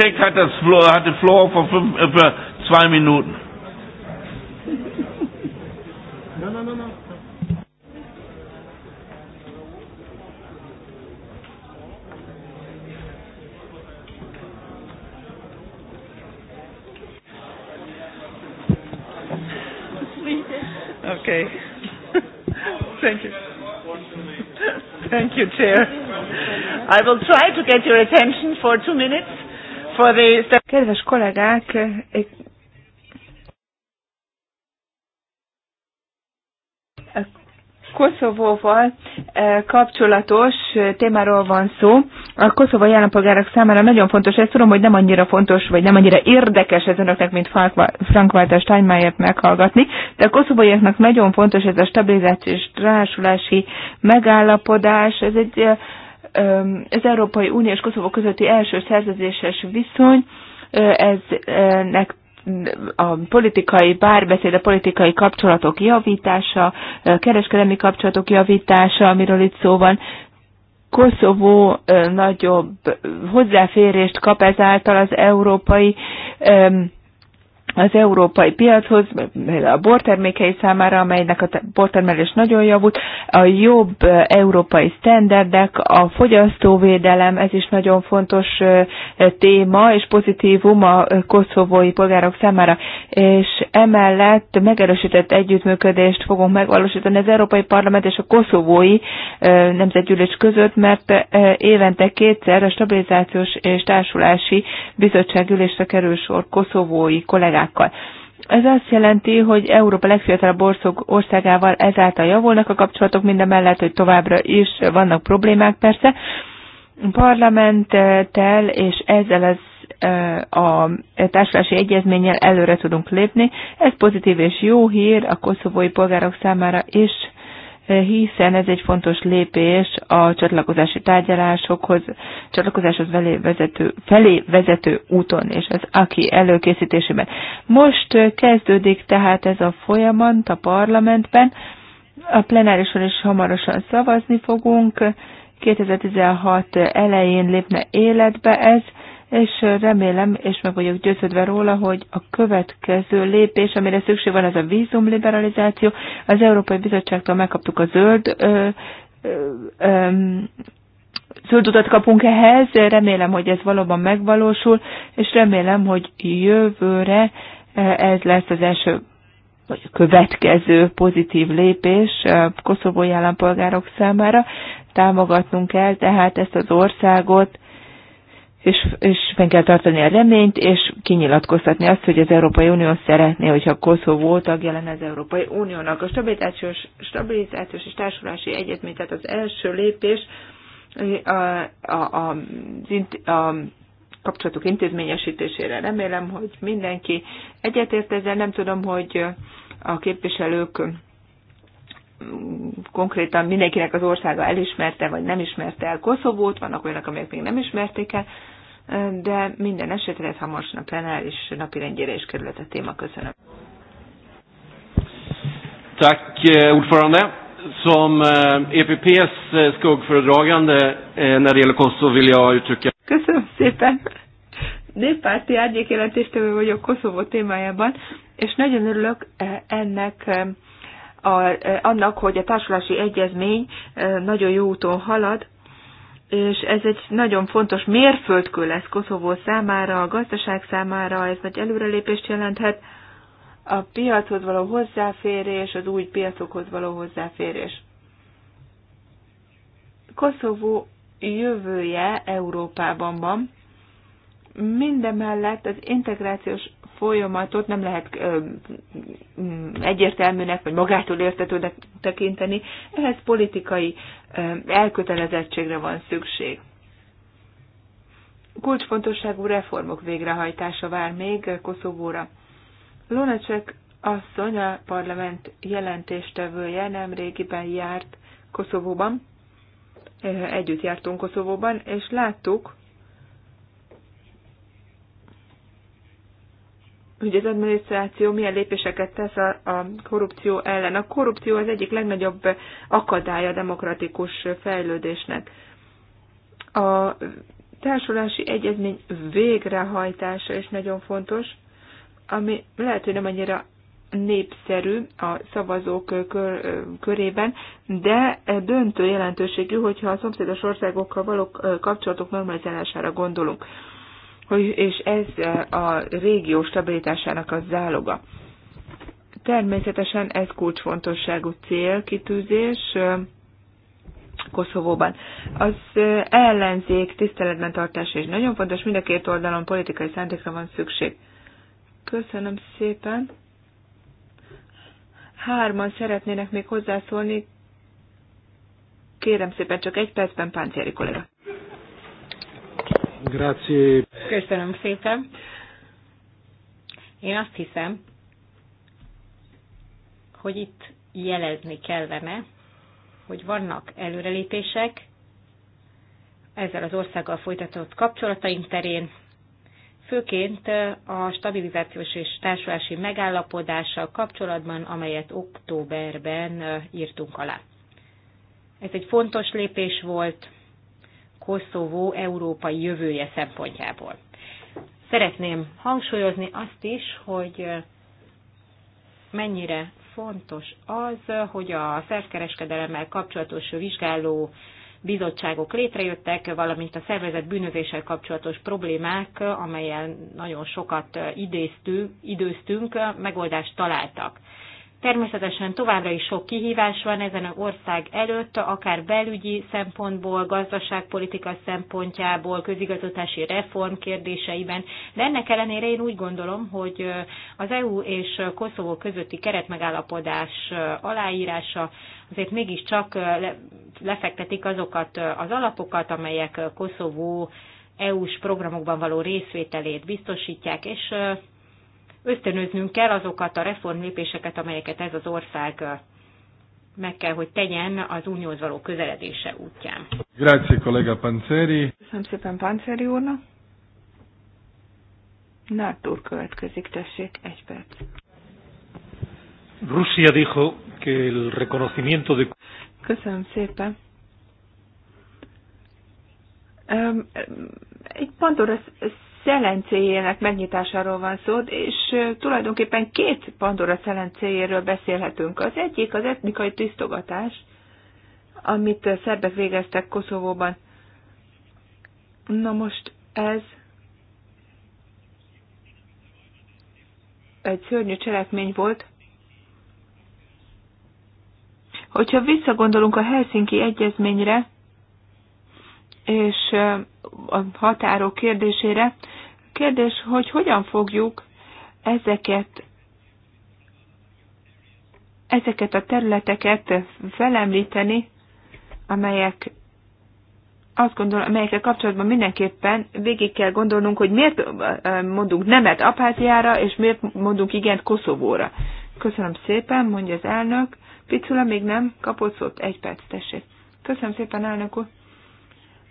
Check hat das Floor, hatte Floor vor fünf, äh, zwei Minuten. Okay. Thank you. Thank you, Chair. I will try to get your attention for two minutes for the... Kedves kollégák, Koszovóval eh, kapcsolatos eh, témáról van szó. A koszovai állampolgárok számára nagyon fontos, ezt tudom, hogy nem annyira fontos, vagy nem annyira érdekes ez önöknek, mint Frank-Walter Steinmeiert meghallgatni, de a koszovaiaknak nagyon fontos ez a stabilizációs rásulási megállapodás, ez egy eh, az Európai Unió és Koszovó közötti első szerződéses viszony, eznek a politikai párbeszéd, a politikai kapcsolatok javítása, kereskedelmi kapcsolatok javítása, amiről itt szó van, Koszovó nagyobb hozzáférést kap ezáltal az európai um, az európai piachoz, a bortermékei számára, amelynek a bortermelés nagyon javult, a jobb európai sztenderdek, a fogyasztóvédelem, ez is nagyon fontos téma és pozitívum a koszovói polgárok számára, és emellett megerősített együttműködést fogunk megvalósítani az Európai Parlament és a koszovói nemzetgyűlés között, mert évente kétszer a stabilizációs és társulási bizottság kerül sor koszovói kollégák problémákkal. Ez azt jelenti, hogy Európa legfiatalabb ország, országával ezáltal javulnak a kapcsolatok, minden mellett, hogy továbbra is vannak problémák persze. Parlamenttel és ezzel az a társulási egyezménnyel előre tudunk lépni. Ez pozitív és jó hír a koszovói polgárok számára is hiszen ez egy fontos lépés a csatlakozási tárgyalásokhoz, csatlakozáshoz felé vezető, felé vezető úton, és az aki előkészítésében. Most kezdődik tehát ez a folyamat a parlamentben, a plenárison is hamarosan szavazni fogunk, 2016 elején lépne életbe ez, és remélem, és meg vagyok győződve róla, hogy a következő lépés, amire szükség van, az a vízumliberalizáció. Az Európai Bizottságtól megkaptuk a zöld ö, ö, ö, zöld utat kapunk ehhez, remélem, hogy ez valóban megvalósul, és remélem, hogy jövőre ez lesz az első vagy a következő pozitív lépés koszovói állampolgárok számára. Támogatnunk kell tehát ezt az országot, és, és fenn kell tartani a reményt, és kinyilatkoztatni azt, hogy az Európai Unió szeretné, hogyha Koszovó tag jelen az Európai Uniónak. A stabilizációs, stabilizációs és társulási egyetmény, tehát az első lépés a, a, a, a, a kapcsolatok intézményesítésére. Remélem, hogy mindenki egyetért ezzel. Nem tudom, hogy a képviselők konkrétan mindenkinek az országa elismerte, vagy nem ismerte el Koszovót, vannak olyanok, amelyek még nem ismerték el, de minden esetre ez hamarosan lenne, és napi rendjére is kerület a téma. Köszönöm. Tack eh, ordförande. Som EPPs eh, e eh, skuggföredragande när det gäller Kosovo vill jag uttrycka... Köszönöm szépen! Néppárti árnyékjelentéstevő vagyok Koszovó témájában, és nagyon örülök ennek a, annak, hogy a társulási egyezmény nagyon jó úton halad, és ez egy nagyon fontos mérföldkő lesz Koszovó számára, a gazdaság számára, ez nagy előrelépést jelenthet, a piachoz való hozzáférés, az új piacokhoz való hozzáférés. Koszovó jövője Európában van. Mindemellett az integrációs folyamatot nem lehet ö, mm, egyértelműnek vagy magától értetőnek tekinteni, ehhez politikai elkötelezettségre van szükség. Kulcsfontosságú reformok végrehajtása vár még Koszovóra. Lunacek asszony, a parlament jelentéstevője nemrégiben járt Koszovóban, együtt jártunk Koszovóban, és láttuk, hogy az adminisztráció milyen lépéseket tesz a, a korrupció ellen. A korrupció az egyik legnagyobb akadálya a demokratikus fejlődésnek. A társulási egyezmény végrehajtása is nagyon fontos, ami lehet, hogy nem annyira népszerű a szavazók kör, körében, de döntő jelentőségű, hogyha a szomszédos országokkal való kapcsolatok normalizálására gondolunk hogy, és ez a régió stabilitásának a záloga. Természetesen ez kulcsfontosságú célkitűzés Koszovóban. Az ellenzék tiszteletben tartása is nagyon fontos, mind a két oldalon politikai szándékra van szükség. Köszönöm szépen. Hárman szeretnének még hozzászólni. Kérem szépen, csak egy percben, Páncéri kollega. Grazie. Köszönöm szépen. Én azt hiszem, hogy itt jelezni kellene, hogy vannak előrelépések ezzel az országgal folytatott kapcsolataink terén, főként a stabilizációs és társulási megállapodással kapcsolatban, amelyet októberben írtunk alá. Ez egy fontos lépés volt, Koszovó európai jövője szempontjából. Szeretném hangsúlyozni azt is, hogy mennyire fontos az, hogy a szervkereskedelemmel kapcsolatos vizsgáló bizottságok létrejöttek, valamint a szervezet bűnözéssel kapcsolatos problémák, amelyen nagyon sokat idéztünk, időztünk, megoldást találtak. Természetesen továbbra is sok kihívás van ezen az ország előtt, akár belügyi szempontból, gazdaságpolitika szempontjából, közigazgatási reform kérdéseiben, de ennek ellenére én úgy gondolom, hogy az EU és Koszovó közötti keretmegállapodás aláírása azért mégiscsak lefektetik azokat az alapokat, amelyek Koszovó EU-s programokban való részvételét biztosítják, és ösztönöznünk kell azokat a reformlépéseket, amelyeket ez az ország meg kell, hogy tegyen az unióhoz való közeledése útján. Grazie, kollega Panceri. Köszönöm szépen Panceri úrnak. Nártúr következik, tessék, egy perc. Rusia dijo que el reconocimiento de... Köszönöm szépen. Egy ez szelencéjének megnyitásáról van szó, és tulajdonképpen két Pandora szelencéjéről beszélhetünk. Az egyik az etnikai tisztogatás, amit szerbek végeztek Koszovóban. Na most ez egy szörnyű cselekmény volt. Hogyha visszagondolunk a Helsinki egyezményre, és a határok kérdésére. Kérdés, hogy hogyan fogjuk ezeket ezeket a területeket felemlíteni, amelyek azt gondolom, amelyekkel kapcsolatban mindenképpen végig kell gondolnunk, hogy miért mondunk nemet Apátiára, és miért mondunk igent Koszovóra. Köszönöm szépen, mondja az elnök. Picula még nem kapott szót, egy perc tessék. Köszönöm szépen, elnök úr.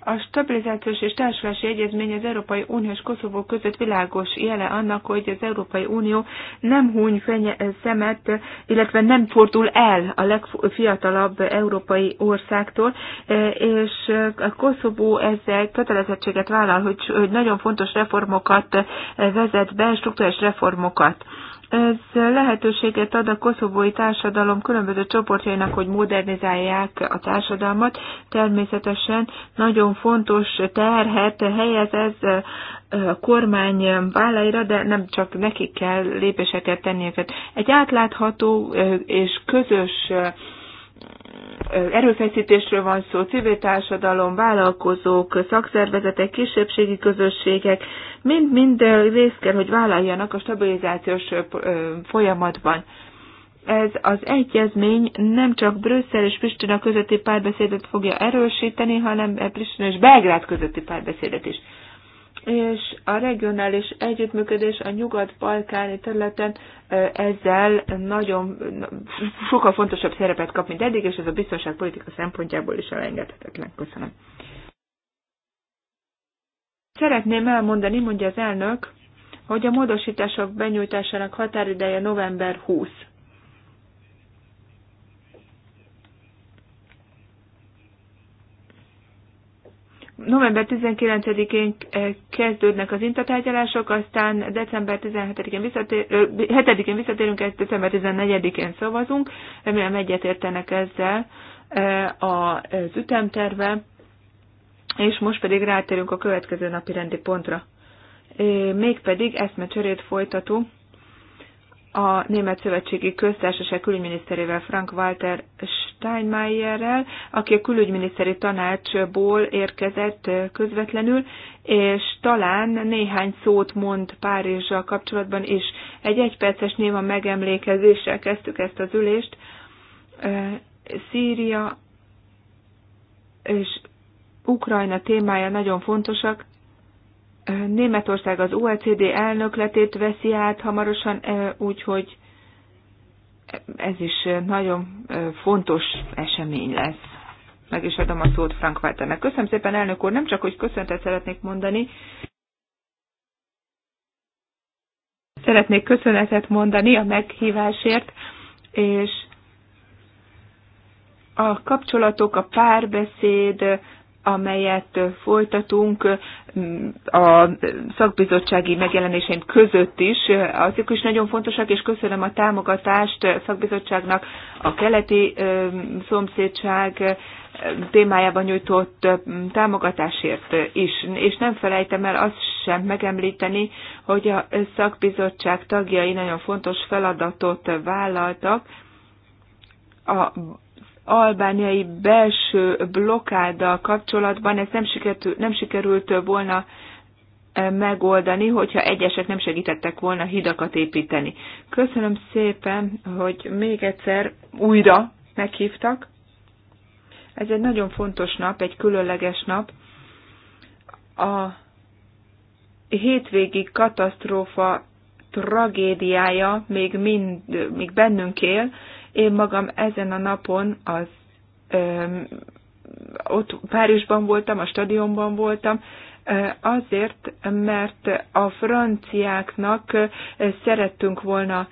A stabilizációs és társulási egyezmény az Európai Unió és Koszovó között világos jele annak, hogy az Európai Unió nem huny fenye eh, szemet, illetve nem fordul el a legfiatalabb európai országtól, eh, és eh, a Koszovó ezzel kötelezettséget vállal, hogy, nagyon fontos reformokat vezet be, struktúrás reformokat. Ez lehetőséget ad a koszovói társadalom különböző csoportjainak, hogy modernizálják a társadalmat. Természetesen nagyon fontos terhet helyez ez a kormány vállaira, de nem csak nekik kell lépéseket tenni Egy átlátható és közös erőfeszítésről van szó, civil társadalom, vállalkozók, szakszervezetek, kisebbségi közösségek, mind-mind részt kell, hogy vállaljanak a stabilizációs folyamatban. Ez az egyezmény nem csak Brüsszel és Pristina közötti párbeszédet fogja erősíteni, hanem Pristina és Belgrád közötti párbeszédet is és a regionális együttműködés a nyugat-balkáni területen ezzel nagyon sokkal fontosabb szerepet kap, mint eddig, és ez a biztonságpolitika szempontjából is elengedhetetlen. Köszönöm. Szeretném elmondani, mondja az elnök, hogy a módosítások benyújtásának határideje november 20. November 19-én eh, kezdődnek az intatárgyalások, aztán december 17-én visszatér, 7-én visszatérünk, ezt december 14-én szavazunk. Remélem egyetértenek ezzel eh, az ütemterve, és most pedig rátérünk a következő napi rendi pontra. Eh, mégpedig eszmecserét folytatunk a Német Szövetségi Köztársaság külügyminiszterével Frank-Walter Steinmeierrel, aki a külügyminiszteri tanácsból érkezett közvetlenül, és talán néhány szót mond Párizsal kapcsolatban is. Egy egyperces néma megemlékezéssel kezdtük ezt az ülést. Szíria és Ukrajna témája nagyon fontosak, Németország az OECD elnökletét veszi át hamarosan, úgyhogy ez is nagyon fontos esemény lesz. Meg is adom a szót Frank Walternek. Köszönöm szépen, elnök úr, nem csak, hogy köszöntet szeretnék mondani, szeretnék köszönetet mondani a meghívásért, és a kapcsolatok, a párbeszéd, amelyet folytatunk mm, a szakbizottsági megjelenéseim között is. Azok is nagyon fontosak, és köszönöm a támogatást a szakbizottságnak a keleti szomszédság témájában nyújtott támogatásért is. És nem felejtem el azt sem megemlíteni, hogy a szakbizottság tagjai nagyon fontos feladatot vállaltak, a albániai belső blokkáddal kapcsolatban ez nem sikerült, nem sikerült volna e, megoldani, hogyha egyesek nem segítettek volna hidakat építeni. Köszönöm szépen, hogy még egyszer újra meghívtak. Ez egy nagyon fontos nap, egy különleges nap. A hétvégi katasztrófa tragédiája még, mind, még bennünk él, én magam ezen a napon az öm, ott Párizsban voltam, a stadionban voltam, azért, mert a franciáknak szerettünk volna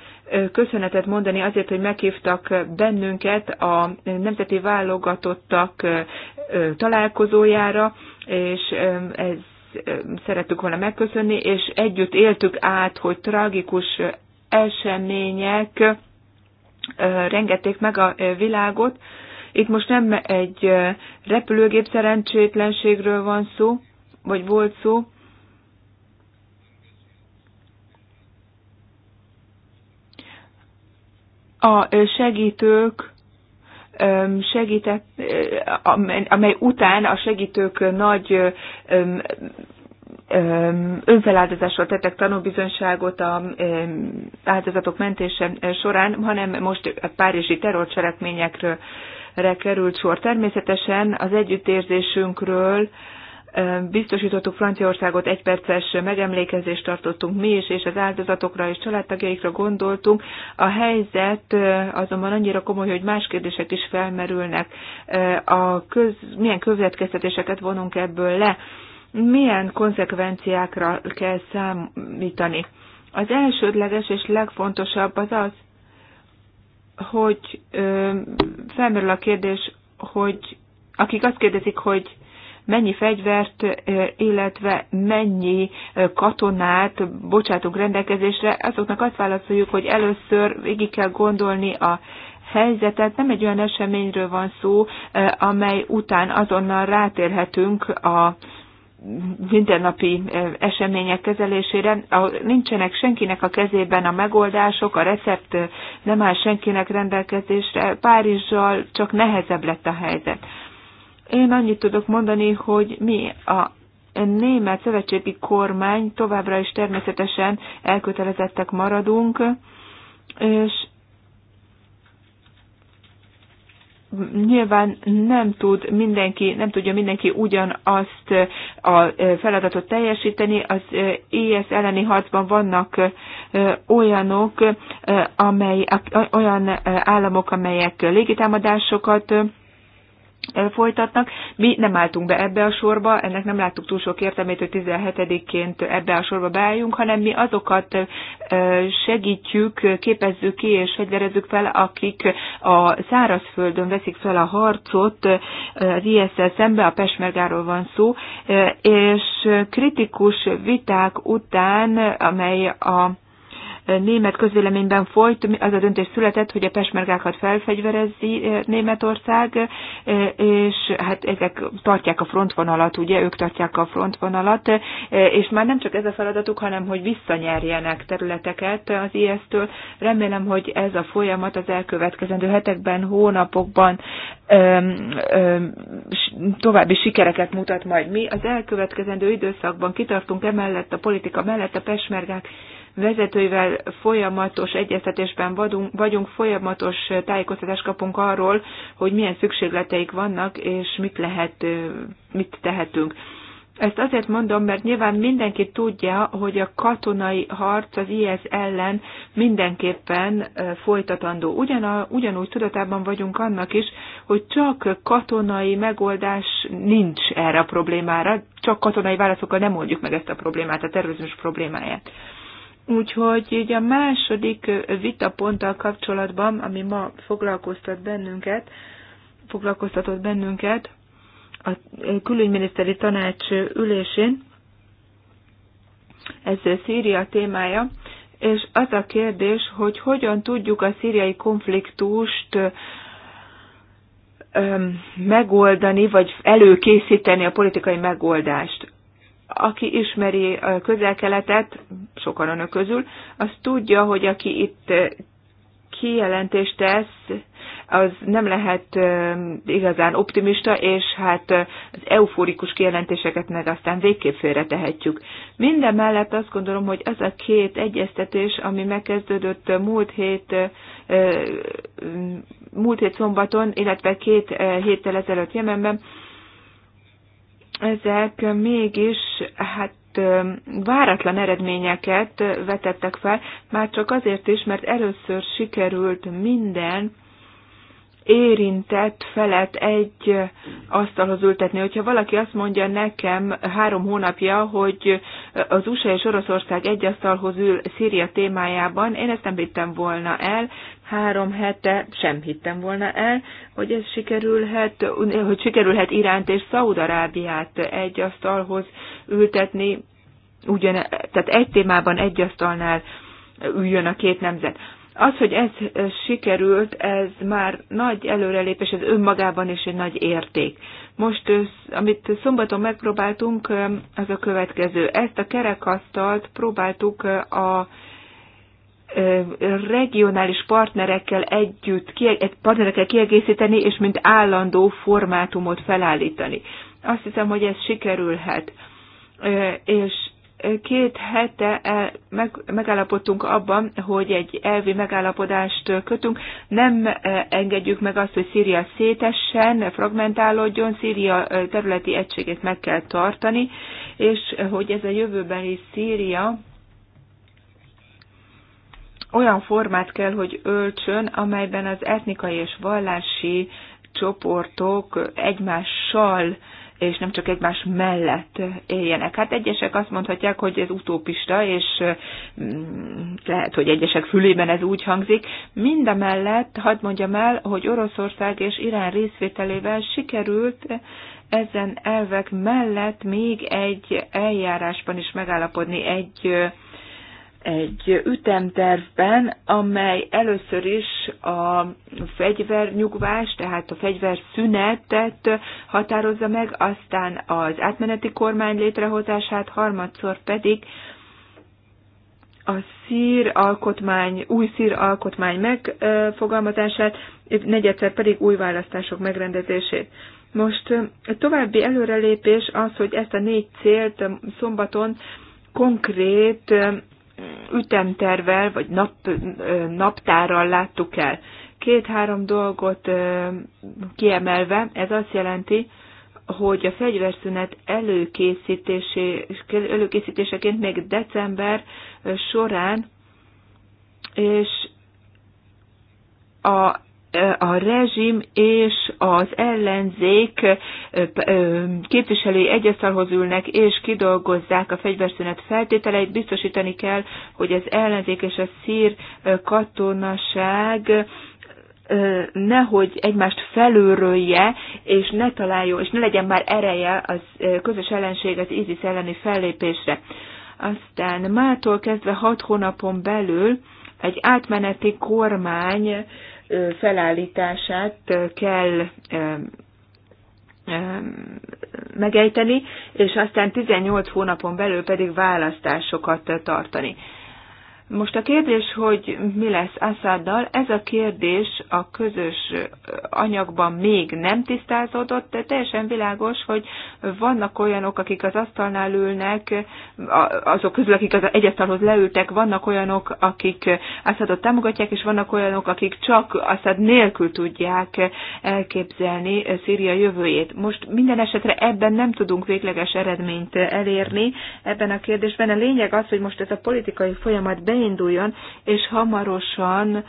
köszönetet mondani azért, hogy meghívtak bennünket a nemzeti válogatottak találkozójára, és ez szerettük volna megköszönni, és együtt éltük át, hogy tragikus események rengették meg a világot. Itt most nem egy repülőgép szerencsétlenségről van szó, vagy volt szó, a segítők segített, amely után a segítők nagy önfeláldozásról tettek tanúbizonyságot a áldozatok mentése során, hanem most a párizsi terrorcselekményekről került sor. Természetesen az együttérzésünkről biztosítottuk Franciaországot, egy perces megemlékezést tartottunk mi is, és az áldozatokra és családtagjaikra gondoltunk. A helyzet azonban annyira komoly, hogy más kérdések is felmerülnek. A köz, milyen következtetéseket vonunk ebből le? milyen konzekvenciákra kell számítani. Az elsődleges és legfontosabb az az, hogy ö, felmerül a kérdés, hogy akik azt kérdezik, hogy mennyi fegyvert, illetve mennyi katonát bocsátunk rendelkezésre, azoknak azt válaszoljuk, hogy először végig kell gondolni a helyzetet. Nem egy olyan eseményről van szó, amely után azonnal rátérhetünk a mindennapi események kezelésére. Nincsenek senkinek a kezében a megoldások, a recept nem áll senkinek rendelkezésre. Párizsal csak nehezebb lett a helyzet. Én annyit tudok mondani, hogy mi a német szövetségi kormány továbbra is természetesen elkötelezettek maradunk, és nyilván nem tud mindenki, nem tudja mindenki ugyanazt a e, feladatot teljesíteni. Az ES e elleni harcban vannak e, olyanok, amely, olyan államok, amelyek légitámadásokat folytatnak. Mi nem álltunk be ebbe a sorba, ennek nem láttuk túl sok értelmét, hogy 17-ként ebbe a sorba beálljunk, hanem mi azokat segítjük, képezzük ki és fegyverezzük fel, akik a szárazföldön veszik fel a harcot az isz szembe, a Pesmergáról van szó, és kritikus viták után, amely a német közvéleményben folyt, az a döntés született, hogy a pesmergákat felfegyverezzi eh, Németország, eh, és hát ezek tartják a frontvonalat, ugye, ők tartják a frontvonalat, eh, és már nem csak ez a feladatuk, hanem hogy visszanyerjenek területeket az IS-től. Remélem, hogy ez a folyamat az elkövetkezendő hetekben, hónapokban öm, öm, további sikereket mutat majd mi. Az elkövetkezendő időszakban kitartunk emellett a politika mellett a pesmergák vezetőivel folyamatos egyeztetésben vagyunk, vagyunk, folyamatos tájékoztatást kapunk arról, hogy milyen szükségleteik vannak, és mit lehet, mit tehetünk. Ezt azért mondom, mert nyilván mindenki tudja, hogy a katonai harc az IS ellen mindenképpen folytatandó. Ugyan, ugyanúgy tudatában vagyunk annak is, hogy csak katonai megoldás nincs erre a problémára, csak katonai válaszokkal nem oldjuk meg ezt a problémát, a tervezős problémáját. Úgyhogy így a második vitaponttal kapcsolatban, ami ma foglalkoztat bennünket, foglalkoztatott bennünket a külügyminiszteri tanács ülésén, ez Szíria témája, és az a kérdés, hogy hogyan tudjuk a szíriai konfliktust megoldani, vagy előkészíteni a politikai megoldást aki ismeri a közel-keletet, sokan önök közül, az tudja, hogy aki itt kijelentést tesz, az nem lehet igazán optimista, és hát az euforikus kijelentéseket meg aztán végképp félre tehetjük. Minden mellett azt gondolom, hogy az a két egyeztetés, ami megkezdődött múlt hét, múlt hét szombaton, illetve két héttel ezelőtt Jemenben, ezek mégis hát váratlan eredményeket vetettek fel, már csak azért is, mert először sikerült minden érintett felet egy asztalhoz ültetni. Hogyha valaki azt mondja nekem három hónapja, hogy az USA és Oroszország egy asztalhoz ül Szíria témájában, én ezt nem vittem volna el, három hete sem hittem volna el, hogy ez sikerülhet, hogy sikerülhet Iránt és Szaudarábiát egy asztalhoz ültetni, ugyan, tehát egy témában egy asztalnál üljön a két nemzet. Az, hogy ez sikerült, ez már nagy előrelépés, ez önmagában is egy nagy érték. Most, amit szombaton megpróbáltunk, az a következő. Ezt a kerekasztalt próbáltuk a regionális partnerekkel együtt, partnerekkel kiegészíteni, és mint állandó formátumot felállítani. Azt hiszem, hogy ez sikerülhet. És két hete e, meg, megállapodtunk abban, hogy egy elvi megállapodást kötünk. Nem engedjük meg azt, hogy Szíria szétessen, fragmentálódjon, Szíria területi egységét meg kell tartani, és hogy ez a jövőbeli Szíria olyan formát kell, hogy öltsön, amelyben az etnikai és vallási csoportok egymással és nem csak egymás mellett éljenek. Hát egyesek azt mondhatják, hogy ez utópista, és mm, lehet, hogy egyesek fülében ez úgy hangzik. mellett, hadd mondjam el, hogy Oroszország és Irán részvételével sikerült ezen elvek mellett még egy eljárásban is megállapodni, egy egy ütemtervben, amely először is a fegyvernyugvás, tehát a fegyverszünetet határozza meg, aztán az átmeneti kormány létrehozását, harmadszor pedig a szír alkotmány, új szír alkotmány megfogalmazását, negyedszer pedig új választások megrendezését. Most a további előrelépés az, hogy ezt a négy célt szombaton konkrét ütemtervel, vagy nap, naptárral láttuk el. Két-három dolgot kiemelve, ez azt jelenti, hogy a fegyverszünet előkészítésé, előkészítéseként még december során és a a rezsim és az ellenzék képviselői egyasztalhoz ülnek, és kidolgozzák a fegyverszünet feltételeit. Biztosítani kell, hogy az ellenzék és a szír katonaság nehogy egymást felőrölje, és ne találjon, és ne legyen már ereje az közös ellenség az ISIS elleni fellépésre. Aztán mától kezdve hat hónapon belül egy átmeneti kormány felállítását kell megejteni, és aztán 18 hónapon belül pedig választásokat tartani. Most a kérdés, hogy mi lesz Assaddal, ez a kérdés a közös anyagban még nem tisztázódott, de teljesen világos, hogy vannak olyanok, akik az asztalnál ülnek, azok közül, akik az egyasztalhoz leültek, vannak olyanok, akik Assadot támogatják, és vannak olyanok, akik csak Assad nélkül tudják elképzelni Szíria jövőjét. Most minden esetre ebben nem tudunk végleges eredményt elérni ebben a kérdésben. A lényeg az, hogy most ez a politikai folyamat elinduljon, és hamarosan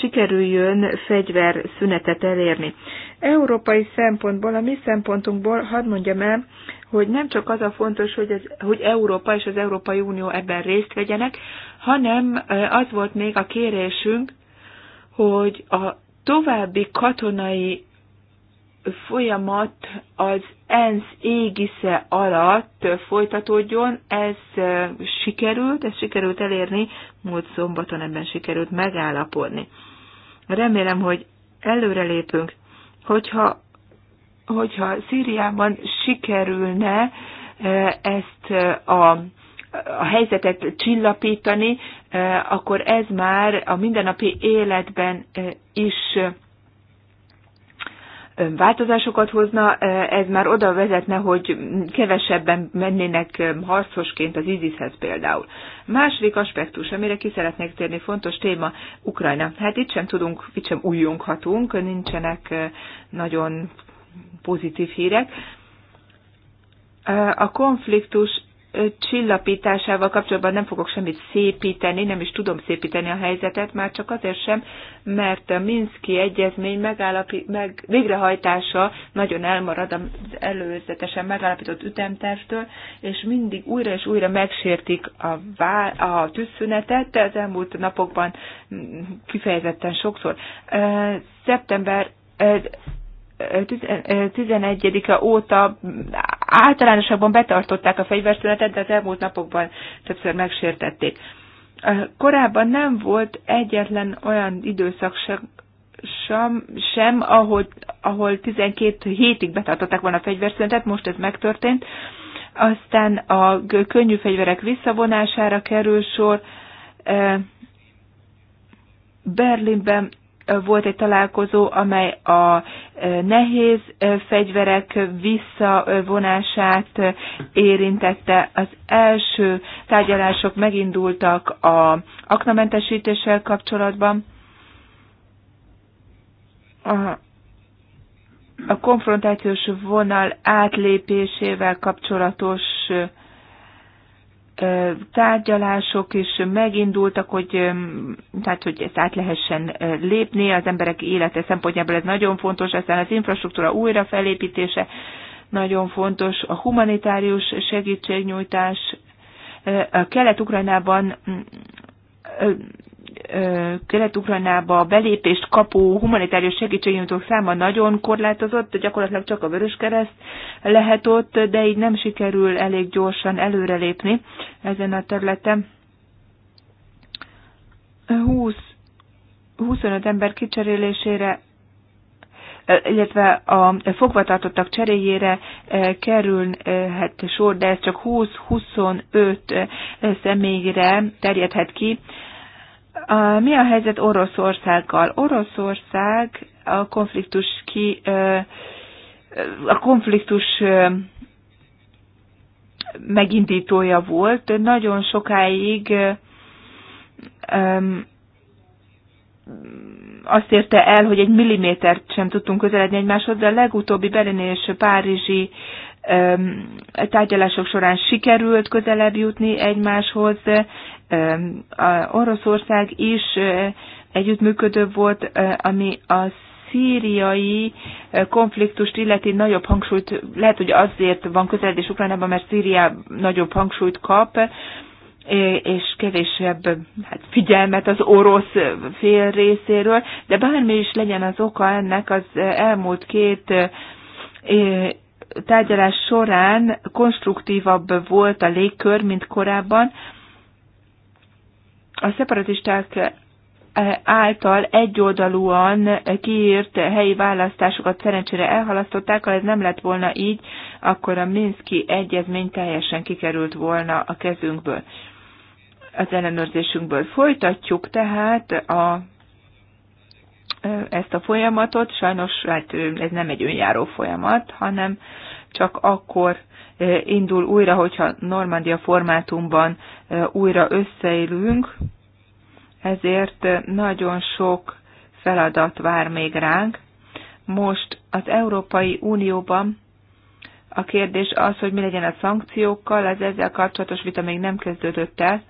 sikerüljön fegyverszünetet elérni. Európai szempontból, a mi szempontunkból hadd mondjam el, hogy nem csak az a fontos, hogy, az, hogy Európa és az Európai Unió ebben részt vegyenek, hanem az volt még a kérésünk, hogy a további katonai folyamat az ENSZ égisze alatt folytatódjon. Ez sikerült, ez sikerült elérni, múlt szombaton ebben sikerült megállapodni. Remélem, hogy előrelépünk, hogyha, hogyha Szíriában sikerülne ezt a a helyzetet csillapítani, akkor ez már a mindennapi életben is változásokat hozna, ez már oda vezetne, hogy kevesebben mennének harcosként az ISIS-hez például. Második aspektus, amire ki szeretnék térni, fontos téma, Ukrajna. Hát itt sem tudunk, itt sem újjonghatunk, nincsenek nagyon pozitív hírek. A konfliktus csillapításával kapcsolatban nem fogok semmit szépíteni, nem is tudom szépíteni a helyzetet, már csak azért sem, mert a Minszki egyezmény megállapi, meg, végrehajtása nagyon elmarad az előzetesen megállapított ütemtervtől, és mindig újra és újra megsértik a, vá, a tűzszünetet, de az elmúlt napokban mm, kifejezetten sokszor. Szeptember 11-e óta általánosabban betartották a fegyverszünetet, de az elmúlt napokban többször megsértették. Korábban nem volt egyetlen olyan időszak sem, sem ahol, ahol 12 hétig betartották volna a fegyverszünetet, most ez megtörtént. Aztán a könnyű fegyverek visszavonására kerül sor. Berlinben volt egy találkozó, amely a nehéz fegyverek visszavonását érintette. Az első tárgyalások megindultak a aknamentesítéssel kapcsolatban. A, a konfrontációs vonal átlépésével kapcsolatos tárgyalások is megindultak, hogy, tehát, hogy ezt át lehessen lépni, az emberek élete szempontjából ez nagyon fontos, aztán az infrastruktúra újra felépítése nagyon fontos, a humanitárius segítségnyújtás, a Kelet-Ukrajnában mm, Kelet-Ukrajnába belépést kapó humanitárius segítségnyújtók száma nagyon korlátozott, gyakorlatilag csak a Vöröskereszt lehet ott, de így nem sikerül elég gyorsan előrelépni ezen a területen. 20 25 ember kicserélésére illetve a fogvatartottak cseréjére kerülhet sor, de ez csak 20-25 személyre terjedhet ki a, mi a helyzet Oroszországgal? Oroszország a konfliktus ki, a konfliktus megindítója volt. Nagyon sokáig azt érte el, hogy egy millimétert sem tudtunk közeledni egymáshoz, de a legutóbbi Berlin és Párizsi tárgyalások során sikerült közelebb jutni egymáshoz. Oroszország is együttműködő volt, ami a szíriai konfliktust illeti nagyobb hangsúlyt, lehet, hogy azért van közeledés Ukrajnában, mert Szíria nagyobb hangsúlyt kap, és kevésebb hát, figyelmet az orosz fél részéről, de bármi is legyen az oka ennek, az elmúlt két tárgyalás során konstruktívabb volt a légkör, mint korábban. A szeparatisták eh, által egyoldalúan kiírt helyi választásokat szerencsére elhalasztották, ha ez nem lett volna így, akkor a Minszki egyezmény teljesen kikerült volna a kezünkből, az ellenőrzésünkből. Folytatjuk tehát a ezt a folyamatot. Sajnos hát ez nem egy önjáró folyamat, hanem csak akkor indul újra, hogyha Normandia formátumban újra összeélünk, ezért nagyon sok feladat vár még ránk. Most az Európai Unióban a kérdés az, hogy mi legyen a szankciókkal, az ezzel kapcsolatos vita még nem kezdődött el,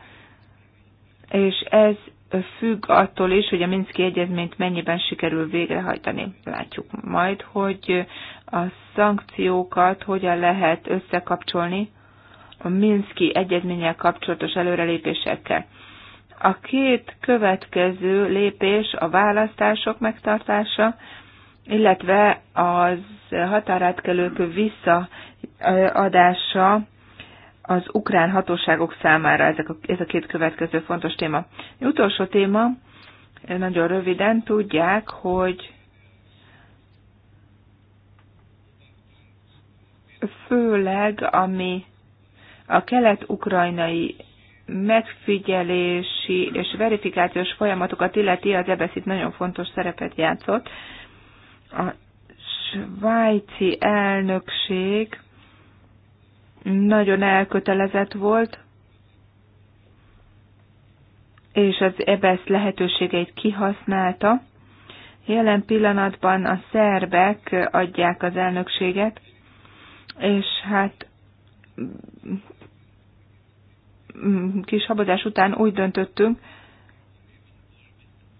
és ez függ attól is, hogy a Minszki Egyezményt mennyiben sikerül végrehajtani. Látjuk majd, hogy a szankciókat hogyan lehet összekapcsolni a Minszki Egyezménnyel kapcsolatos előrelépésekkel. A két következő lépés a választások megtartása, illetve az határátkelők visszaadása az ukrán hatóságok számára ezek a, ez a két következő fontos téma. Utolsó téma, nagyon röviden tudják, hogy főleg ami a kelet-ukrajnai megfigyelési és verifikációs folyamatokat illeti, az EBSZ e itt nagyon fontos szerepet játszott. A svájci elnökség nagyon elkötelezett volt, és az ebesz lehetőségeit kihasználta. Jelen pillanatban a szerbek adják az elnökséget, és hát kis habozás után úgy döntöttünk,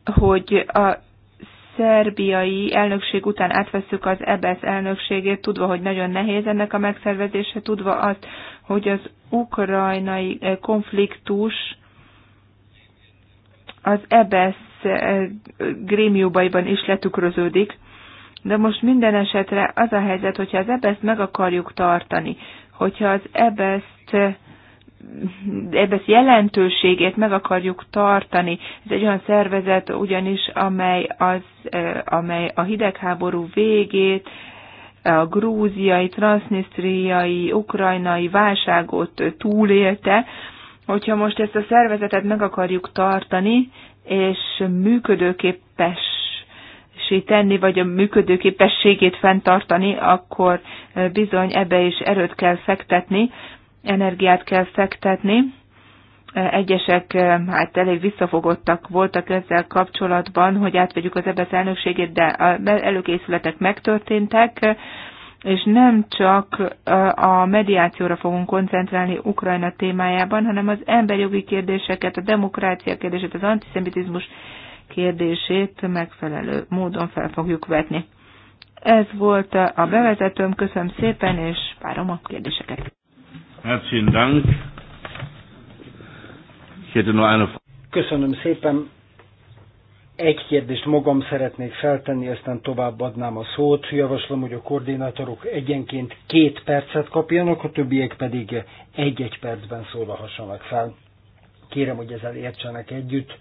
hogy a szerbiai elnökség után átvesszük az EBS elnökségét, tudva, hogy nagyon nehéz ennek a megszervezése, tudva azt, hogy az ukrajnai eh, konfliktus az EBS eh, grémiubaiban is letükröződik. De most minden esetre az a helyzet, hogyha az ebs t meg akarjuk tartani, hogyha az ebs t ebben jelentőségét meg akarjuk tartani. Ez egy olyan szervezet ugyanis, amely, az, e, amely a hidegháború végét, a grúziai, transznisztriai, ukrajnai válságot túlélte. Hogyha most ezt a szervezetet meg akarjuk tartani, és működőképes tenni, vagy a működőképességét fenntartani, akkor bizony ebbe is erőt kell fektetni, energiát kell fektetni. Egyesek eh, hát elég visszafogottak voltak ezzel kapcsolatban, hogy átvegyük az EBSZ e elnökségét, de előkészületek megtörténtek, és nem csak eh, a mediációra fogunk koncentrálni Ukrajna témájában, hanem az emberjogi kérdéseket, a demokrácia kérdését, az antiszemitizmus kérdését megfelelő módon fel fogjuk vetni. Ez volt a bevezetőm, köszönöm szépen, és várom a kérdéseket. Herzlichen Dank. Ich hätte nur eine Köszönöm szépen. Egy kérdést magam szeretnék feltenni, aztán továbbadnám a szót. Javaslom, hogy a koordinátorok egyenként két percet kapjanak, a többiek pedig egy-egy percben szólalhassanak fel. Kérem, hogy ezzel értsenek együtt.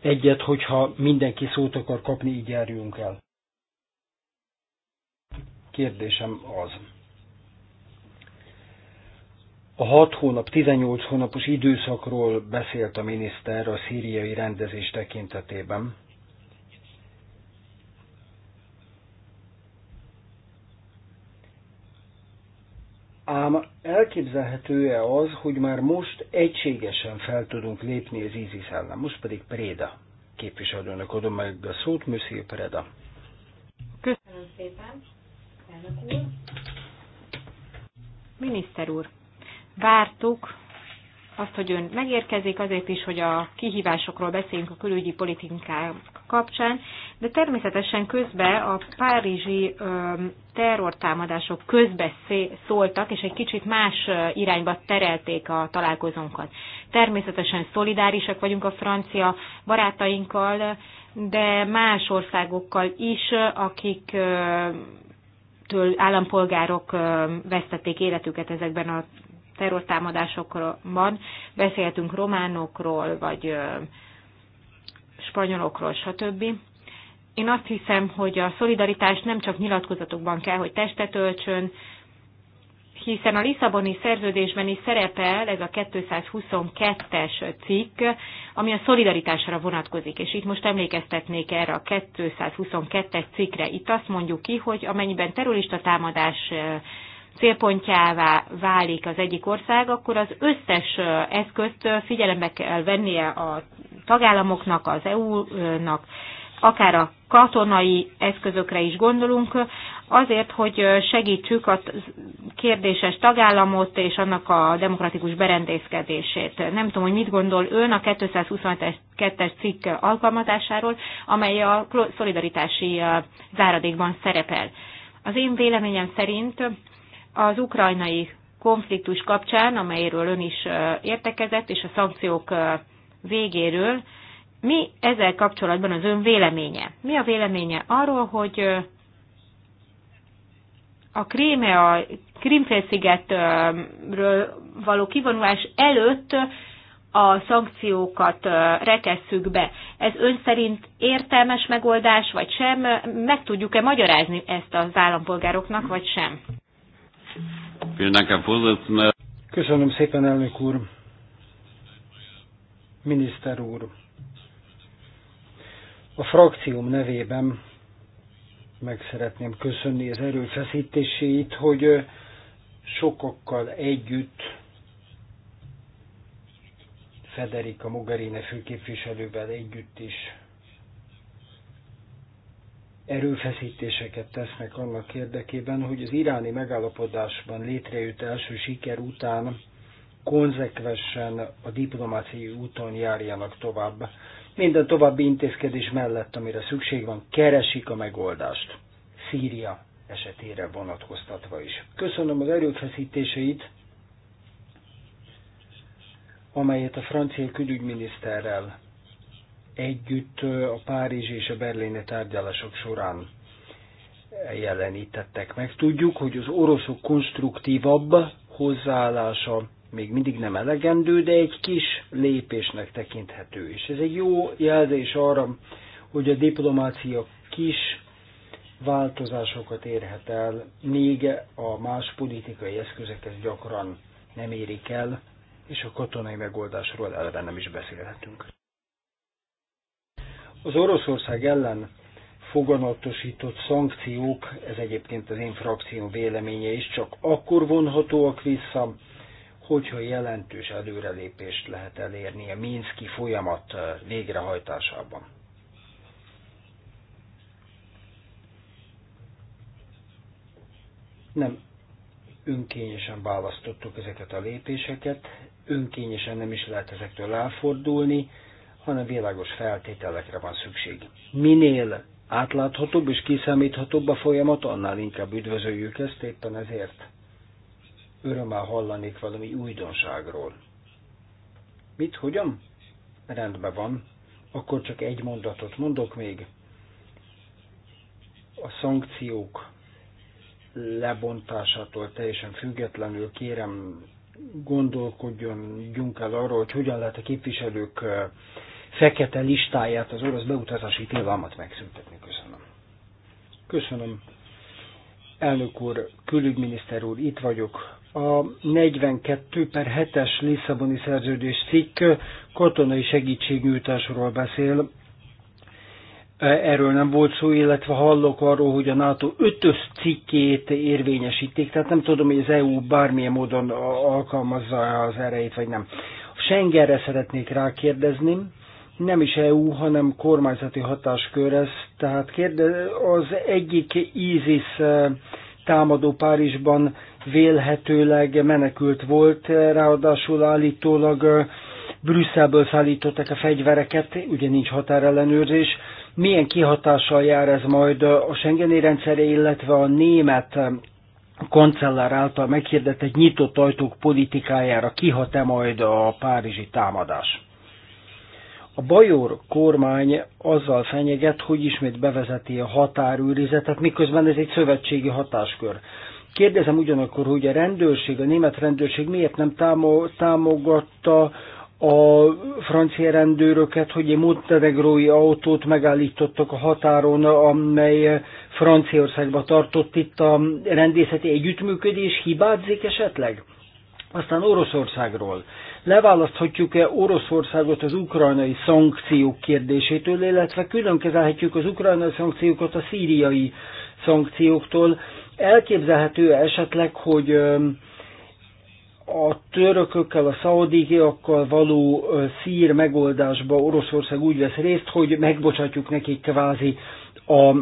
Egyet, hogyha mindenki szót akar kapni, így járjunk el. Kérdésem az a 6 hónap, 18 hónapos időszakról beszélt a miniszter a szíriai rendezés tekintetében. Ám elképzelhető-e az, hogy már most egységesen fel tudunk lépni az ISIS ellen? Most pedig Préda képviselőnek adom meg a szót, Monsieur Préda. Köszönöm szépen, elnök úr. Miniszter úr, vártuk azt, hogy ön megérkezik, azért is, hogy a kihívásokról beszéljünk a külügyi politikák kapcsán, de természetesen közben a párizsi ö, terrortámadások közbe szóltak, és egy kicsit más irányba terelték a találkozónkat. Természetesen szolidárisak vagyunk a francia barátainkkal, de más országokkal is, akik ö, állampolgárok vesztették életüket ezekben a terrortámadásokban beszéltünk románokról, vagy spanyolokról, stb. Én azt hiszem, hogy a szolidaritás nem csak nyilatkozatokban kell, hogy testet öltsön, hiszen a Lisszaboni szerződésben is szerepel ez a 222-es cikk, ami a szolidaritásra vonatkozik, és itt most emlékeztetnék erre a 222-es cikkre. Itt azt mondjuk ki, hogy amennyiben terrorista támadás célpontjává válik az egyik ország, akkor az összes eszközt figyelembe kell vennie a tagállamoknak, az EU-nak, akár a katonai eszközökre is gondolunk, azért, hogy segítsük a kérdéses tagállamot és annak a demokratikus berendezkedését. Nem tudom, hogy mit gondol ön a 222-es cikk alkalmazásáról, amely a szolidaritási záradékban szerepel. Az én véleményem szerint az ukrajnai konfliktus kapcsán, amelyről ön is értekezett, és a szankciók végéről. Mi ezzel kapcsolatban az ön véleménye? Mi a véleménye arról, hogy a Krímea, a való kivonulás előtt a szankciókat rekesszük be. Ez ön szerint értelmes megoldás, vagy sem? Meg tudjuk-e magyarázni ezt az állampolgároknak, vagy sem? Köszönöm szépen, elnök úr. Miniszter úr. A frakcióm nevében meg szeretném köszönni az erőfeszítését, hogy sokakkal együtt Federica Mogherini főképviselővel együtt is erőfeszítéseket tesznek annak érdekében, hogy az iráni megállapodásban létrejött első siker után konzekvesen a diplomáciai úton járjanak tovább. Minden további intézkedés mellett, amire szükség van, keresik a megoldást. Szíria esetére vonatkoztatva is. Köszönöm az erőfeszítéseit, amelyet a francia külügyminiszterrel együtt a Párizs és a Berléni tárgyalások során jelenítettek meg. Tudjuk, hogy az oroszok konstruktívabb hozzáállása még mindig nem elegendő, de egy kis lépésnek tekinthető. És ez egy jó jelzés arra, hogy a diplomácia kis változásokat érhet el, még a más politikai eszközeket gyakran nem érik el, és a katonai megoldásról elve nem is beszélhetünk. Az Oroszország ellen foganatosított szankciók, ez egyébként az én véleménye is, csak akkor vonhatóak vissza, hogyha jelentős előrelépést lehet elérni a Minszki folyamat eh, végrehajtásában. Nem önkényesen választottuk ezeket a lépéseket, önkényesen nem is lehet ezektől elfordulni, hanem világos feltételekre van szükség. Minél átláthatóbb és kiszámíthatóbb a folyamat, annál inkább üdvözöljük ezt, éppen ezért örömmel hallanék valami újdonságról. Mit, hogyan? Rendben van, akkor csak egy mondatot mondok még. A szankciók lebontásától teljesen függetlenül kérem gondolkodjon el arról, hogy hogyan lehet a képviselők fekete listáját, az orosz beutazási tilalmat megszüntetni. Köszönöm. Köszönöm. Elnök úr, külügyminiszter úr, itt vagyok. A 42 per 7-es Lisszaboni szerződés cikk katonai segítségnyújtásról beszél. Erről nem volt szó, illetve hallok arról, hogy a NATO ötös cikkét érvényesítik, tehát nem tudom, hogy az EU bármilyen módon alkalmazza az erejét, vagy nem. A Schengenre szeretnék rákérdezni nem is EU, hanem kormányzati hatáskör ez. Tehát kérde, az egyik ISIS eh, támadó Párizsban vélhetőleg menekült volt, eh, ráadásul állítólag eh, Brüsszelből szállították a fegyvereket, ugye nincs határellenőrzés. Milyen kihatással jár ez majd a Schengeni rendszerre, illetve a német kancellár által meghirdetett nyitott ajtók politikájára kihat-e majd a párizsi támadás? A Bajor kormány azzal fenyeget, hogy ismét bevezeti a határőrizetet, miközben ez egy szövetségi hatáskör. Kérdezem ugyanakkor, hogy a rendőrség, a német rendőrség miért nem támogatta a francia rendőröket, hogy egy montenegrói autót megállítottak a határon, amely Franciaországba tartott itt a rendészeti együttműködés, hibázik esetleg? Aztán Oroszországról leválaszthatjuk-e Oroszországot az ukrajnai szankciók kérdésétől, illetve külön kezelhetjük az ukrajnai szankciókat a szíriai szankcióktól. Elképzelhető -e esetleg, hogy a törökökkel, a szaudikiakkal való szír megoldásba Oroszország úgy vesz részt, hogy megbocsátjuk nekik kvázi a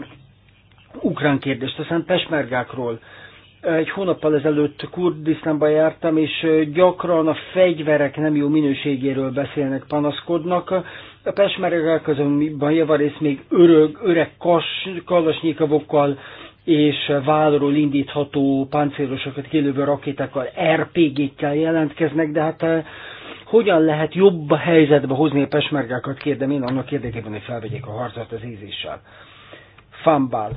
ukrán kérdést. Aztán pesmergákról egy hónappal ezelőtt Kurdisztánban jártam, és gyakran a fegyverek nem jó minőségéről beszélnek, panaszkodnak. A pesmeregek azonban javarészt még örög, öreg kas, és válról indítható páncélosokat kilövő rakétákkal, RPG-kkel er jelentkeznek, de hát eh, hogyan lehet jobb helyzetbe hozni a pesmergákat, kérdem én annak érdekében, hogy felvegyék a harcot az ízéssel. Fambál.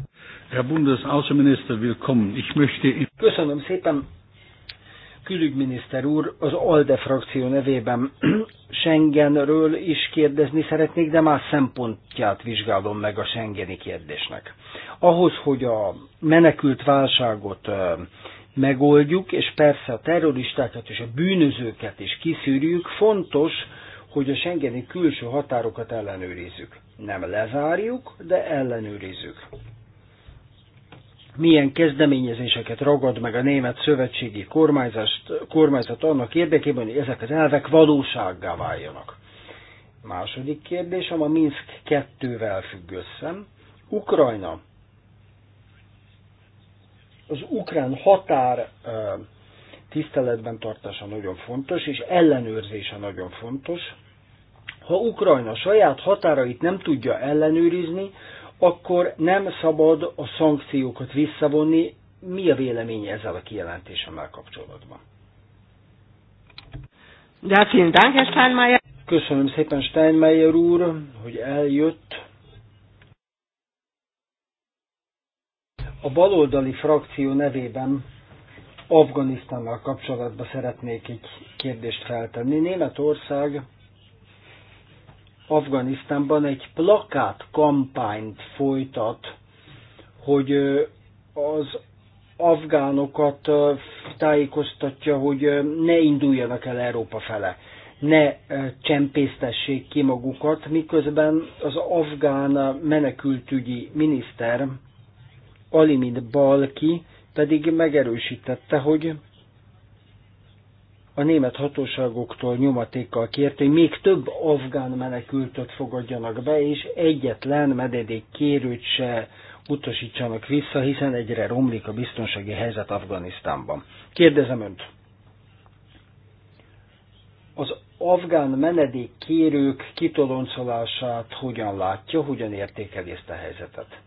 Herr Bundesaußenminister, willkommen. Ich möchte... Köszönöm szépen, külügyminiszter úr, az ALDE frakció nevében Schengenről is kérdezni szeretnék, de más szempontját vizsgálom meg a Schengeni kérdésnek. Ahhoz, hogy a menekült válságot megoldjuk, és persze a terroristákat és a bűnözőket is kiszűrjük, fontos, hogy a Schengeni külső határokat ellenőrizzük. Nem lezárjuk, de ellenőrizzük milyen kezdeményezéseket ragad meg a német szövetségi kormányzást, kormányzat annak érdekében, hogy ezek az elvek valósággá váljanak. Második kérdésem a Minsk 2-vel függ össze. Ukrajna az ukrán határ tiszteletben tartása nagyon fontos, és ellenőrzése nagyon fontos. Ha Ukrajna saját határait nem tudja ellenőrizni, akkor nem szabad a szankciókat visszavonni. Mi a véleménye ezzel a kijelentésemmel kapcsolatban? vielen Dank, Herr Steinmeier. Köszönöm szépen Steinmeier úr, hogy eljött. A baloldali frakció nevében Afganisztánnal kapcsolatban szeretnék egy kérdést feltenni. Németország Afganisztánban egy plakát kampányt folytat, hogy az afgánokat tájékoztatja, hogy ne induljanak el Európa fele, ne csempésztessék ki magukat, miközben az afgán menekültügyi miniszter Alimid Balki pedig megerősítette, hogy a német hatóságoktól nyomatékkal kért, hogy még több afgán menekültöt fogadjanak be, és egyetlen mededék kérőt se utasítsanak vissza, hiszen egyre romlik a biztonsági helyzet Afganisztánban. Kérdezem Önt, az afgán menedék kérők kitoloncolását hogyan látja, hogyan értékeli ezt a helyzetet?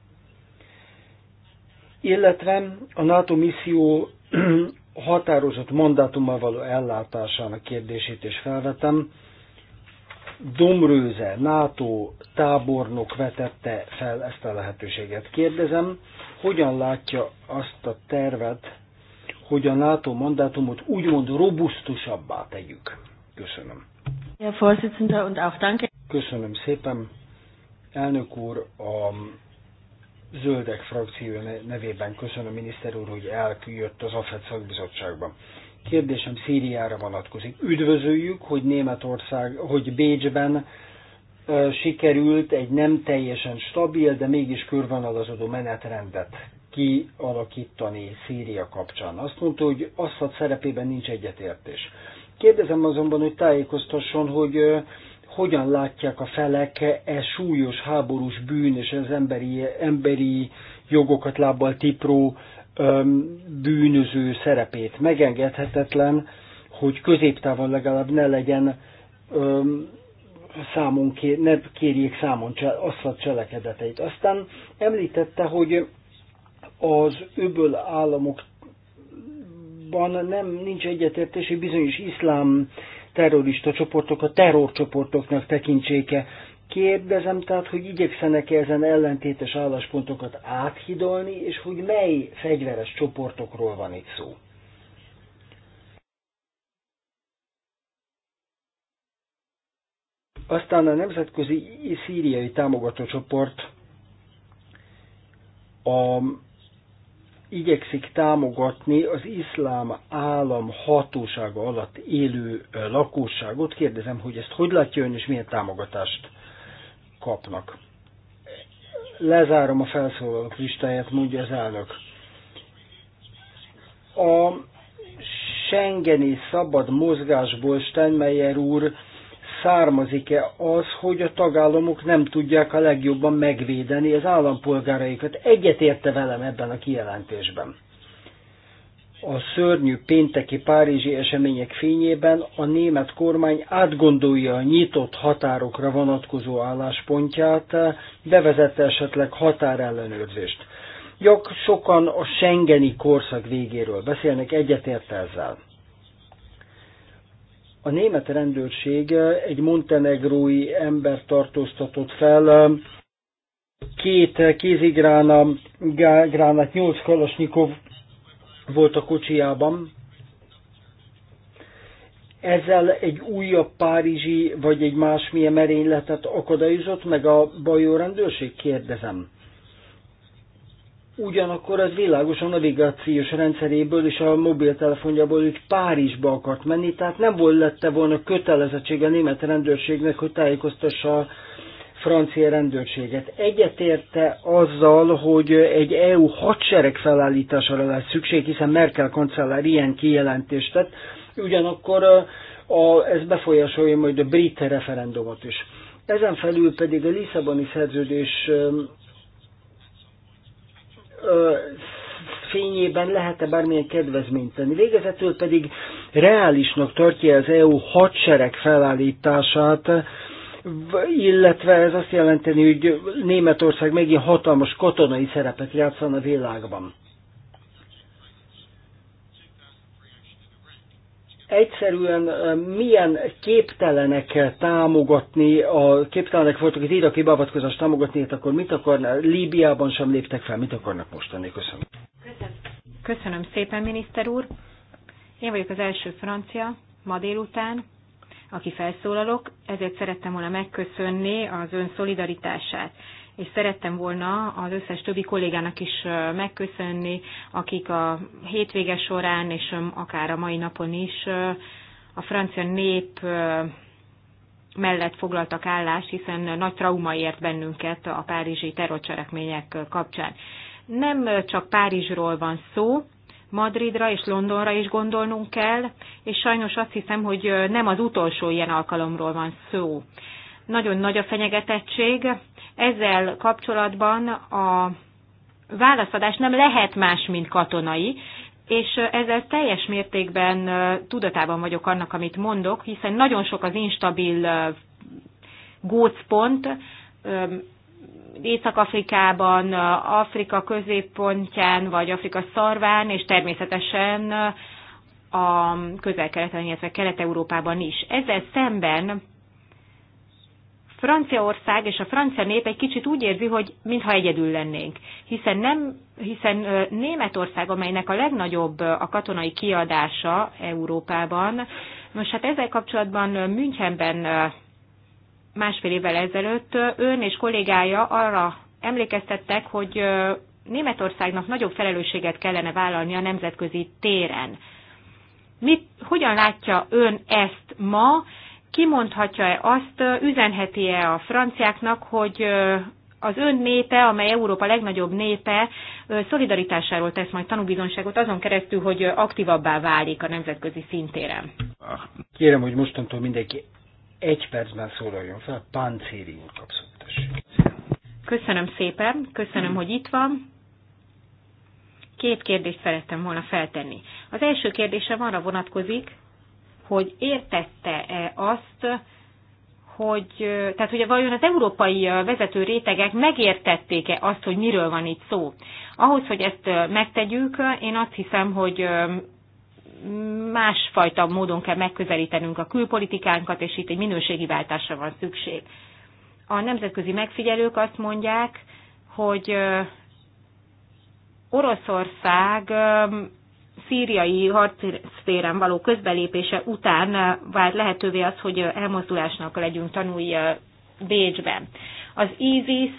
Illetve a NATO misszió határozott mandátummal való ellátásának kérdését is felvetem. Domrőze, NATO tábornok vetette fel ezt a lehetőséget. Kérdezem, hogyan látja azt a tervet, hogy a NATO mandátumot úgymond robusztusabbá tegyük? Köszönöm. Köszönöm szépen. Elnök úr, a zöldek frakció nevében köszönöm miniszter úr, hogy eljött az AFED szakbizottságban. Kérdésem Szíriára vonatkozik. Üdvözöljük, hogy Németország, hogy Bécsben ö, sikerült egy nem teljesen stabil, de mégis körvonalazódó menetrendet kialakítani Szíria kapcsán. Azt mondta, hogy Assad szerepében nincs egyetértés. Kérdezem azonban, hogy tájékoztasson, hogy ö, hogyan látják a felek e súlyos háborús bűn és az emberi, emberi jogokat lábbal tipró öm, bűnöző szerepét. Megengedhetetlen, hogy középtávon legalább ne legyen öm, számon kér, ne kérjék számon a cselekedeteit. Aztán említette, hogy az öböl államokban nem nincs egyetértés, hogy bizonyos iszlám terrorista csoportok a terrorcsoportoknak tekintséke. Kérdezem tehát, hogy igyekszenek-e ezen ellentétes álláspontokat áthidalni, és hogy mely fegyveres csoportokról van itt szó. Aztán a Nemzetközi Szíriai Támogatócsoport a igyekszik támogatni az iszlám állam hatósága alatt élő lakosságot. Kérdezem, hogy ezt hogy látja ön, és milyen támogatást kapnak. Lezárom a felszólalók listáját, mondja az elnök. A Schengeni szabad mozgásból Steinmeier úr származik-e az, hogy a tagállamok nem tudják a legjobban megvédeni az állampolgáraikat. Egyetérte velem ebben a kijelentésben. A szörnyű pénteki párizsi események fényében a német kormány átgondolja a nyitott határokra vonatkozó álláspontját, bevezette esetleg határellenőrzést. Gyakran sokan a Schengeni korszak végéről beszélnek, egyetért ezzel. A német rendőrség egy montenegrói ember tartóztatott fel, két kézigrána, gránát, nyolc kalasnyikov volt a kocsiában. Ezzel egy újabb párizsi vagy egy másmilyen merényletet akadályozott meg a bajó rendőrség? Kérdezem. Ugyanakkor ez világos a navigációs rendszeréből és a mobiltelefonjából, hogy Párizsba akart menni, tehát nem volt lette volna kötelezettség a német rendőrségnek, hogy tájékoztassa a francia rendőrséget. Egyetérte azzal, hogy egy EU hadsereg felállítására lesz szükség, hiszen Merkel kancellár ilyen kijelentést tett, ugyanakkor a, ez befolyásolja majd a brit referendumot is. Ezen felül pedig a Lisszaboni szerződés fényében lehet-e bármilyen kedvezményt tenni. Végezetül pedig reálisnak tartja az EU hadsereg felállítását, illetve ez azt jelenteni, hogy Németország megint hatalmas katonai szerepet játszana a világban. egyszerűen milyen képtelenek támogatni, a, képtelenek voltak az iraki beavatkozást támogatni, hát akkor mit akarnak? Líbiában sem léptek fel, mit akarnak mostani? Köszönöm. Köszönöm. Köszönöm szépen, miniszter úr. Én vagyok az első francia ma délután, aki felszólalok, ezért szerettem volna megköszönni az ön szolidaritását és szerettem volna az összes többi kollégának is megköszönni, akik a hétvége során és akár a mai napon is a francia nép mellett foglaltak állást, hiszen nagy trauma ért bennünket a párizsi terrorcselekmények kapcsán. Nem csak Párizsról van szó, Madridra és Londonra is gondolnunk kell, és sajnos azt hiszem, hogy nem az utolsó ilyen alkalomról van szó nagyon nagy a fenyegetettség. Ezzel kapcsolatban a válaszadás nem lehet más, mint katonai, és ezzel teljes mértékben tudatában vagyok annak, amit mondok, hiszen nagyon sok az instabil gócpont, Észak-Afrikában, Afrika középpontján, vagy Afrika szarván, és természetesen a közel-keleten, illetve Kelet-Európában is. Ezzel szemben Franciaország és a francia nép egy kicsit úgy érzi, hogy mintha egyedül lennénk, hiszen, nem, hiszen Németország, amelynek a legnagyobb a katonai kiadása Európában, most hát ezzel kapcsolatban Münchenben másfél évvel ezelőtt ön és kollégája arra emlékeztettek, hogy Németországnak nagyobb felelősséget kellene vállalni a nemzetközi téren. Mit, hogyan látja ön ezt ma, kimondhatja-e azt, üzenheti-e a franciáknak, hogy az ön népe, amely Európa legnagyobb népe, szolidaritásáról tesz majd tanúbizonságot azon keresztül, hogy aktívabbá válik a nemzetközi szintéren. Kérem, hogy mostantól mindenki egy percben szólaljon fel, páncéri úr Köszönöm szépen, köszönöm, hogy itt van. Két kérdést szerettem volna feltenni. Az első kérdésem arra vonatkozik, hogy értette-e azt, hogy, tehát hogy vajon az európai vezető rétegek megértették-e azt, hogy miről van itt szó. Ahhoz, hogy ezt megtegyük, én azt hiszem, hogy másfajta módon kell megközelítenünk a külpolitikánkat, és itt egy minőségi váltásra van szükség. A nemzetközi megfigyelők azt mondják, hogy Oroszország szíriai harcszféren való közbelépése után eh, vált lehetővé az, hogy eh, elmozdulásnak legyünk tanulj eh, Bécsben. Az ISIS,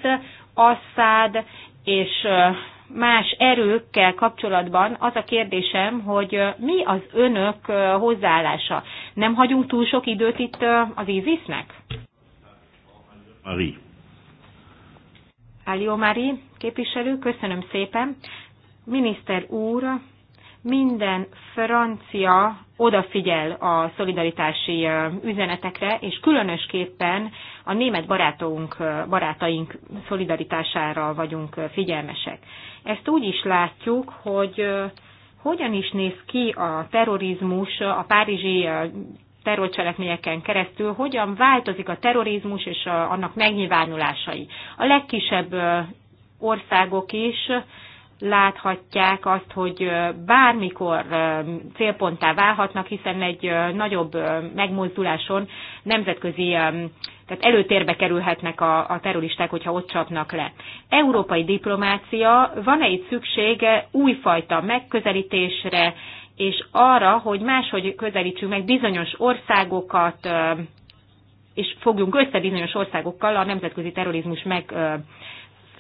Assad és más erőkkel kapcsolatban az a kérdésem, hogy mi az önök hozzáállása? Nem hagyunk túl sok időt itt az ISIS-nek? Mari. Álió Mari képviselő, köszönöm szépen. Miniszter úr, minden francia odafigyel a szolidaritási üzenetekre, és különösképpen a német barátunk, barátaink szolidaritására vagyunk figyelmesek. Ezt úgy is látjuk, hogy hogyan is néz ki a terrorizmus a párizsi terrorcselekményeken keresztül, hogyan változik a terrorizmus és annak megnyilvánulásai. A legkisebb országok is láthatják azt, hogy bármikor célponttá válhatnak, hiszen egy nagyobb megmozduláson nemzetközi, tehát előtérbe kerülhetnek a, a terroristák, hogyha ott csapnak le. Európai diplomácia, van-e itt szüksége újfajta megközelítésre, és arra, hogy máshogy közelítsünk meg bizonyos országokat, és fogjunk össze bizonyos országokkal a nemzetközi terrorizmus meg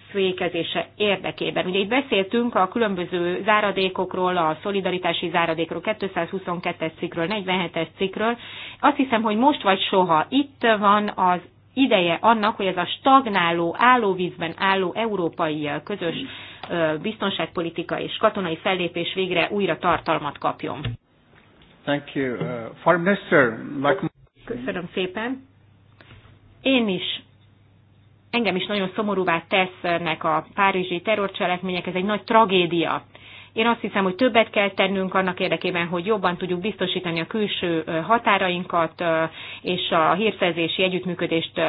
fékezése érdekében. Ugye itt beszéltünk a különböző záradékokról, a szolidaritási záradékról, 222-es cikkről, 47-es cikkről. Azt hiszem, hogy most vagy soha itt van az ideje annak, hogy ez a stagnáló, állóvízben álló európai közös biztonságpolitika és katonai fellépés végre újra tartalmat kapjon. Thank you. Uh, Minister, like... Köszönöm szépen. Én is engem is nagyon szomorúvá tesznek a párizsi terrorcselekmények, ez egy nagy tragédia. Én azt hiszem, hogy többet kell tennünk annak érdekében, hogy jobban tudjuk biztosítani a külső határainkat, és a hírszerzési együttműködést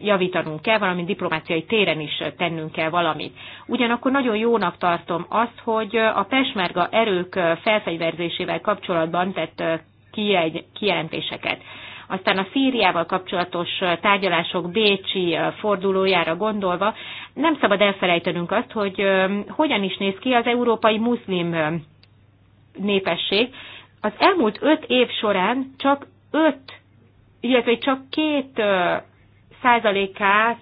javítanunk kell, valamint diplomáciai téren is tennünk kell valamit. Ugyanakkor nagyon jónak tartom azt, hogy a pesmerga erők felfegyverzésével kapcsolatban tett kijelentéseket. Aztán a Szíriával kapcsolatos tárgyalások Bécsi fordulójára gondolva, nem szabad elfelejtenünk azt, hogy hogyan is néz ki az európai muszlim népesség. Az elmúlt öt év során csak öt, illetve csak két százalékát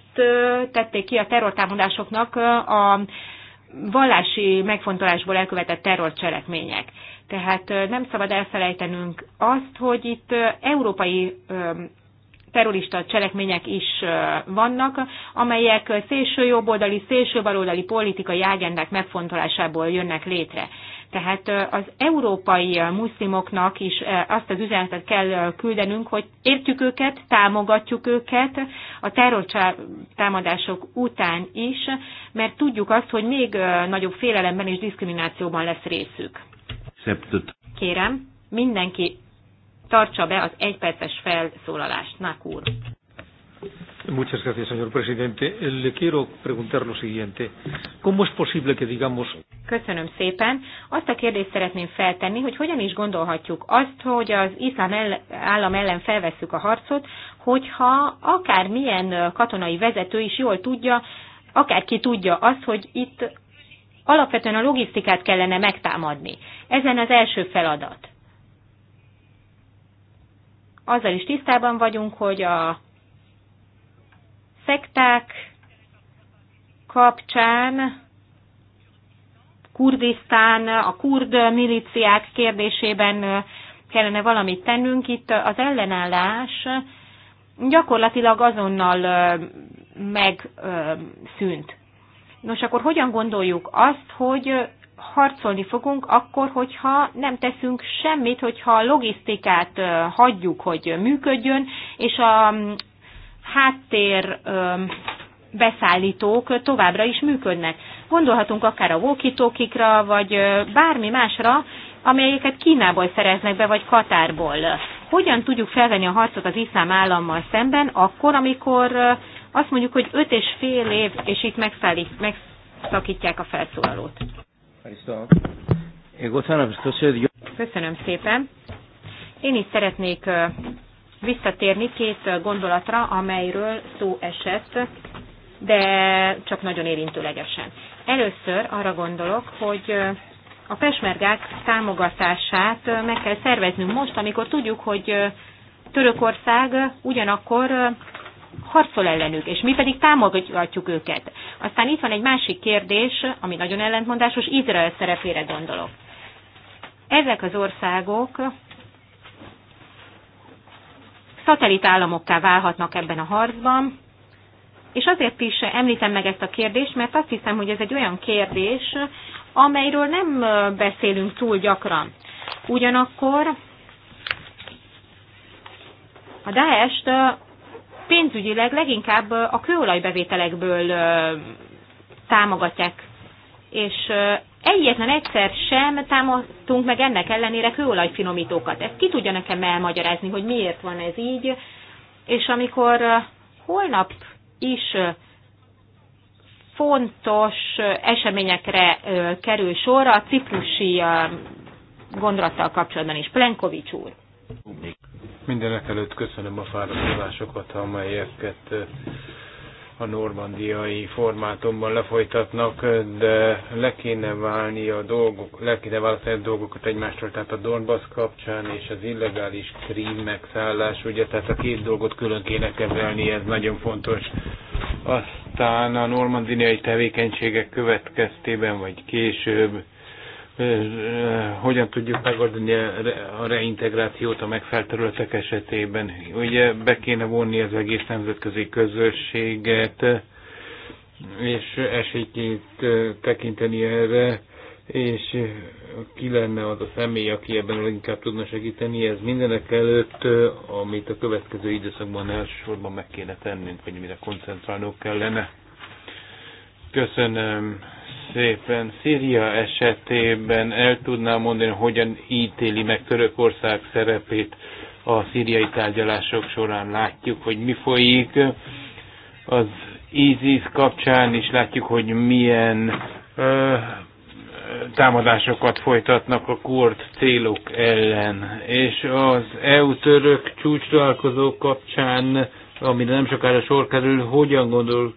tették ki a terrortámadásoknak a vallási megfontolásból elkövetett terrorcselekmények. Tehát nem szabad elfelejtenünk azt, hogy itt európai terrorista cselekmények is vannak, amelyek szélső jobboldali, szélső baloldali politikai ágendák megfontolásából jönnek létre. Tehát az európai muszlimoknak is azt az üzenetet kell küldenünk, hogy értjük őket, támogatjuk őket a terrortámadások után is, mert tudjuk azt, hogy még nagyobb félelemben és diszkriminációban lesz részük. Kérem, mindenki tartsa be az egyperces felszólalást. Nakur. Muchas gracias, señor presidente. Le quiero preguntar lo siguiente. ¿Cómo es posible que digamos... Köszönöm szépen. Azt a kérdést szeretném feltenni, hogy hogyan is gondolhatjuk azt, hogy az iszlám állam ellen felvesszük a harcot, hogyha akármilyen katonai vezető is jól tudja, akárki tudja azt, hogy itt alapvetően a logisztikát kellene megtámadni. Ezen az első feladat. Azzal is tisztában vagyunk, hogy a szekták kapcsán Kurdisztán, a kurd miliciák kérdésében kellene valamit tennünk. Itt az ellenállás gyakorlatilag azonnal megszűnt. Nos, akkor hogyan gondoljuk azt, hogy harcolni fogunk akkor, hogyha nem teszünk semmit, hogyha a logisztikát hagyjuk, hogy működjön, és a háttér beszállítók továbbra is működnek. Gondolhatunk akár a walkie vagy bármi másra, amelyeket Kínából szereznek be, vagy Katárból. Hogyan tudjuk felvenni a harcot az iszlám állammal szemben, akkor, amikor azt mondjuk, hogy öt és fél év, és itt megszállít, megszakítják a felszólalót. Köszönöm szépen. Én is szeretnék visszatérni két gondolatra, amelyről szó esett, de csak nagyon érintőlegesen. Először arra gondolok, hogy a pesmergák támogatását meg kell szerveznünk most, amikor tudjuk, hogy Törökország ugyanakkor harcol ellenük, és mi pedig támogatjuk őket. Aztán itt van egy másik kérdés, ami nagyon ellentmondásos, Izrael szerepére gondolok. Ezek az országok szatellitállamokká válhatnak ebben a harcban, és azért is említem meg ezt a kérdést, mert azt hiszem, hogy ez egy olyan kérdés, amelyről nem beszélünk túl gyakran. Ugyanakkor a Daest pénzügyileg leginkább a kőolajbevételekből támogatják. És egyetlen egyszer sem támadtunk meg ennek ellenére kőolajfinomítókat. Ezt ki tudja nekem elmagyarázni, hogy miért van ez így, és amikor holnap is fontos eseményekre kerül sor a ciprusi gondolattal kapcsolatban is. Plenkovics úr. Mindenek előtt köszönöm a fáradozásokat, amelyeket a normandiai formátumban lefolytatnak, de le kéne válni a dolgok, le kéne választani a dolgokat egymástól, tehát a Donbass kapcsán és az illegális krím megszállás, ugye, tehát a két dolgot külön kéne kezelni, ez nagyon fontos. Aztán a normandiai tevékenységek következtében, vagy később hogyan tudjuk megoldani a reintegrációt a megfelelő területek esetében. Ugye be kéne vonni az egész nemzetközi közösséget, és esélyként tekinteni erre, és ki lenne az a személy, aki ebben leginkább tudna segíteni, ez mindenek előtt, amit a következő időszakban elsősorban meg kéne tennünk, vagy mire koncentrálnunk kellene. Köszönöm szépen. Szíria esetében el tudnám mondani, hogyan ítéli meg Törökország szerepét a szíriai tárgyalások során. Látjuk, hogy mi folyik. Az ISIS kapcsán is látjuk, hogy milyen ö, támadásokat folytatnak a kurd célok ellen. És az EU-török csúcs találkozó kapcsán, amire nem sokára sor kerül, hogyan gondol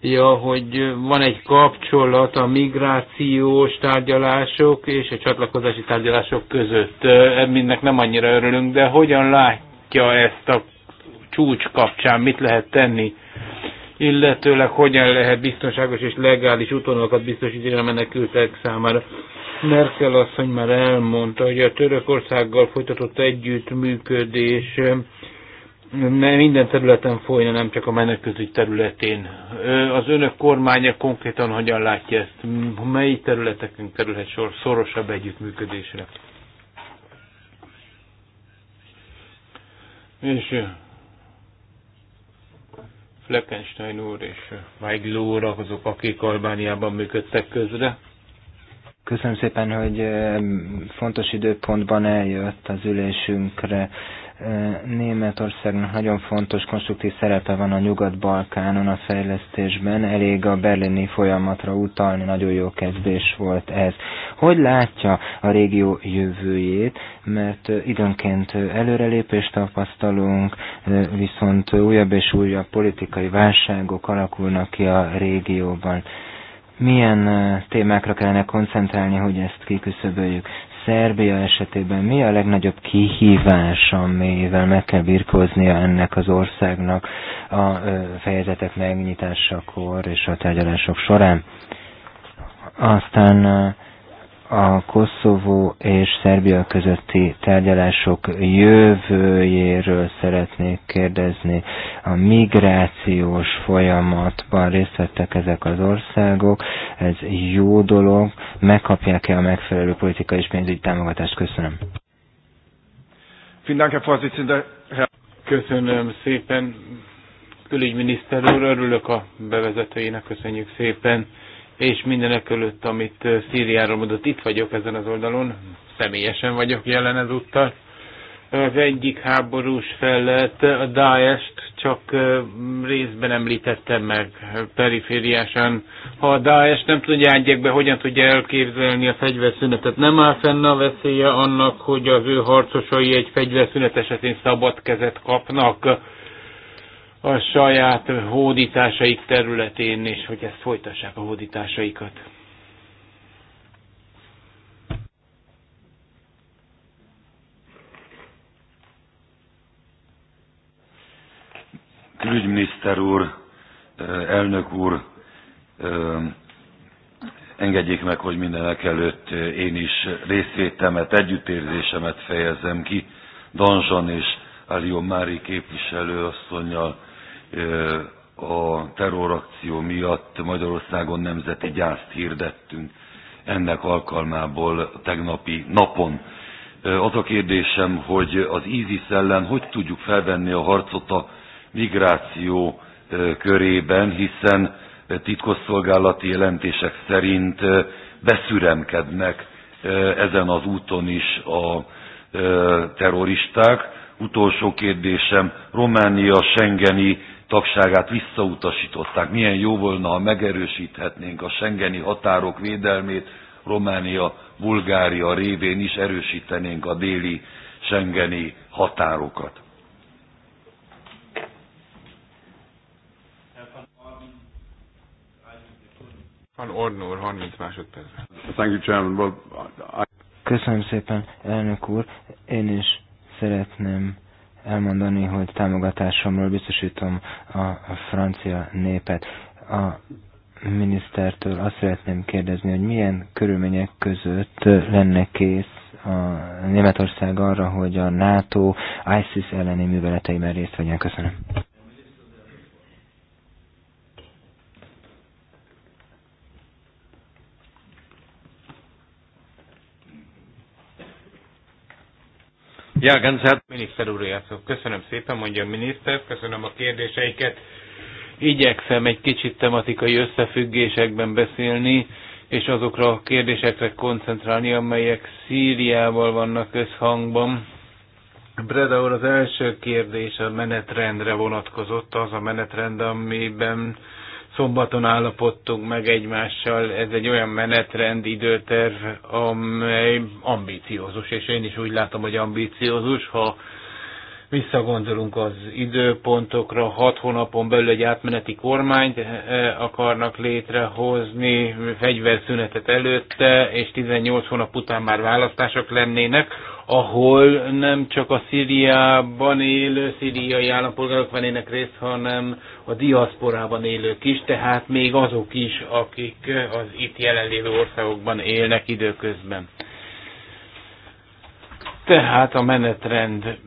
ja, hogy van egy kapcsolat a migrációs tárgyalások és a csatlakozási tárgyalások között. Mindnek nem annyira örülünk, de hogyan látja ezt a csúcs kapcsán, mit lehet tenni, illetőleg hogyan lehet biztonságos és legális utonokat biztosítani a menekültek számára. Merkel asszony már elmondta, hogy a Törökországgal folytatott együttműködés minden területen folyna, nem csak a menekültügy területén. Az önök kormánya konkrétan hogyan látja ezt? Mely területeken kerülhet sor szorosabb együttműködésre? És Fleckenstein úr és Weigl úr azok, akik Albániában működtek közre. Köszönöm szépen, hogy fontos időpontban eljött az ülésünkre. Németországnak nagyon fontos konstruktív szerepe van a Nyugat-Balkánon a fejlesztésben, elég a berlini folyamatra utalni, nagyon jó kezdés volt ez. Hogy látja a régió jövőjét, mert időnként előrelépést tapasztalunk, viszont újabb és újabb politikai válságok alakulnak ki a régióban milyen témákra kellene koncentrálni, hogy ezt kiküszöböljük. Szerbia esetében mi a legnagyobb kihívás, amivel meg kell birkóznia ennek az országnak a fejezetek megnyitásakor és a tárgyalások során? Aztán a Koszovó és Szerbia közötti tárgyalások jövőjéről szeretnék kérdezni. A migrációs folyamatban részt vettek ezek az országok, ez jó dolog. Megkapják-e a megfelelő politikai és pénzügyi támogatást? Köszönöm. Köszönöm szépen. Külügyminiszter úr, örülök a bevezetőjének, köszönjük szépen és mindenek előtt, amit Szíriáról mondott, itt vagyok ezen az oldalon, személyesen vagyok jelen ezúttal. Az egyik háborús felett a daesh csak részben említettem meg perifériásan. Ha a Daesh nem tudja ágyekbe, hogyan tudja elképzelni a fegyverszünetet? Nem áll fenn a veszélye annak, hogy az ő harcosai egy fegyverszünet esetén szabad kezet kapnak a saját hódításaik területén, és hogy ezt folytassák a hódításaikat. Külügyminiszter úr, elnök úr, engedjék meg, hogy mindenek előtt én is részvétemet, együttérzésemet fejezem ki Danzsan és Alion Mári asszonynal, a terrorakció miatt Magyarországon nemzeti gyászt hirdettünk ennek alkalmából tegnapi napon. Az a kérdésem, hogy az ISIS ellen hogy tudjuk felvenni a harcot a migráció körében, hiszen titkosszolgálati jelentések szerint beszüremkednek ezen az úton is a terroristák. Utolsó kérdésem, Románia Schengeni tagságát visszautasították. Milyen jó volna, ha megerősíthetnénk a Schengeni határok védelmét, Románia, Bulgária révén is erősítenénk a déli Schengeni határokat. Van Köszönöm szépen, elnök úr. Én is szeretném elmondani, hogy támogatásomról biztosítom a francia népet. A minisztertől azt szeretném kérdezni, hogy milyen körülmények között lenne kész a Németország arra, hogy a NATO ISIS elleni műveleteiben részt vegyen. Köszönöm. Ja, ganz Miniszter úr, szóval köszönöm szépen, mondja a miniszter, köszönöm a kérdéseiket. Igyekszem egy kicsit tematikai összefüggésekben beszélni, és azokra a kérdésekre koncentrálni, amelyek Szíriával vannak összhangban. Breda úr, az első kérdés a menetrendre vonatkozott, az a menetrend, amiben Szombaton állapodtunk meg egymással, ez egy olyan menetrend, időterv, amely ambíciózus, és én is úgy látom, hogy ambíciózus, ha visszagondolunk az időpontokra, hat hónapon belül egy átmeneti kormányt eh, akarnak létrehozni, fegyverszünetet előtte, és 18 hónap után már választások lennének ahol nem csak a Szíriában élő szíriai állampolgárok vennének részt, hanem a diaszporában élők is, tehát még azok is, akik az itt jelenlévő országokban élnek időközben. Tehát a menetrend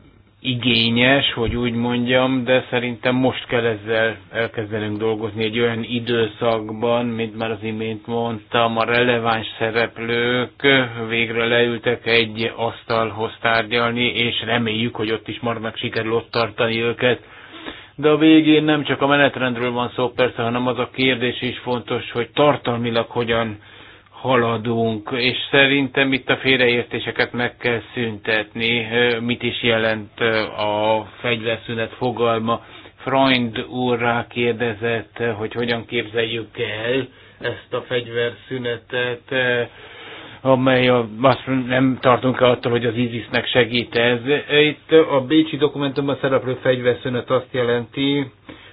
igényes, hogy úgy mondjam, de szerintem most kell ezzel elkezdenünk dolgozni egy olyan időszakban, mint már az imént mondtam, a releváns szereplők végre leültek egy asztalhoz tárgyalni, és reméljük, hogy ott is maradnak sikerül ott tartani őket. De a végén nem csak a menetrendről van szó persze, hanem az a kérdés is fontos, hogy tartalmilag hogyan haladunk, és szerintem itt a félreértéseket meg kell szüntetni, mit is jelent a fegyverszünet fogalma. Freund úr rá kérdezett, hogy hogyan képzeljük el ezt a fegyverszünetet, amely a, azt nem tartunk el attól, hogy az ISIS-nek segít ez. Itt a Bécsi dokumentumban szereplő fegyverszünet azt jelenti,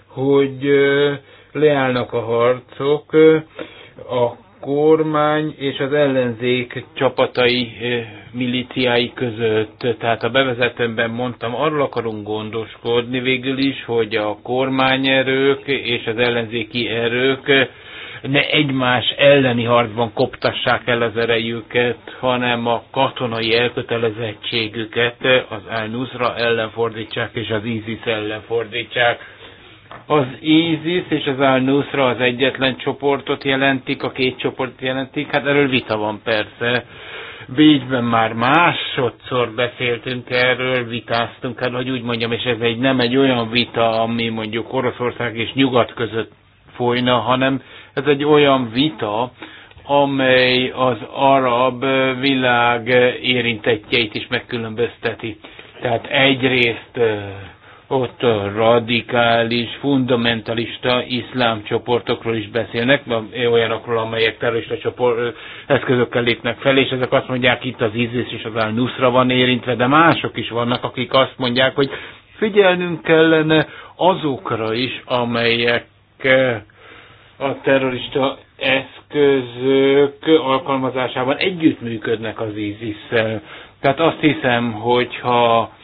hogy leállnak a harcok, a kormány és az ellenzék csapatai, eh, milíciái között. Tehát a bevezetőmben mondtam, arról akarunk gondoskodni végül is, hogy a kormányerők és az ellenzéki erők eh, ne egymás elleni harcban koptassák el az erejüket, hanem a katonai elkötelezettségüket eh, az al ellen fordítsák és az ISIS ellen fordítsák az ISIS és az al az egyetlen csoportot jelentik, a két csoportot jelentik, hát erről vita van persze. Bécsben már másodszor beszéltünk erről, vitáztunk el, hogy úgy mondjam, és ez egy, nem egy olyan vita, ami mondjuk Oroszország és Nyugat között folyna, hanem ez egy olyan vita, amely az arab világ érintettjeit is megkülönbözteti. Tehát egyrészt ott a radikális, fundamentalista iszlám csoportokról is beszélnek, olyanokról, amelyek terrorista csoport, eszközökkel lépnek fel, és ezek azt mondják, itt az ISIS és az al van érintve, de mások is vannak, akik azt mondják, hogy figyelnünk kellene azokra is, amelyek a terrorista eszközök alkalmazásában együttműködnek az ISIS-szel. Tehát azt hiszem, hogyha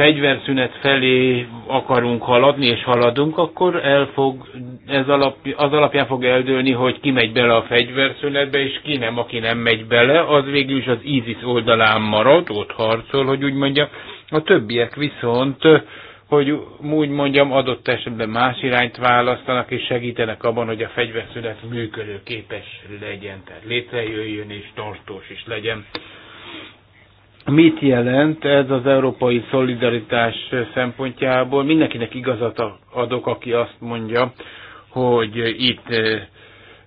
fegyverszünet felé akarunk haladni, és haladunk, akkor el fog, ez alap, az alapján fog eldőlni, hogy ki megy bele a fegyverszünetbe, és ki nem, aki nem megy bele, az végül is az ISIS oldalán marad, ott harcol, hogy úgy mondjam. A többiek viszont, hogy úgy mondjam, adott esetben más irányt választanak, és segítenek abban, hogy a fegyverszünet működőképes legyen, tehát létrejöjjön és tartós is legyen mit jelent ez az európai szolidaritás szempontjából. Mindenkinek igazat adok, aki azt mondja, hogy itt eh,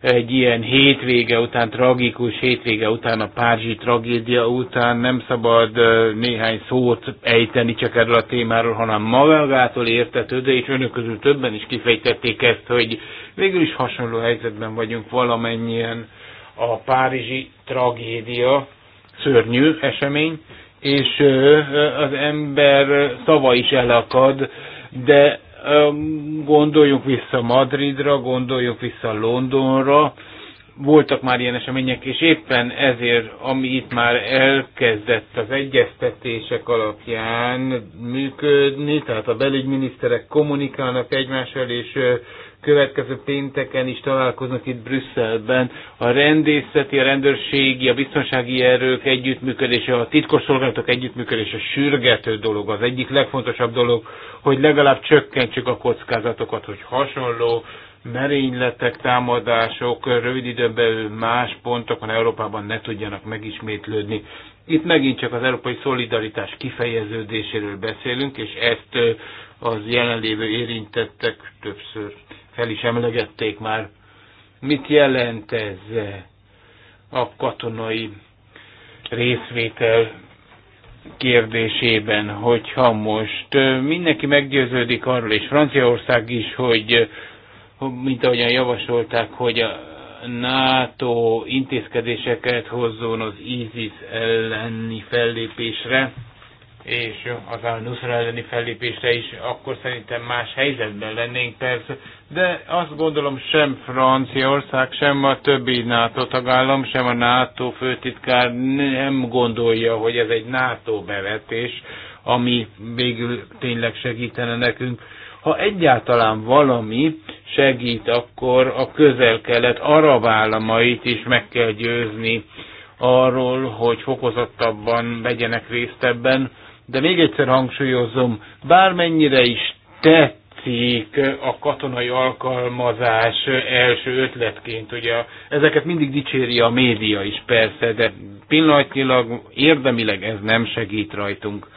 egy ilyen hétvége után, tragikus hétvége után, a Párizsi tragédia után nem szabad eh, néhány szót ejteni csak erről a témáról, hanem magától értetődő, és önök közül többen is kifejtették ezt, hogy végül is hasonló helyzetben vagyunk valamennyien a Párizsi tragédia szörnyű esemény, és az ember szava is elakad, de gondoljunk vissza Madridra, gondoljunk vissza Londonra, voltak már ilyen események, és éppen ezért, ami itt már elkezdett az egyeztetések alapján működni, tehát a belügyminiszterek kommunikálnak egymással, és következő pénteken is találkoznak itt Brüsszelben. A rendészeti, a rendőrségi, a biztonsági erők együttműködése, a titkosszolgálatok együttműködése sürgető dolog. Az egyik legfontosabb dolog, hogy legalább csökkentsük a kockázatokat, hogy hasonló merényletek, támadások rövid időn belül más pontokon Európában ne tudjanak megismétlődni. Itt megint csak az európai szolidaritás kifejeződéséről beszélünk, és ezt az jelenlévő érintettek többször fel is emlegették már. Mit jelent ez a katonai részvétel kérdésében, hogyha most mindenki meggyőződik arról, és Franciaország is, hogy mint ahogyan javasolták, hogy a NATO intézkedéseket hozzon az ISIS elleni fellépésre, és az al elleni fellépésre is, akkor szerintem más helyzetben lennénk persze, de azt gondolom sem Franciaország, sem a többi NATO tagállam, sem a NATO főtitkár nem gondolja, hogy ez egy NATO bevetés, ami végül tényleg segítene nekünk. Ha egyáltalán valami segít, akkor a közel-kelet arab államait is meg kell győzni arról, hogy fokozottabban vegyenek részt ebben. De még egyszer hangsúlyozom, bármennyire is tett cikk, a katonai alkalmazás első ötletként. Ugye ezeket mindig dicséri a média is persze, de pillanatnyilag érdemileg ez nem segít rajtunk.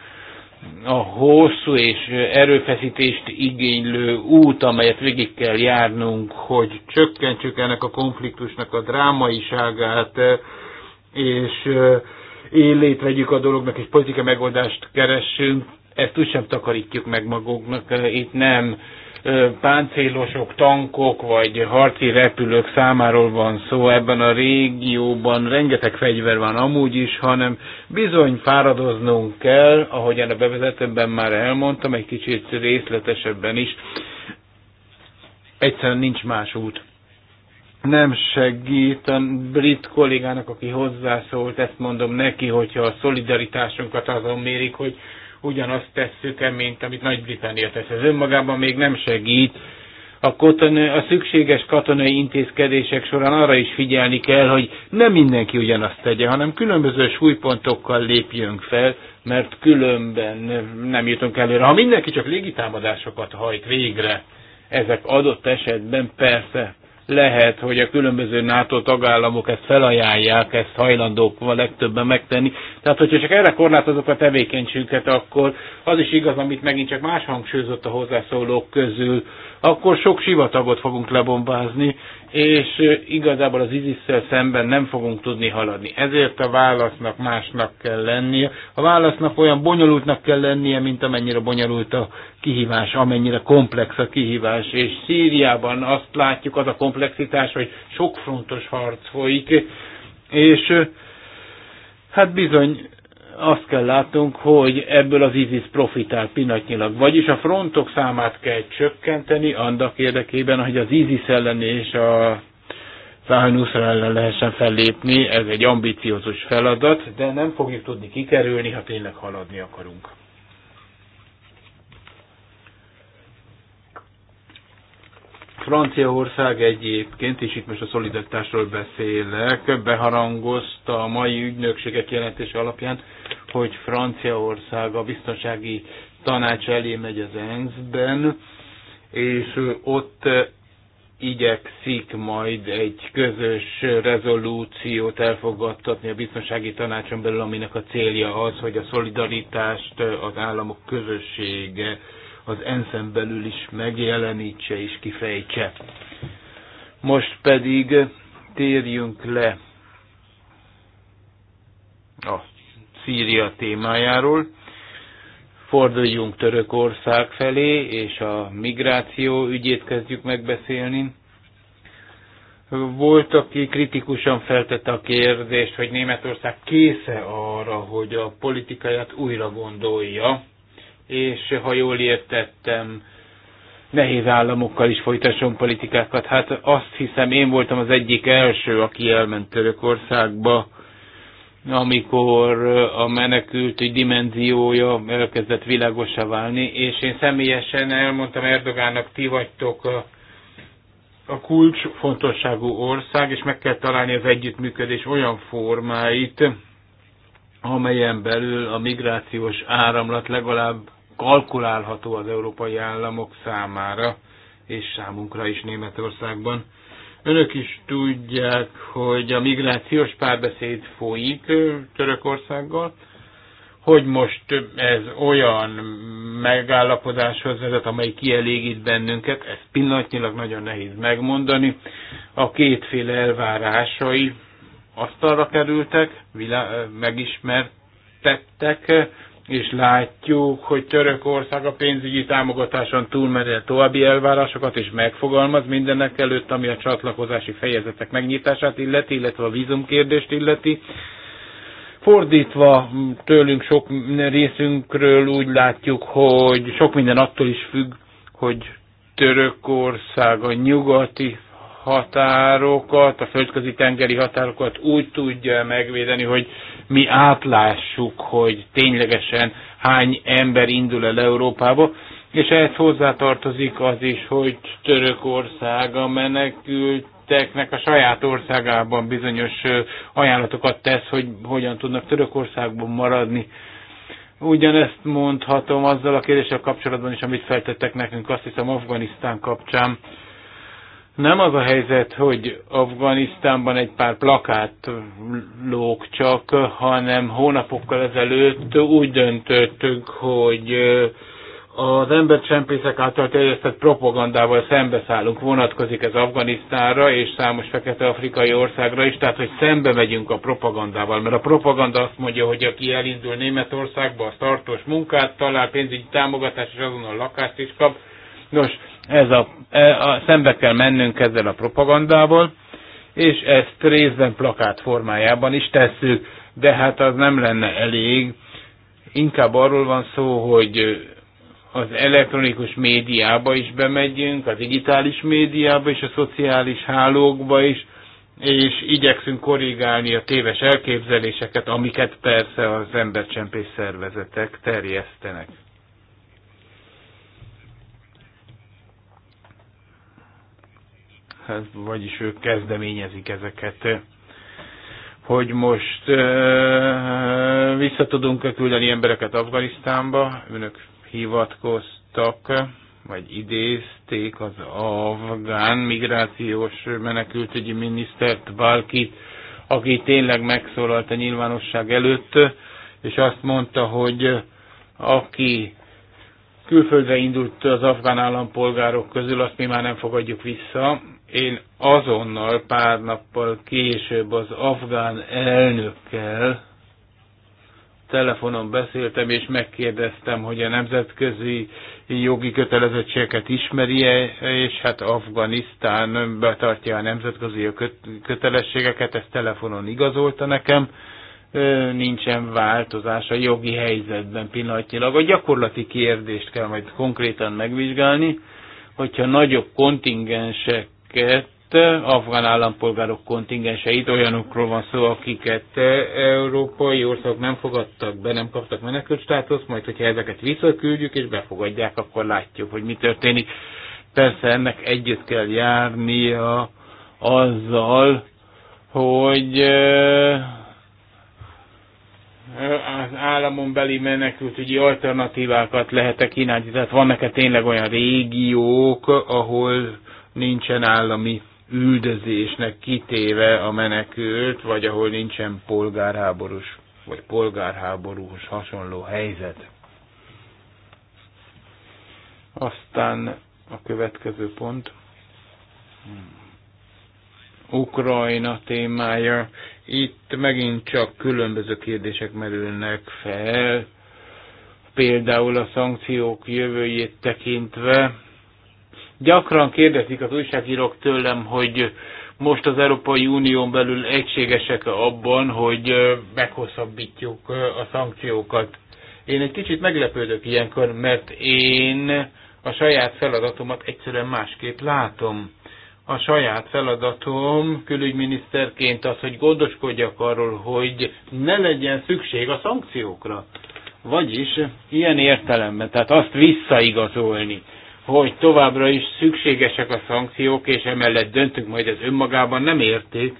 A hosszú és erőfeszítést igénylő út, amelyet végig kell járnunk, hogy csökkentsük ennek a konfliktusnak a drámaiságát, és eh, élét vegyük a dolognak, és politikai megoldást keressünk, ezt úgysem takarítjuk meg magunknak, itt nem páncélosok, tankok vagy harci repülők számáról van szó, ebben a régióban rengeteg fegyver van amúgy is, hanem bizony fáradoznunk kell, ahogyan a bevezetőben már elmondtam, egy kicsit részletesebben is. Egyszerűen nincs más út. Nem segít a brit kollégának, aki hozzászólt, ezt mondom neki, hogyha a szolidaritásunkat azon mérik, hogy ugyanazt tesszük-e, mint amit Nagy-Britannia tesz. Ez önmagában még nem segít. A, katonai, a szükséges katonai intézkedések során arra is figyelni kell, hogy nem mindenki ugyanazt tegye, hanem különböző súlypontokkal lépjünk fel, mert különben nem jutunk előre. Ha mindenki csak légitámadásokat hajt végre, ezek adott esetben persze lehet, hogy a különböző NATO tagállamok ezt felajánlják, ezt hajlandók a legtöbben megtenni. Tehát, hogyha csak erre korlátozok a tevékenységünket, akkor az is igaz, amit megint csak más hangsúlyozott a hozzászólók közül, akkor sok sivatagot fogunk lebombázni, és igazából az isis szemben nem fogunk tudni haladni. Ezért a válasznak másnak kell lennie. A válasznak olyan bonyolultnak kell lennie, mint amennyire bonyolult a kihívás, amennyire komplex a kihívás. És Szíriában azt látjuk, az a komplexitás, hogy sok frontos harc folyik, és hát bizony azt kell látnunk, hogy ebből az ISIS profitál pillanatnyilag. Vagyis a frontok számát kell csökkenteni annak érdekében, hogy az ISIS ellen és a Száhajnuszra ellen lehessen fellépni. Ez egy ambiciózus feladat, de nem fogjuk tudni kikerülni, ha tényleg haladni akarunk. Franciaország egyébként, és itt most a szolidaritásról beszélek, beharangozta a mai ügynökségek jelentése alapján, hogy Franciaország a biztonsági tanács elé megy az ENSZ-ben, és ott igyekszik majd egy közös rezolúciót elfogadtatni a biztonsági tanácson belül, aminek a célja az, hogy a szolidaritást az államok közössége az enszem belül is megjelenítse és kifejtse. Most pedig térjünk le a Szíria témájáról, forduljunk Törökország felé, és a migráció ügyét kezdjük megbeszélni. Volt, aki kritikusan feltette a kérdést, hogy Németország késze arra, hogy a politikáját újra gondolja, és ha jól értettem, nehéz államokkal is folytasson politikákat. Hát azt hiszem, én voltam az egyik első, aki elment Törökországba, amikor a menekült dimenziója elkezdett világosá válni, és én személyesen elmondtam Erdogánnak, ti vagytok a, a kulcs fontosságú ország, és meg kell találni az együttműködés olyan formáit, amelyen belül a migrációs áramlat legalább kalkulálható az európai államok számára, és számunkra is Németországban. Önök is tudják, hogy a migrációs párbeszéd folyik Törökországgal, hogy most ez olyan megállapodáshoz vezet, amely kielégít bennünket, Ez pillanatnyilag nagyon nehéz megmondani. A kétféle elvárásai asztalra kerültek, megismertettek, és látjuk, hogy Törökország a pénzügyi támogatáson túlmenő további elvárásokat is megfogalmaz mindenek előtt, ami a csatlakozási fejezetek megnyitását illeti, illetve a vízumkérdést illeti. Fordítva tőlünk sok részünkről úgy látjuk, hogy sok minden attól is függ, hogy Törökország a nyugati határokat, a földközi tengeri határokat úgy tudja megvédeni, hogy mi átlássuk, hogy ténylegesen hány ember indul el Európába, és ehhez hozzátartozik az is, hogy Törökország a menekült a saját országában bizonyos ajánlatokat tesz, hogy hogyan tudnak Törökországban maradni. Ugyanezt mondhatom azzal a kérdéssel kapcsolatban is, amit feltettek nekünk, azt hiszem Afganisztán kapcsán. Nem az a helyzet, hogy Afganisztánban egy pár plakát lók csak, hanem hónapokkal ezelőtt úgy döntöttünk, hogy az embercsempészek által terjesztett propagandával szembeszállunk, vonatkozik ez Afganisztánra és számos fekete afrikai országra is, tehát hogy szembe megyünk a propagandával, mert a propaganda azt mondja, hogy aki elindul Németországba, az tartós munkát talál, pénzügyi támogatást és azonnal lakást is kap. Nos, ez a, e, a, szembe kell mennünk ezzel a propagandával, és ezt részben plakát formájában is tesszük, de hát az nem lenne elég. Inkább arról van szó, hogy az elektronikus médiába is bemegyünk, a digitális médiába és a szociális hálókba is, és igyekszünk korrigálni a téves elképzeléseket, amiket persze az embercsempész szervezetek terjesztenek. vagyis ők kezdeményezik ezeket. Hogy most vissza visszatudunk e küldeni embereket Afganisztánba, önök hivatkoztak, vagy idézték az afgán migrációs menekültügyi minisztert, Balkit, aki tényleg megszólalt a nyilvánosság előtt, és azt mondta, hogy aki külföldre indult az afgán állampolgárok közül, azt mi már nem fogadjuk vissza, én azonnal pár nappal később az afgán elnökkel telefonon beszéltem, és megkérdeztem, hogy a nemzetközi jogi kötelezettségeket ismeri-e, és hát Afganisztán betartja a nemzetközi kötelességeket, ezt telefonon igazolta nekem, nincsen változás a jogi helyzetben pillanatnyilag. A gyakorlati kérdést kell majd konkrétan megvizsgálni, hogyha nagyobb kontingensek akiket afgán állampolgárok kontingenseit, olyanokról van szó, akiket eh, európai országok nem fogadtak be, nem kaptak menekült státuszt, majd hogyha ezeket visszaküldjük és befogadják, akkor látjuk, hogy mi történik. Persze ennek együtt kell járnia azzal, hogy eh, az államon beli menekültügyi alternatívákat lehetek kínálni. Tehát vannak-e tényleg olyan régiók, ahol nincsen állami üldözésnek kitéve a menekült, vagy ahol nincsen polgárháborús, vagy polgárháborús hasonló helyzet. Aztán a következő pont. Ukrajna témája. Itt megint csak különböző kérdések merülnek fel, például a szankciók jövőjét tekintve, Gyakran kérdezik az újságírók tőlem, hogy most az Európai Unión belül egységesek -e abban, hogy meghosszabbítjuk a szankciókat. Én egy kicsit meglepődök ilyenkor, mert én a saját feladatomat egyszerűen másképp látom. A saját feladatom külügyminiszterként az, hogy gondoskodjak arról, hogy ne legyen szükség a szankciókra. Vagyis ilyen értelemben, tehát azt visszaigazolni, hogy továbbra is szükségesek a szankciók, és emellett döntünk majd, ez önmagában nem érték.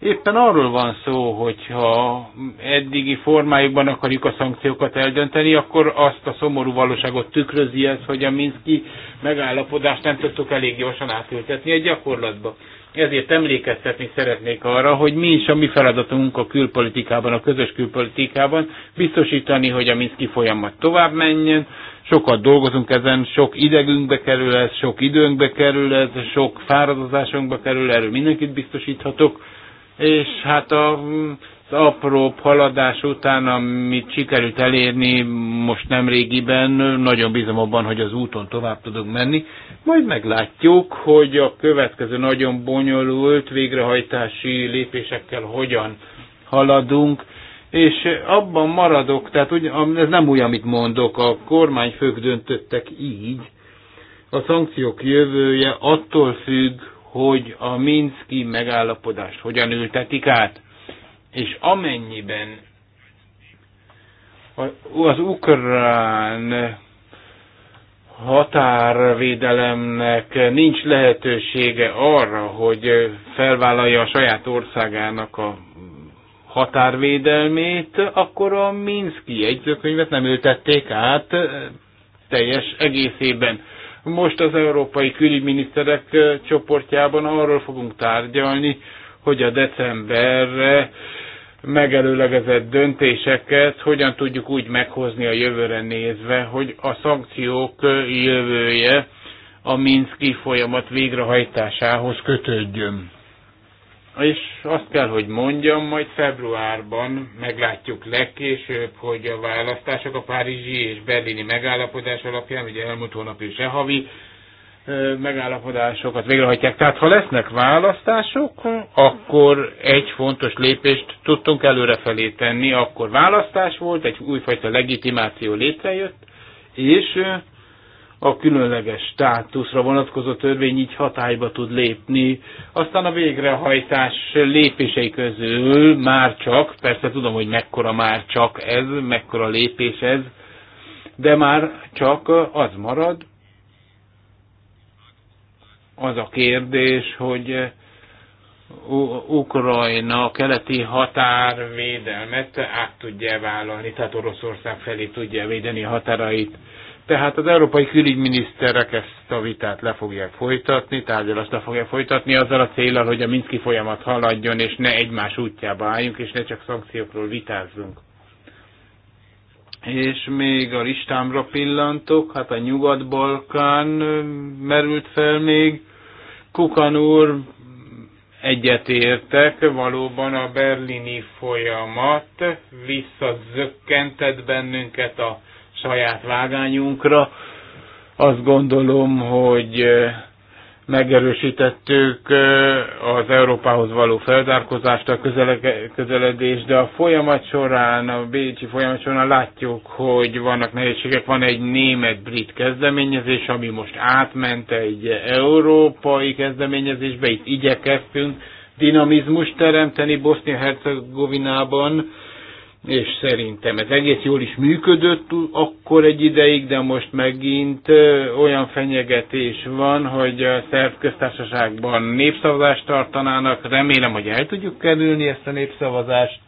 Éppen arról van szó, hogyha eddigi formájukban akarjuk a szankciókat eldönteni, akkor azt a szomorú valóságot tükrözi ez, hogy a Minszki megállapodást nem tudtuk elég gyorsan átültetni a gyakorlatba. Ezért emlékeztetni szeretnék arra, hogy mi is a mi feladatunk a külpolitikában, a közös külpolitikában, biztosítani, hogy a Minszki folyamat tovább menjen, sokat dolgozunk ezen, sok idegünkbe kerül ez, sok időnkbe kerül ez, sok fáradozásunkba kerül, erről mindenkit biztosíthatok, és hát a apró haladás után, amit sikerült elérni most nem régiben, nagyon bízom abban, hogy az úton tovább tudunk menni. Majd meglátjuk, hogy a következő nagyon bonyolult végrehajtási lépésekkel hogyan haladunk, és abban maradok, tehát ez nem új, amit mondok, a kormányfők döntöttek így, a szankciók jövője attól függ, hogy a Minszki megállapodást hogyan ültetik át és amennyiben az ukrán határvédelemnek nincs lehetősége arra, hogy felvállalja a saját országának a határvédelmét, akkor a Minszki jegyzőkönyvet nem ültették át teljes egészében. Most az európai külügyminiszterek csoportjában arról fogunk tárgyalni, hogy a decemberre megelőlegezett döntéseket hogyan tudjuk úgy meghozni a jövőre nézve, hogy a szankciók jövője a Minszki folyamat végrehajtásához kötődjön. És azt kell, hogy mondjam, majd februárban meglátjuk legkésőbb, hogy a választások a párizsi és berlini megállapodás alapján, ugye elmúlt hónap is e havi megállapodásokat végrehajtják. Tehát ha lesznek választások, akkor egy fontos lépést tudtunk előrefelé tenni. Akkor választás volt, egy újfajta legitimáció létrejött, és a különleges státuszra vonatkozó törvény így hatályba tud lépni. Aztán a végrehajtás lépései közül már csak, persze tudom, hogy mekkora már csak ez, mekkora lépés ez, de már csak az marad, az a kérdés, hogy eh, Ukrajna a keleti határvédelmet át tudja vállalni, tehát Oroszország felé tudja védeni a határait. Tehát az európai külügyminiszterek ezt a vitát le fogják folytatni, tárgyalást le fogják folytatni azzal a célral, hogy a Minszki folyamat haladjon, és ne egymás útjába álljunk, és ne csak szankciókról vitázzunk. És még a listámra pillantok, hát a Nyugat-Balkán merült fel még. Kukan úr egyetértek, valóban a berlini folyamat visszazökkentett bennünket a saját vágányunkra. Azt gondolom, hogy megerősítettük az Európához való feldárkozást, a közeledés, de a folyamat során, a Bécsi folyamat során látjuk, hogy vannak nehézségek. Van egy német-brit kezdeményezés, ami most átment egy európai kezdeményezésbe, itt igyekeztünk dinamizmust teremteni Bosznia-Hercegovinában, és szerintem ez egész jól is működött akkor egy ideig, de most megint olyan fenyegetés van, hogy a szerb köztársaságban népszavazást tartanának, remélem, hogy el tudjuk kerülni ezt a népszavazást,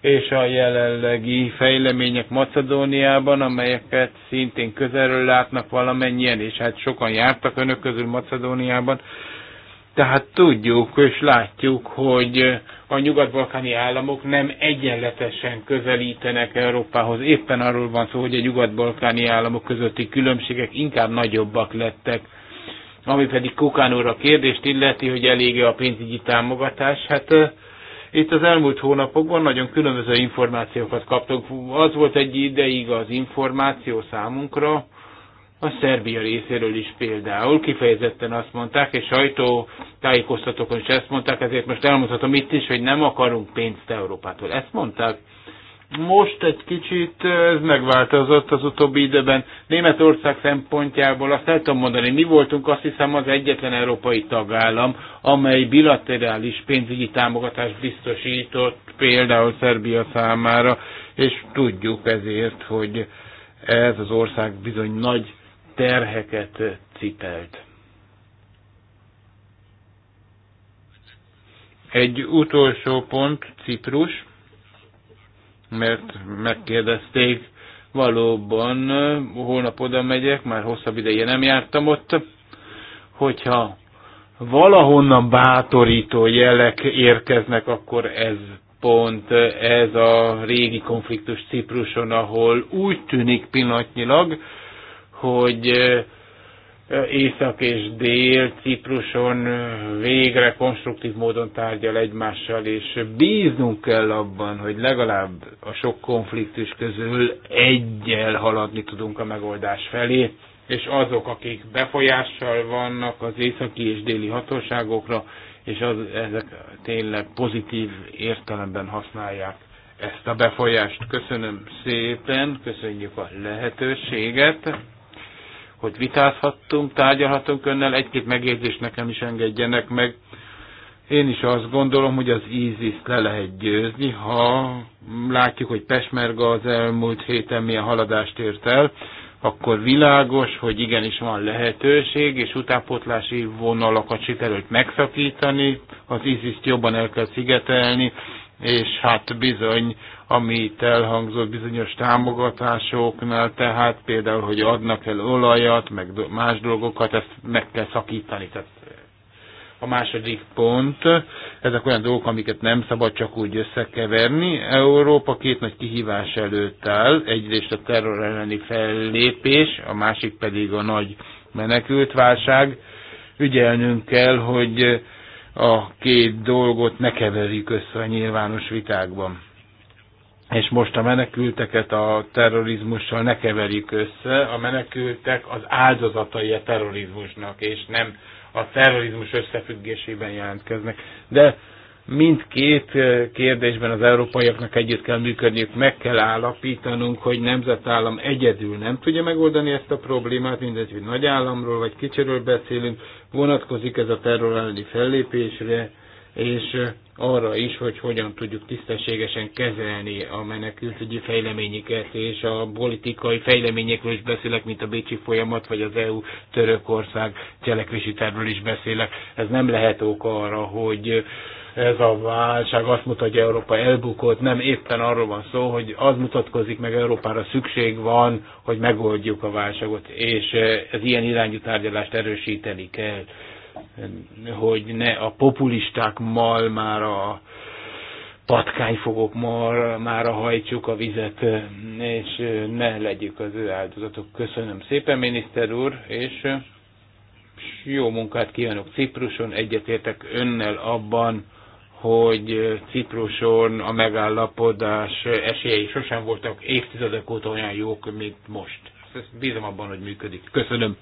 és a jelenlegi fejlemények Macedóniában, amelyeket szintén közelről látnak valamennyien, és hát sokan jártak önök közül Macedóniában, tehát tudjuk és látjuk, hogy a nyugat-balkáni államok nem egyenletesen közelítenek Európához. Éppen arról van szó, hogy a nyugat-balkáni államok közötti különbségek inkább nagyobbak lettek. Ami pedig Kukán úr a kérdést illeti, hogy elége a pénzügyi támogatás. Hát itt az elmúlt hónapokban nagyon különböző információkat kaptunk. Az volt egy ideig az információ számunkra, a Szerbia részéről is például kifejezetten azt mondták, és sajtó tájékoztatókon is ezt mondták, ezért most elmondhatom itt is, hogy nem akarunk pénzt Európától. Ezt mondták. Most egy kicsit ez megváltozott az utóbbi időben. Németország szempontjából azt el tudom mondani, mi voltunk azt hiszem az egyetlen európai tagállam, amely bilaterális pénzügyi támogatást biztosított például Szerbia számára, és tudjuk ezért, hogy ez az ország bizony nagy terheket cipelt. Egy utolsó pont, Ciprus, mert megkérdezték, valóban eh, holnap oda megyek, már hosszabb ideje nem jártam ott, hogyha valahonnan bátorító jelek érkeznek, akkor ez pont eh, ez a régi konfliktus Cipruson, ahol úgy tűnik pillanatnyilag, hogy észak és dél Cipruson végre konstruktív módon tárgyal egymással, és bíznunk kell abban, hogy legalább a sok konfliktus közül egyel haladni tudunk a megoldás felé, és azok, akik befolyással vannak az északi és déli hatóságokra, és az, ezek tényleg pozitív értelemben használják ezt a befolyást. Köszönöm szépen, köszönjük a lehetőséget hogy vitázhattunk, tárgyalhatunk önnel, egy-két megérzést nekem is engedjenek meg. Én is azt gondolom, hogy az isis le lehet győzni, ha látjuk, hogy Pesmerga az elmúlt héten milyen haladást ért el, akkor világos, hogy igenis van lehetőség, és utánpótlási vonalakat sikerült megszakítani, az ISIS-t jobban el kell szigetelni, és hát bizony amit elhangzott bizonyos támogatásoknál, tehát például, hogy adnak el olajat, meg más dolgokat, ezt meg kell szakítani. Tehát a második pont, ezek olyan dolgok, amiket nem szabad csak úgy összekeverni. Európa két nagy kihívás előtt áll, egyrészt a terror elleni fellépés, a másik pedig a nagy menekültválság. Ügyelnünk kell, hogy a két dolgot ne keverjük össze a nyilvános vitákban és most a menekülteket a terrorizmussal ne keverjük össze. A menekültek az áldozatai a terrorizmusnak, és nem a terrorizmus összefüggésében jelentkeznek. De mindkét eh, kérdésben az európaiaknak együtt kell működniük, meg kell állapítanunk, hogy nemzetállam egyedül nem tudja megoldani ezt a problémát, mindegy, hogy nagy államról vagy kicsiről beszélünk, vonatkozik ez a terror elleni fellépésre, és arra is, hogy hogyan tudjuk tisztességesen kezelni a menekültügyi fejleményeket, és a politikai fejleményekről is beszélek, mint a Bécsi folyamat, vagy az EU-Törökország cselekvési tervről is beszélek. Ez nem lehet ok arra, hogy ez a válság azt mutatja, hogy Európa elbukott, nem éppen arról van szó, hogy az mutatkozik meg Európára szükség van, hogy megoldjuk a válságot, és ez ilyen irányú tárgyalást erősíteni kell hogy ne a populisták már a patkányfogok már a hajtsuk a vizet, és ne legyük az ő áldozatok. Köszönöm szépen, miniszter úr, és jó munkát kívánok Cipruson. Egyetértek önnel abban, hogy Cipruson a megállapodás esélyei sosem voltak évtizedek óta olyan jók, mint most. Bízom abban, hogy működik. Köszönöm.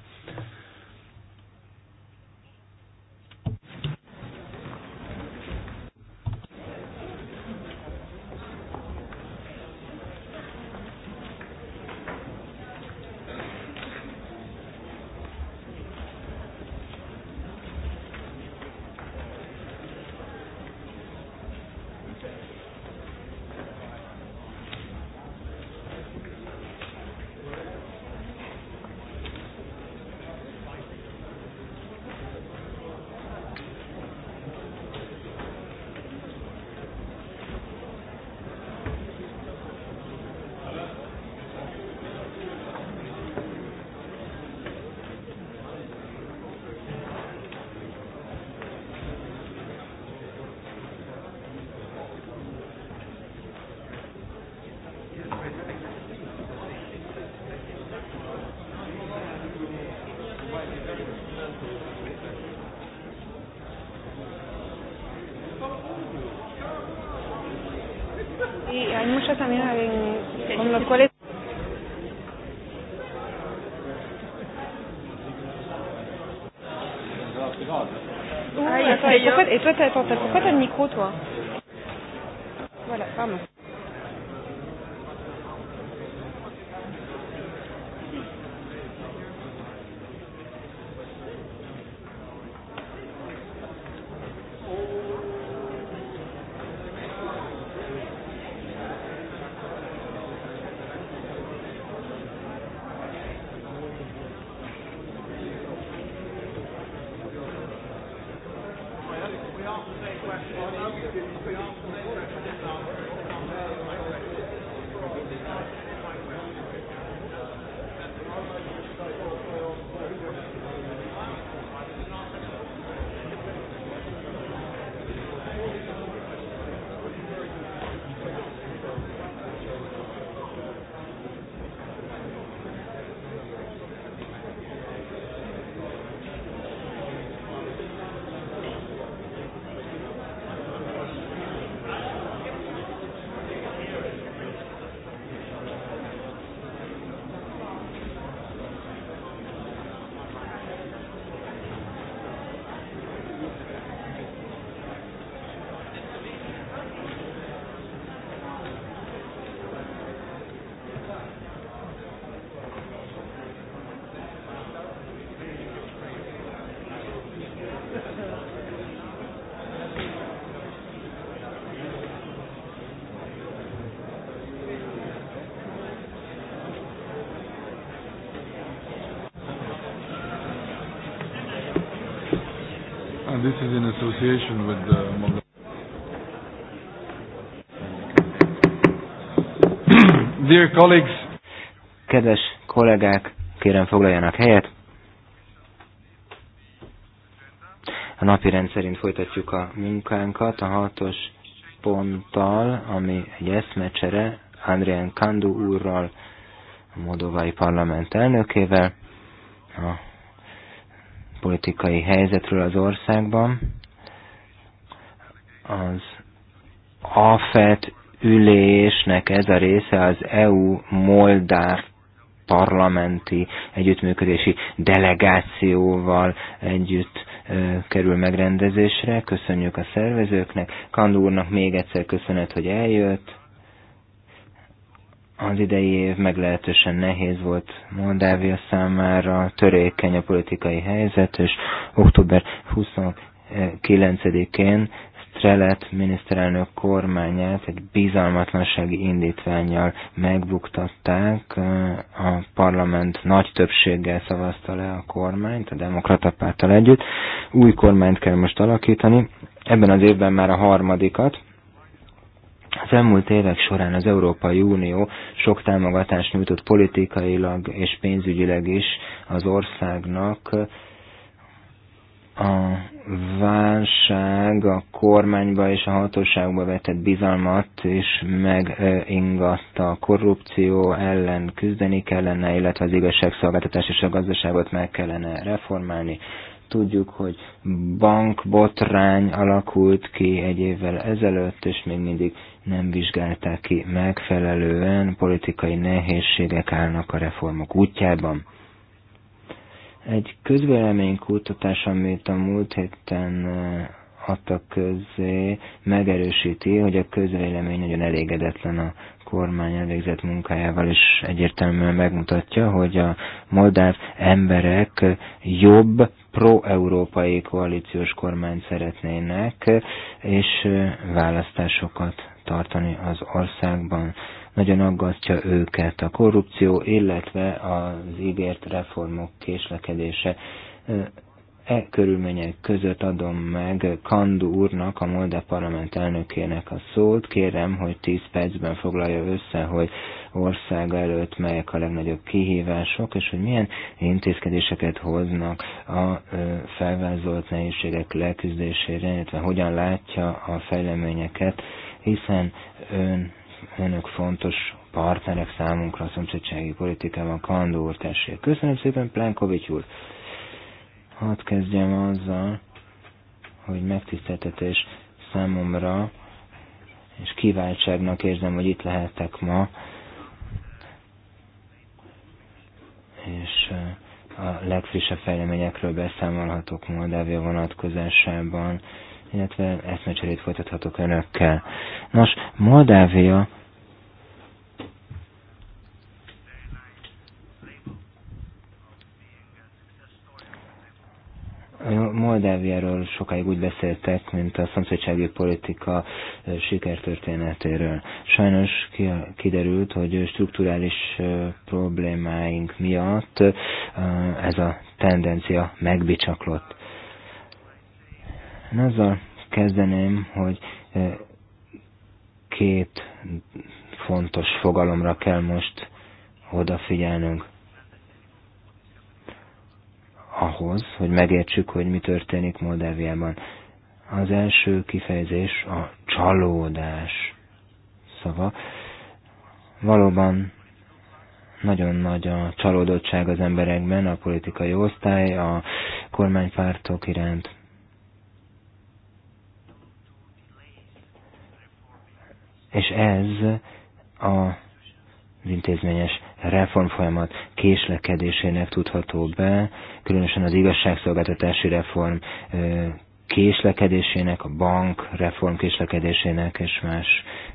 Dear colleagues. Kedves kollégák, kérem foglaljanak helyet. A napi rend szerint folytatjuk a munkánkat a hatos ponttal, ami egy eszmecsere Andrián Kandu úrral, a Modovai Parlament elnökével, a politikai helyzetről az országban. Az AFET ülésnek ez a része az EU-Moldáv parlamenti együttműködési delegációval együtt kerül megrendezésre. Köszönjük a szervezőknek. Kandúrnak még egyszer köszönet, hogy eljött. Az idei év meglehetősen nehéz volt Moldávia számára, törékeny a politikai helyzet, és október 29-én Strelet miniszterelnök kormányát egy bizalmatlansági indítványjal megbuktatták, a parlament nagy többséggel szavazta le a kormányt, a demokrata párttal együtt. Új kormányt kell most alakítani, ebben az évben már a harmadikat, az elmúlt évek során az Európai Unió sok támogatást nyújtott politikailag és pénzügyileg is az országnak a válság a kormányba és a hatóságba vetett bizalmat is megingatta. A korrupció ellen küzdeni kellene, illetve az igazságszolgáltatás és a gazdaságot meg kellene reformálni. Tudjuk, hogy bankbotrány alakult ki egy évvel ezelőtt, és még mindig nem vizsgálták ki megfelelően, politikai nehézségek állnak a reformok útjában egy közvéleménykutatás, amit a múlt héten adtak közé, megerősíti, hogy a közvélemény nagyon elégedetlen a kormány elvégzett munkájával, és egyértelműen megmutatja, hogy a moldáv emberek jobb pro-európai koalíciós kormányt szeretnének, és választásokat tartani az országban. Nagyon aggasztja őket a korrupció, illetve az ígért reformok késlekedése. E körülmények között adom meg Kandu úrnak, a Molde parlament elnökének a szót. Kérem, hogy 10 percben foglalja össze, hogy ország előtt melyek a legnagyobb kihívások, és hogy milyen intézkedéseket hoznak a felvázolt nehézségek leküzdésére, illetve hogyan látja a fejleményeket hiszen ön, önök fontos partnerek számunkra a szomszédsági politikában. Kandó úr, tessék. Köszönöm szépen, Plenkovics úr. Hadd kezdjem azzal, hogy megtiszteltetés számomra, és kiváltságnak érzem, hogy itt lehetek ma, és eh, a legfrissebb fejleményekről beszámolhatok Moldávia vonatkozásában illetve eszmecserét folytathatok önökkel. Nos, Moldávia Moldáviáról sokáig úgy beszéltek, mint a szomszédsági politika sikertörténetéről. Sajnos kiderült, hogy strukturális problémáink miatt ez a tendencia megbicsaklott. Én azzal kezdeném, hogy két fontos fogalomra kell most odafigyelnünk ahhoz, hogy megértsük, hogy mi történik Moldáviában. Az első kifejezés a csalódás szava. Valóban nagyon nagy a csalódottság az emberekben, a politikai osztály, a kormánypártok iránt, és ez a az intézményes reformfolyamat késlekedésének tudható be, különösen az igazságszolgáltatási reform késlekedésének, a bank reform késlekedésének és más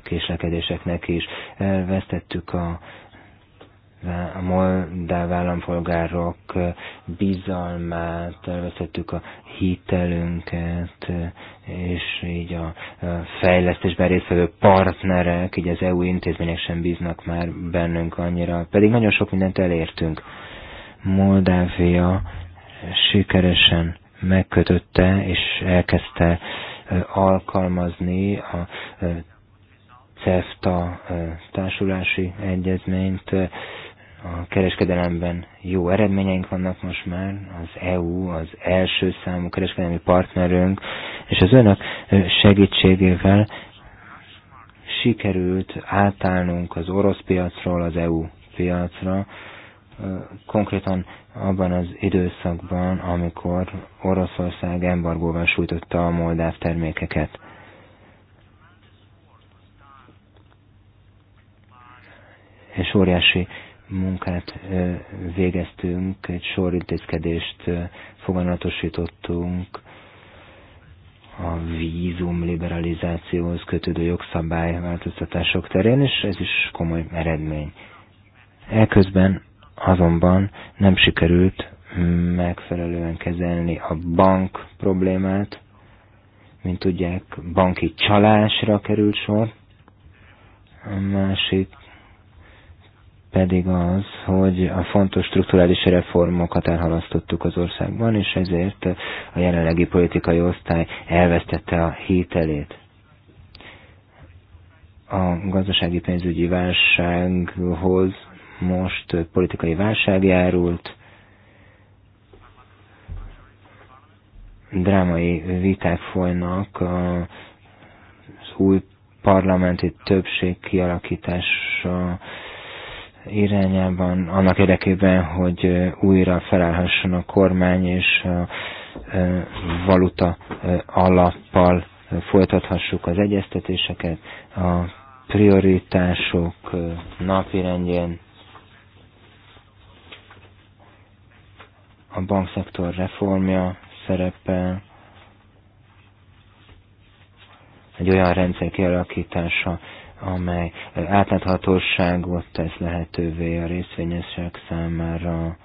késlekedéseknek is. Elvesztettük a a moldáv állampolgárok bizalmát, elvesztettük a hitelünket, és így a fejlesztésben résztvevő partnerek, így az EU intézmények sem bíznak már bennünk annyira, pedig nagyon sok mindent elértünk. Moldávia sikeresen megkötötte és elkezdte alkalmazni a CEFTA társulási egyezményt, a kereskedelemben jó eredményeink vannak most már, az EU az első számú kereskedelmi partnerünk, és az önök segítségével sikerült átállnunk az orosz piacról az EU piacra, konkrétan abban az időszakban, amikor Oroszország embargóval sújtotta a moldáv termékeket. És óriási munkát végeztünk, egy sor intézkedést foganatosítottunk a vízum liberalizációhoz kötődő jogszabály változtatások terén, és ez is komoly eredmény. Elközben azonban nem sikerült megfelelően kezelni a bank problémát, mint tudják, banki csalásra került sor. A másik pedig az, hogy a fontos strukturális reformokat elhalasztottuk az országban, és ezért a jelenlegi politikai osztály elvesztette a hitelét. A gazdasági pénzügyi válsághoz most politikai válság járult, drámai viták folynak az új parlamenti többség kialakítása irányában, annak érdekében, hogy újra felállhasson a kormány és a valuta alappal folytathassuk az egyeztetéseket. A prioritások napirendjén a bankszektor reformja szerepel, egy olyan rendszer kialakítása, amely átláthatóságot tesz lehetővé a részvényesek számára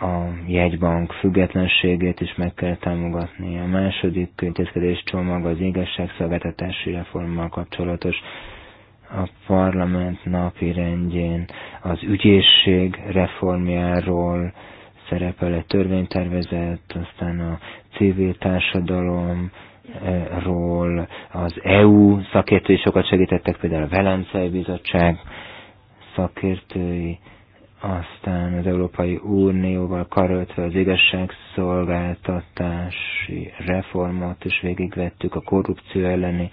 a jegybank függetlenségét is meg kell támogatni. A második intézkedés csomag az igazságszolgáltatási reformmal kapcsolatos a parlament napi rendjén az ügyészség reformjáról szerepel egy törvénytervezet, aztán a civil társadalom, ról, az EU szakértői sokat segítettek, például a Velencei Bizottság szakértői, aztán az Európai Unióval karöltve az igazságszolgáltatási reformot is végigvettük, a korrupció elleni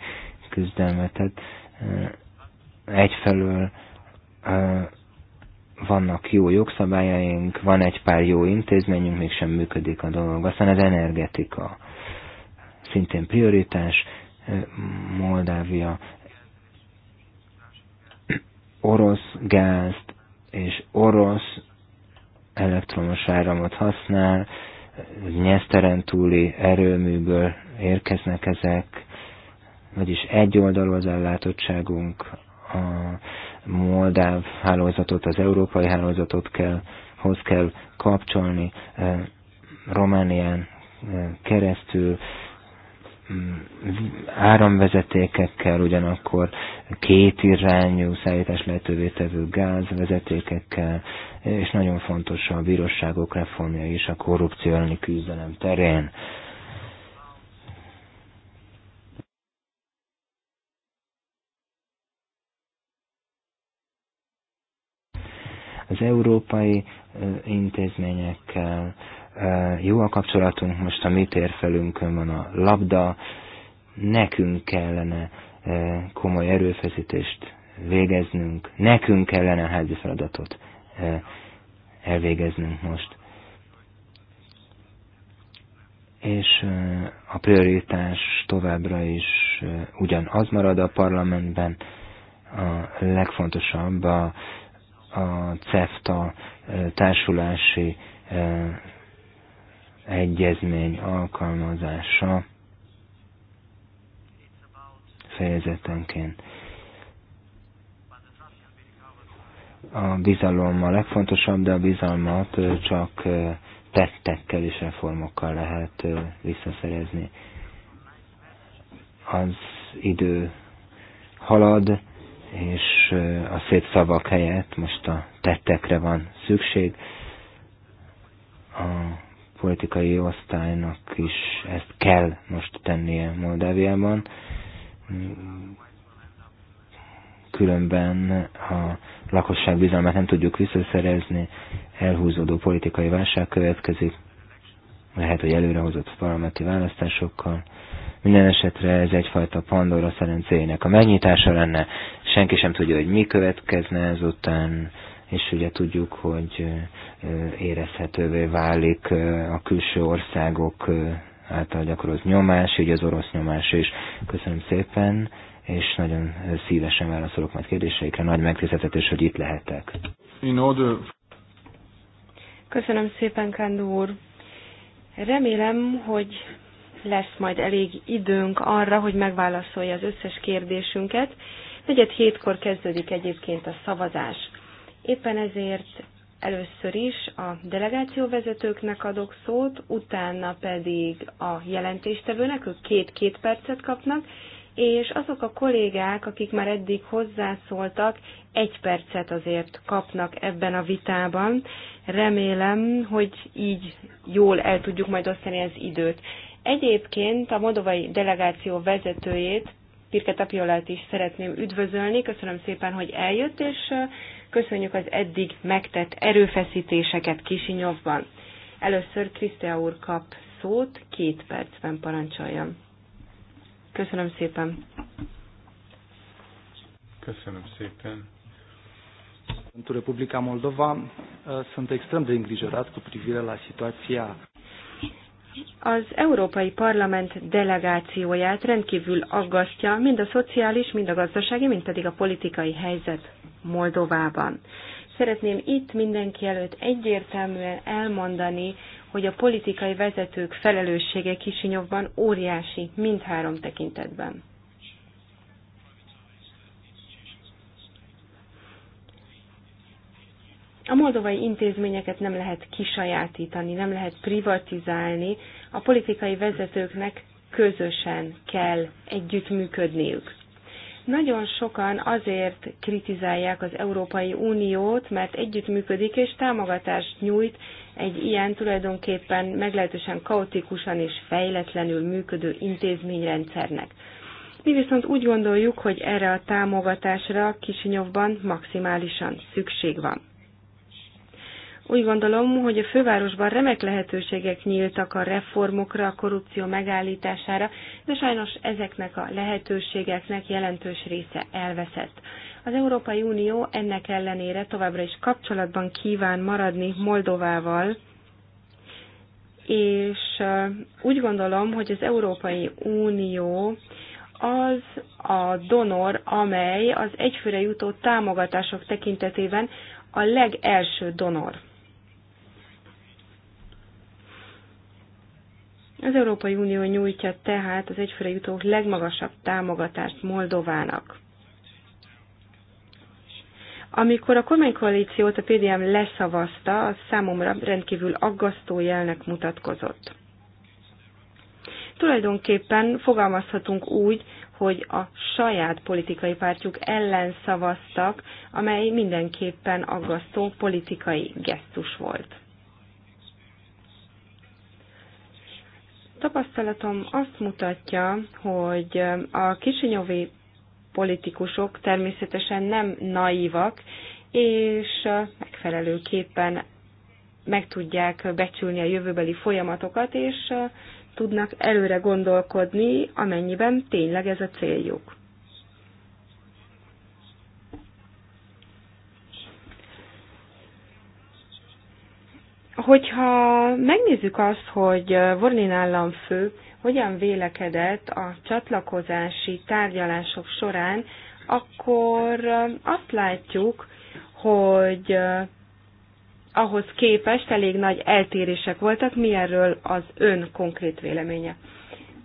küzdelmet. Tehát egyfelől vannak jó jogszabályaink, van egy pár jó intézményünk, mégsem működik a dolog. Aztán az energetika szintén prioritás, Moldávia orosz gázt és orosz elektromos áramot használ, nyeszteren túli erőműből érkeznek ezek, vagyis egy oldalú az ellátottságunk, a moldáv hálózatot, az európai hálózatot kell, hoz kell kapcsolni, Románián keresztül Mm, áramvezetékekkel, ugyanakkor két irányú szállítás lehetővé tevő gázvezetékekkel, és nagyon fontos a bíróságok reformja is a korrupció elleni küzdelem terén. Az európai intézményekkel, jó a kapcsolatunk, most a mi térfelünkön van a labda, nekünk kellene komoly erőfeszítést végeznünk, nekünk kellene a házi feladatot elvégeznünk most. És a prioritás továbbra is ugyanaz marad a parlamentben, a legfontosabb a, a CEFTA társulási egyezmény alkalmazása fejezetenként. A bizalom a legfontosabb, de a bizalmat csak tettekkel és reformokkal lehet visszaszerezni. Az idő halad, és a szép szavak helyett most a tettekre van szükség. A politikai osztálynak is ezt kell most tennie Moldáviában. Különben a lakosság bizalmát nem tudjuk visszaszerezni, elhúzódó politikai válság következik, lehet, hogy előrehozott parlamenti választásokkal. Minden esetre ez egyfajta Pandora szerencéjének a megnyitása lenne, senki sem tudja, hogy mi következne ezután, és ugye tudjuk, hogy érezhetővé válik a külső országok által gyakorolt nyomás, így az orosz nyomás is. Köszönöm szépen, és nagyon szívesen válaszolok majd kérdéseikre. Nagy megtiszteltetés, hogy itt lehetek. Köszönöm szépen, Kándor. úr. Remélem, hogy lesz majd elég időnk arra, hogy megválaszolja az összes kérdésünket. Negyed hétkor kezdődik egyébként a szavazás. Éppen ezért először is a delegációvezetőknek adok szót, utána pedig a jelentéstevőnek, ők két-két percet kapnak, és azok a kollégák, akik már eddig hozzászóltak, egy percet azért kapnak ebben a vitában. Remélem, hogy így jól el tudjuk majd osztani az időt. Egyébként a modovai delegáció vezetőjét, Pirke Tapiolát is szeretném üdvözölni. Köszönöm szépen, hogy eljött, és Köszönjük az eddig megtett erőfeszítéseket Kisinyovban. Először Krisztia úr kap szót, két percben parancsoljam. Köszönöm szépen. Köszönöm szépen. Pentru Republica Moldova eh, sunt extrem de îngrijorat cu privire la situația. Az Európai Parlament delegációját rendkívül aggasztja mind a szociális, mind a gazdasági, mind pedig a politikai helyzet. Moldovában. Szeretném itt mindenki előtt egyértelműen elmondani, hogy a politikai vezetők felelőssége Kisinyovban óriási mindhárom tekintetben. A moldovai intézményeket nem lehet kisajátítani, nem lehet privatizálni, a politikai vezetőknek közösen kell együttműködniük. Nagyon sokan azért kritizálják az Európai Uniót, mert együttműködik és támogatást nyújt egy ilyen tulajdonképpen meglehetősen kaotikusan és fejletlenül működő intézményrendszernek. Mi viszont úgy gondoljuk, hogy erre a támogatásra Kisinyovban maximálisan szükség van. Úgy gondolom, hogy a fővárosban remek lehetőségek nyíltak a reformokra, a korrupció megállítására, de sajnos ezeknek a lehetőségeknek jelentős része elveszett. Az Európai Unió ennek ellenére továbbra is kapcsolatban kíván maradni Moldovával, és úgy gondolom, hogy az Európai Unió az a donor, amely az egyfőre jutó támogatások tekintetében a legelső donor. Az Európai Unió nyújtja tehát az egyfőre jutó legmagasabb támogatást Moldovának. Amikor a kormánykoalíciót a PDM leszavazta, az számomra rendkívül aggasztó jelnek mutatkozott. Tulajdonképpen fogalmazhatunk úgy, hogy a saját politikai pártjuk ellen szavaztak, amely mindenképpen aggasztó politikai gesztus volt. Tapasztalatom azt mutatja, hogy a kisinyovi politikusok természetesen nem naívak, és megfelelőképpen meg tudják becsülni a jövőbeli folyamatokat, és tudnak előre gondolkodni, amennyiben tényleg ez a céljuk. Hogyha megnézzük azt, hogy Vornin államfő hogyan vélekedett a csatlakozási tárgyalások során, akkor azt látjuk, hogy ahhoz képest elég nagy eltérések voltak, mi erről az ön konkrét véleménye.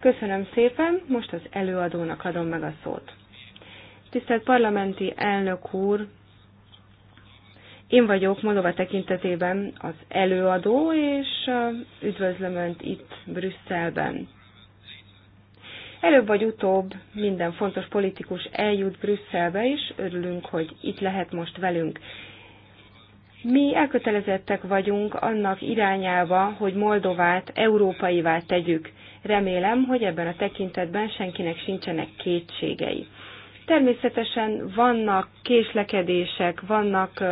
Köszönöm szépen, most az előadónak adom meg a szót. Tisztelt parlamenti elnök úr, én vagyok Moldova tekintetében az előadó, és üdvözlöm Önt itt Brüsszelben. Előbb vagy utóbb minden fontos politikus eljut Brüsszelbe, is, örülünk, hogy itt lehet most velünk. Mi elkötelezettek vagyunk annak irányába, hogy Moldovát európaivá tegyük. Remélem, hogy ebben a tekintetben senkinek sincsenek kétségei. Természetesen vannak késlekedések, vannak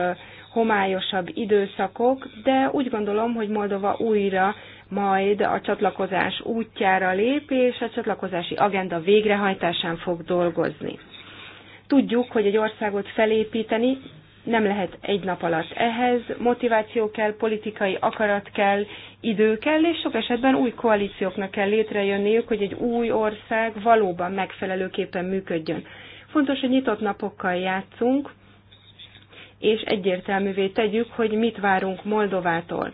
homályosabb időszakok, de úgy gondolom, hogy Moldova újra majd a csatlakozás útjára lép, és a csatlakozási agenda végrehajtásán fog dolgozni. Tudjuk, hogy egy országot felépíteni nem lehet egy nap alatt. Ehhez motiváció kell, politikai akarat kell, idő kell, és sok esetben új koalícióknak kell létrejönniük, hogy egy új ország valóban megfelelőképpen működjön. Fontos, hogy nyitott napokkal játszunk, és egyértelművé tegyük, hogy mit várunk Moldovától.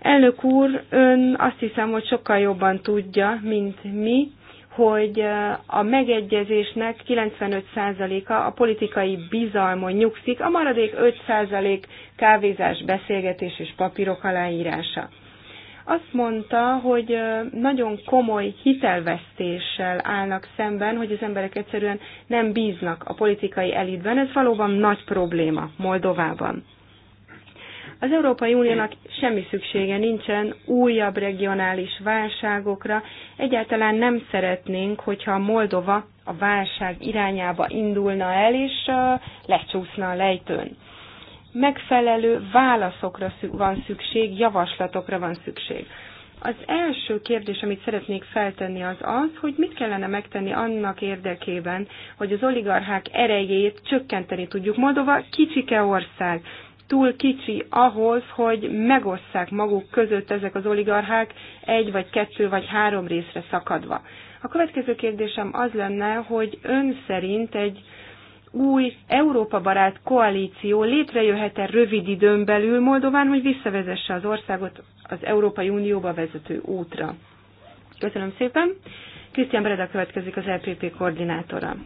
Elnök úr, ön azt hiszem, hogy sokkal jobban tudja, mint mi, hogy a megegyezésnek 95%-a a politikai bizalmon nyugszik, a maradék 5% kávézás, beszélgetés és papírok aláírása azt mondta, hogy nagyon komoly hitelvesztéssel állnak szemben, hogy az emberek egyszerűen nem bíznak a politikai elitben. Ez valóban nagy probléma Moldovában. Az Európai Uniónak semmi szüksége nincsen újabb regionális válságokra, egyáltalán nem szeretnénk, hogyha Moldova a válság irányába indulna el, és lecsúszna a lejtőn megfelelő válaszokra van szükség, javaslatokra van szükség. Az első kérdés, amit szeretnék feltenni, az az, hogy mit kellene megtenni annak érdekében, hogy az oligarchák erejét csökkenteni tudjuk. Moldova kicsike ország, túl kicsi ahhoz, hogy megosszák maguk között ezek az oligarchák egy vagy kettő vagy három részre szakadva. A következő kérdésem az lenne, hogy ön szerint egy új Európa barát koalíció létrejöhet-e rövid időn belül Moldován, hogy visszavezesse az országot az Európai Unióba vezető útra. Köszönöm szépen. Krisztián Breda következik az LPP koordinátora.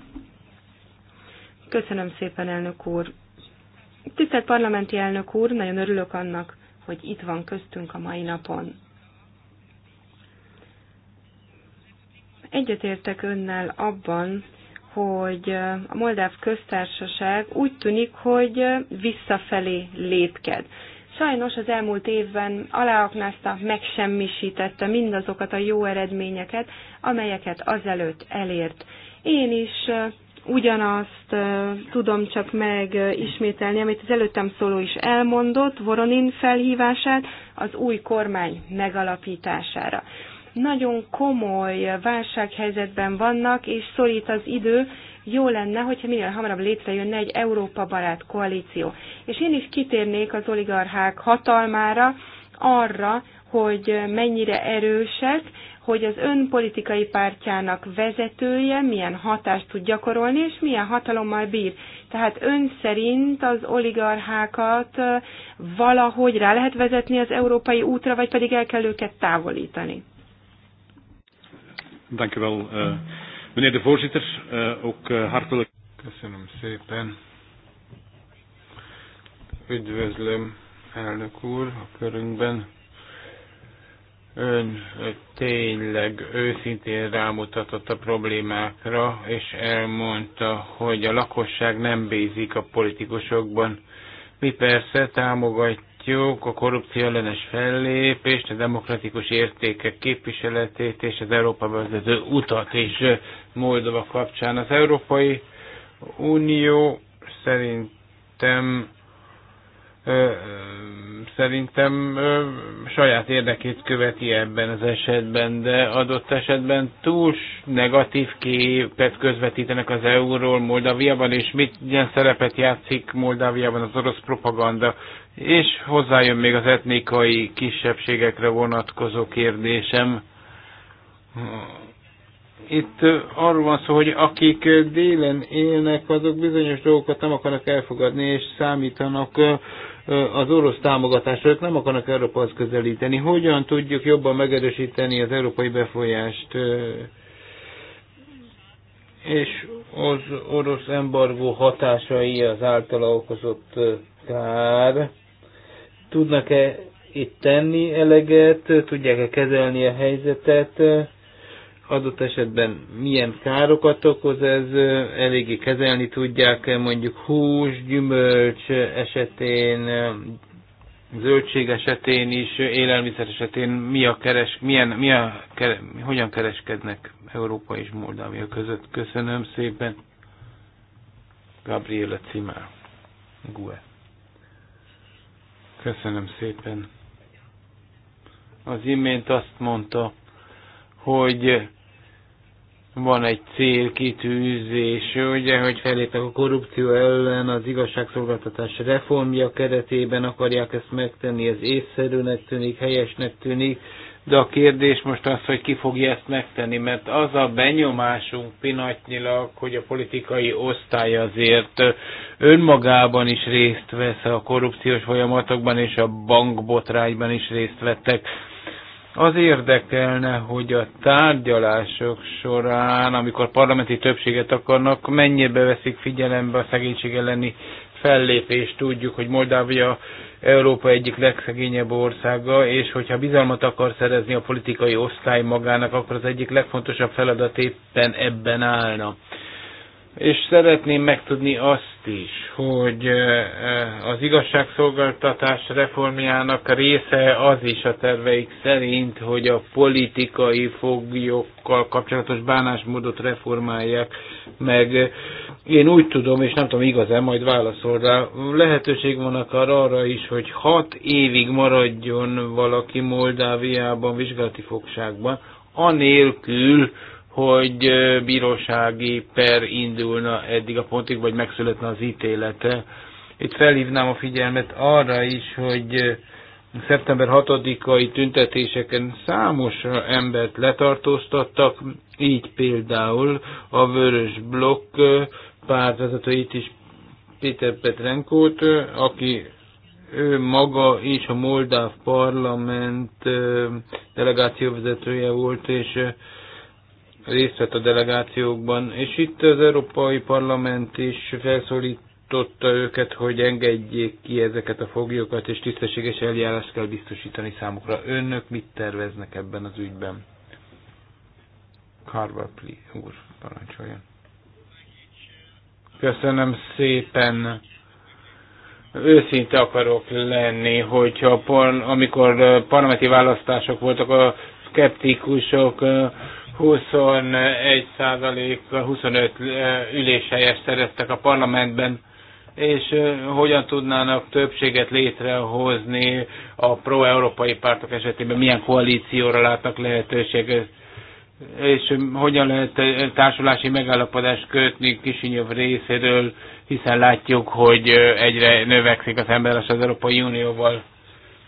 Köszönöm szépen, elnök úr. Tisztelt parlamenti elnök úr, nagyon örülök annak, hogy itt van köztünk a mai napon. Egyetértek önnel abban, hogy a Moldáv köztársaság úgy tűnik, hogy visszafelé lépked. Sajnos az elmúlt évben aláaknázta, megsemmisítette mindazokat a jó eredményeket, amelyeket azelőtt elért. Én is ugyanazt tudom csak megismételni, amit az előttem szóló is elmondott, Voronin felhívását az új kormány megalapítására nagyon komoly válsághelyzetben vannak, és szorít az idő, jó lenne, hogyha minél hamarabb létrejönne egy Európa barát koalíció. És én is kitérnék az oligarchák hatalmára, arra, hogy mennyire erősek, hogy az ön politikai pártjának vezetője milyen hatást tud gyakorolni, és milyen hatalommal bír. Tehát ön szerint az oligarchákat eh, valahogy rá lehet vezetni az európai útra, vagy pedig el kell őket távolítani? Dank u wel, uh, meneer de voorzitter. Uh, ook uh, hartelijk. Köszönöm szépen. Üdvözlöm, elnök úr, a körünkben. Ön tényleg őszintén rámutatott a problémákra, és elmondta, hogy a lakosság nem bízik a politikusokban. Mi persze támogatjuk támogatjuk a korrupció ellenes fellépést, a demokratikus értékek képviseletét és az Európa vezető utat és Moldova kapcsán. Az Európai Unió szerintem szerintem saját érdekét követi ebben az esetben, de adott esetben túl negatív képet közvetítenek az EU-ról Moldáviában, és mit, milyen szerepet játszik Moldaviában az orosz propaganda. És hozzájön még az etnikai kisebbségekre vonatkozó kérdésem. Itt arról van szó, hogy akik délen élnek, azok bizonyos dolgokat nem akarnak elfogadni, és számítanak eh, az orosz támogatásra, ők nem akarnak Európahoz közelíteni. Hogyan tudjuk jobban megerősíteni az európai befolyást? Eh, és az orosz embargó hatásai az általa okozott eh, kár. Tudnak-e itt tenni eleget, tudják-e kezelni a helyzetet, adott esetben milyen károkat okoz ez, eléggé kezelni tudják mondjuk hús, gyümölcs esetén, zöldség esetén is, élelmiszer esetén mi a keres, milyen, mi a, kere, hogyan kereskednek Európa és Moldávia között. Köszönöm szépen. Gabriela Cimár, GUE. Köszönöm szépen. Az imént azt mondta, hogy van egy célkitűzés, ugye, hogy felépek a korrupció ellen az igazságszolgáltatás reformja keretében akarják ezt megtenni, ez észszerűnek tűnik, helyesnek tűnik, de a kérdés most az, hogy ki fogja ezt megtenni, mert az a benyomásunk pinatnyilag, hogy a politikai osztály azért önmagában is részt vesz a korrupciós folyamatokban, és a bankbotrányban is részt vettek. Az érdekelne, hogy a tárgyalások során, amikor parlamenti többséget akarnak, mennyibe veszik figyelembe a szegénység elleni fellépés. Tudjuk, hogy Moldávia Európa egyik legszegényebb országa, és hogyha bizalmat akar szerezni a politikai osztály magának, akkor az egyik legfontosabb feladat éppen ebben állna. És szeretném megtudni azt azt is, hogy az igazságszolgáltatás reformjának része az is a terveik szerint, hogy a politikai foglyokkal kapcsolatos bánásmódot reformálják meg. Én úgy tudom, és nem tudom igaz-e, majd válaszol rá, lehetőség van akár arra is, hogy hat évig maradjon valaki Moldáviában vizsgálati fogságban, anélkül, hogy bírósági per indulna eddig a pontig, vagy megszületne az ítélete. Itt felhívnám a figyelmet arra is, hogy szeptember 6-ai tüntetéseken számos embert letartóztattak, így például a Vörös Blokk pártvezetőit is Péter Petrenkót, aki ő maga is a Moldáv parlament delegációvezetője volt, és részt vett a delegációkban, és itt az Európai Parlament is felszólította őket, hogy engedjék ki ezeket a foglyokat, és tisztességes eljárást kell biztosítani számukra. Önök mit terveznek ebben az ügyben? Carver úr, parancsoljon. Köszönöm szépen őszinte akarok lenni, hogyha par, amikor eh, parlamenti választások voltak, a szkeptikusok eh, 21 százalék, 25 üléshelyet szereztek a parlamentben, és hogyan tudnának többséget létrehozni a pro-európai pártok esetében, milyen koalícióra látnak lehetőséget, és hogyan lehet társulási megállapodást kötni Kisinyov részéről, hiszen látjuk, hogy egyre növekszik az ember az Európai Unióval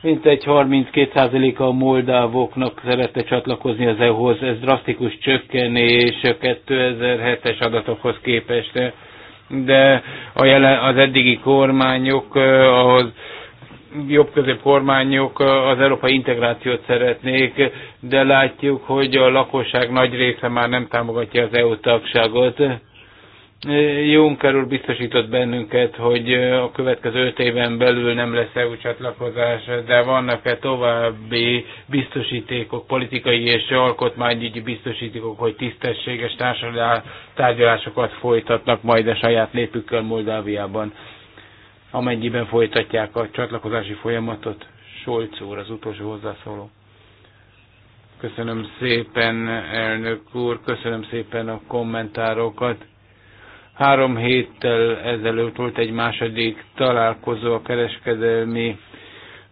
mintegy 32%-a a moldávoknak szerette csatlakozni az EU-hoz, ez drasztikus csökkenés 2007-es adatokhoz képest, de a jelen, az eddigi kormányok, eh, az jobb közép kormányok eh, az európai integrációt szeretnék, de látjuk, hogy a lakosság nagy része már nem támogatja az EU tagságot Juncker úr biztosított bennünket, hogy a következő öt éven belül nem lesz EU csatlakozás, de vannak-e további biztosítékok, politikai és alkotmányügyi biztosítékok, hogy tisztességes tárgyalásokat folytatnak majd a saját népükkel Moldáviában, amennyiben folytatják a csatlakozási folyamatot? Solc úr, az utolsó hozzászóló. Köszönöm szépen, elnök úr, köszönöm szépen a kommentárokat Három héttel ezelőtt volt egy második találkozó a kereskedelmi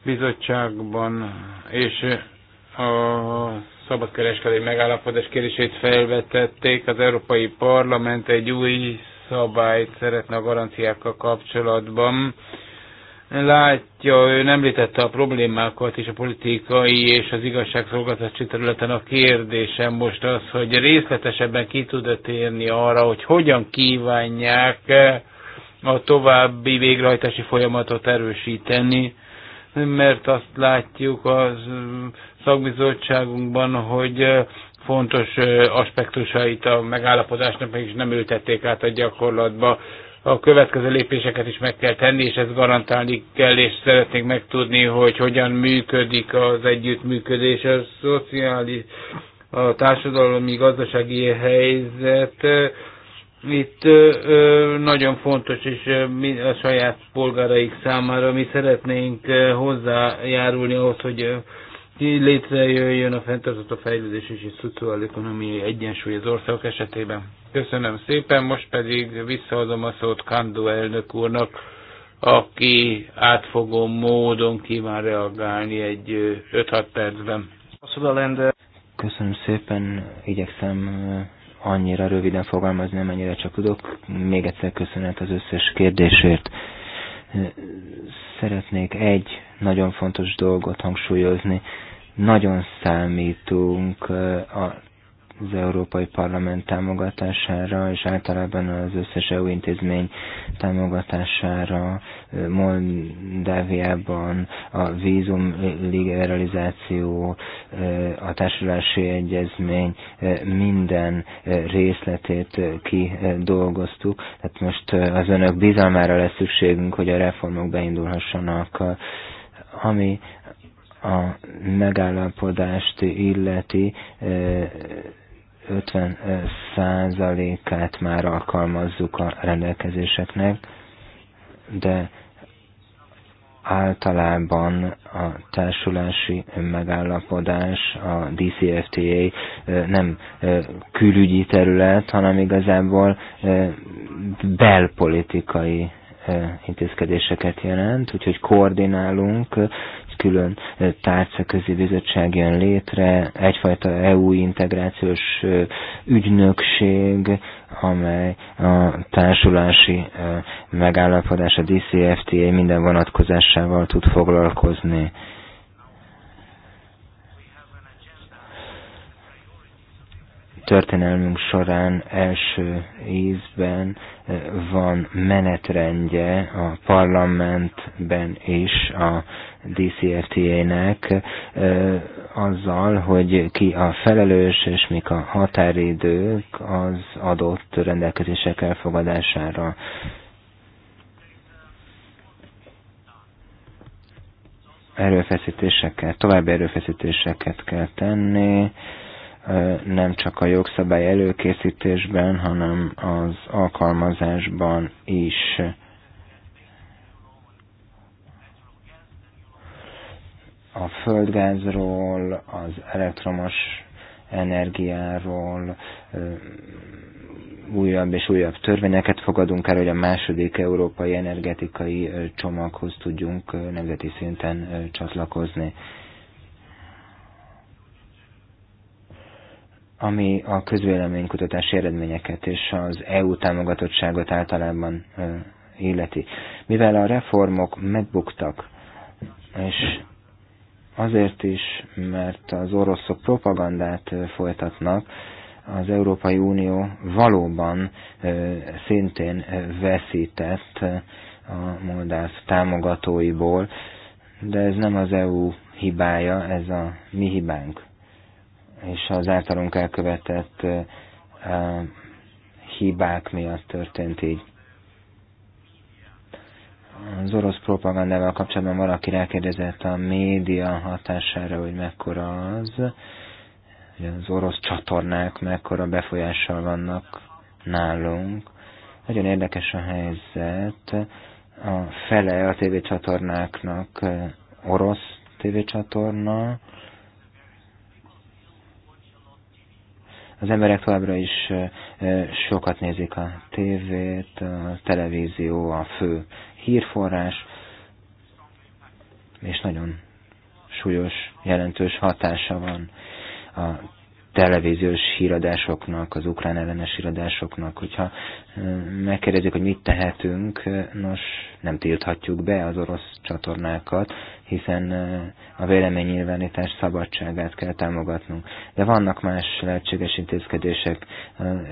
bizottságban, és a szabadkereskedelmi megállapodás kérését felvetették. Az Európai Parlament egy új szabályt szeretne a garanciákkal kapcsolatban látja, ő nem említette a problémákat és a politikai és az igazságszolgáltatási területen a kérdésem most az, hogy részletesebben ki tud térni arra, hogy hogyan kívánják a további végrehajtási folyamatot erősíteni, mert azt látjuk az szakbizottságunkban, hogy fontos aspektusait a megállapodásnak mégis nem ültették át a gyakorlatba a következő lépéseket is meg kell tenni, és ezt garantálni kell, és szeretnénk megtudni, hogy hogyan működik az együttműködés, a szociális, a társadalmi, gazdasági helyzet. Itt nagyon fontos, és a saját polgáraik számára mi szeretnénk hozzájárulni ahhoz, hogy így létrejöjjön a fenntartható fejlődés és a szociál szociálokonomiai egyensúly az országok esetében. Köszönöm szépen, most pedig visszaadom a szót Kandó elnök úrnak, aki átfogó módon kíván reagálni egy 5-6 percben. Köszönöm szépen, igyekszem annyira röviden fogalmazni, amennyire csak tudok. Még egyszer köszönet az összes kérdésért. Szeretnék egy nagyon fontos dolgot hangsúlyozni. Nagyon számítunk eh, a az Európai Parlament támogatására, és általában az összes EU intézmény támogatására Moldáviában a vízum liberalizáció, a társulási egyezmény minden részletét kidolgoztuk. Tehát most az önök bizalmára lesz szükségünk, hogy a reformok beindulhassanak, ami a megállapodást illeti, 50 százalékát már alkalmazzuk a rendelkezéseknek, de általában a társulási megállapodás, a DCFTA nem külügyi terület, hanem igazából belpolitikai intézkedéseket jelent, úgyhogy koordinálunk, külön tárcaközi bizottság jön létre, egyfajta EU integrációs ügynökség, amely a társulási megállapodás, a DCFTA minden vonatkozásával tud foglalkozni. történelmünk során első ízben eh, van menetrendje a parlamentben is a DCFTA-nek eh, azzal, hogy ki a felelős és mik a határidők az adott rendelkezések elfogadására. Erőfeszítéseket, további erőfeszítéseket kell tenni, nem csak a jogszabály előkészítésben, hanem az alkalmazásban is. A földgázról, az elektromos energiáról újabb és újabb törvényeket fogadunk el, hogy a második európai energetikai csomaghoz tudjunk nemzeti szinten csatlakozni. ami a közvéleménykutatási eredményeket és az EU támogatottságot általában illeti. Mivel a reformok megbuktak, és azért is, mert az oroszok propagandát folytatnak, az Európai Unió valóban szintén veszített a moldáv támogatóiból, de ez nem az EU hibája, ez a mi hibánk és az általunk elkövetett hibák miatt történt így. Az orosz propagandával kapcsolatban valaki rákérdezett a média hatására, hogy mekkora az, hogy az orosz csatornák mekkora befolyással vannak nálunk. Nagyon érdekes a helyzet. A fele a tévécsatornáknak orosz tévécsatorna, Az emberek továbbra is sokat nézik a tévét, a televízió a fő hírforrás, és nagyon súlyos, jelentős hatása van a televíziós híradásoknak, az ukrán ellenes híradásoknak, hogyha megkérdezik, hogy mit tehetünk, nos, nem tilthatjuk be az orosz csatornákat, hiszen a véleménynyilvánítás szabadságát kell támogatnunk. De vannak más lehetséges intézkedések.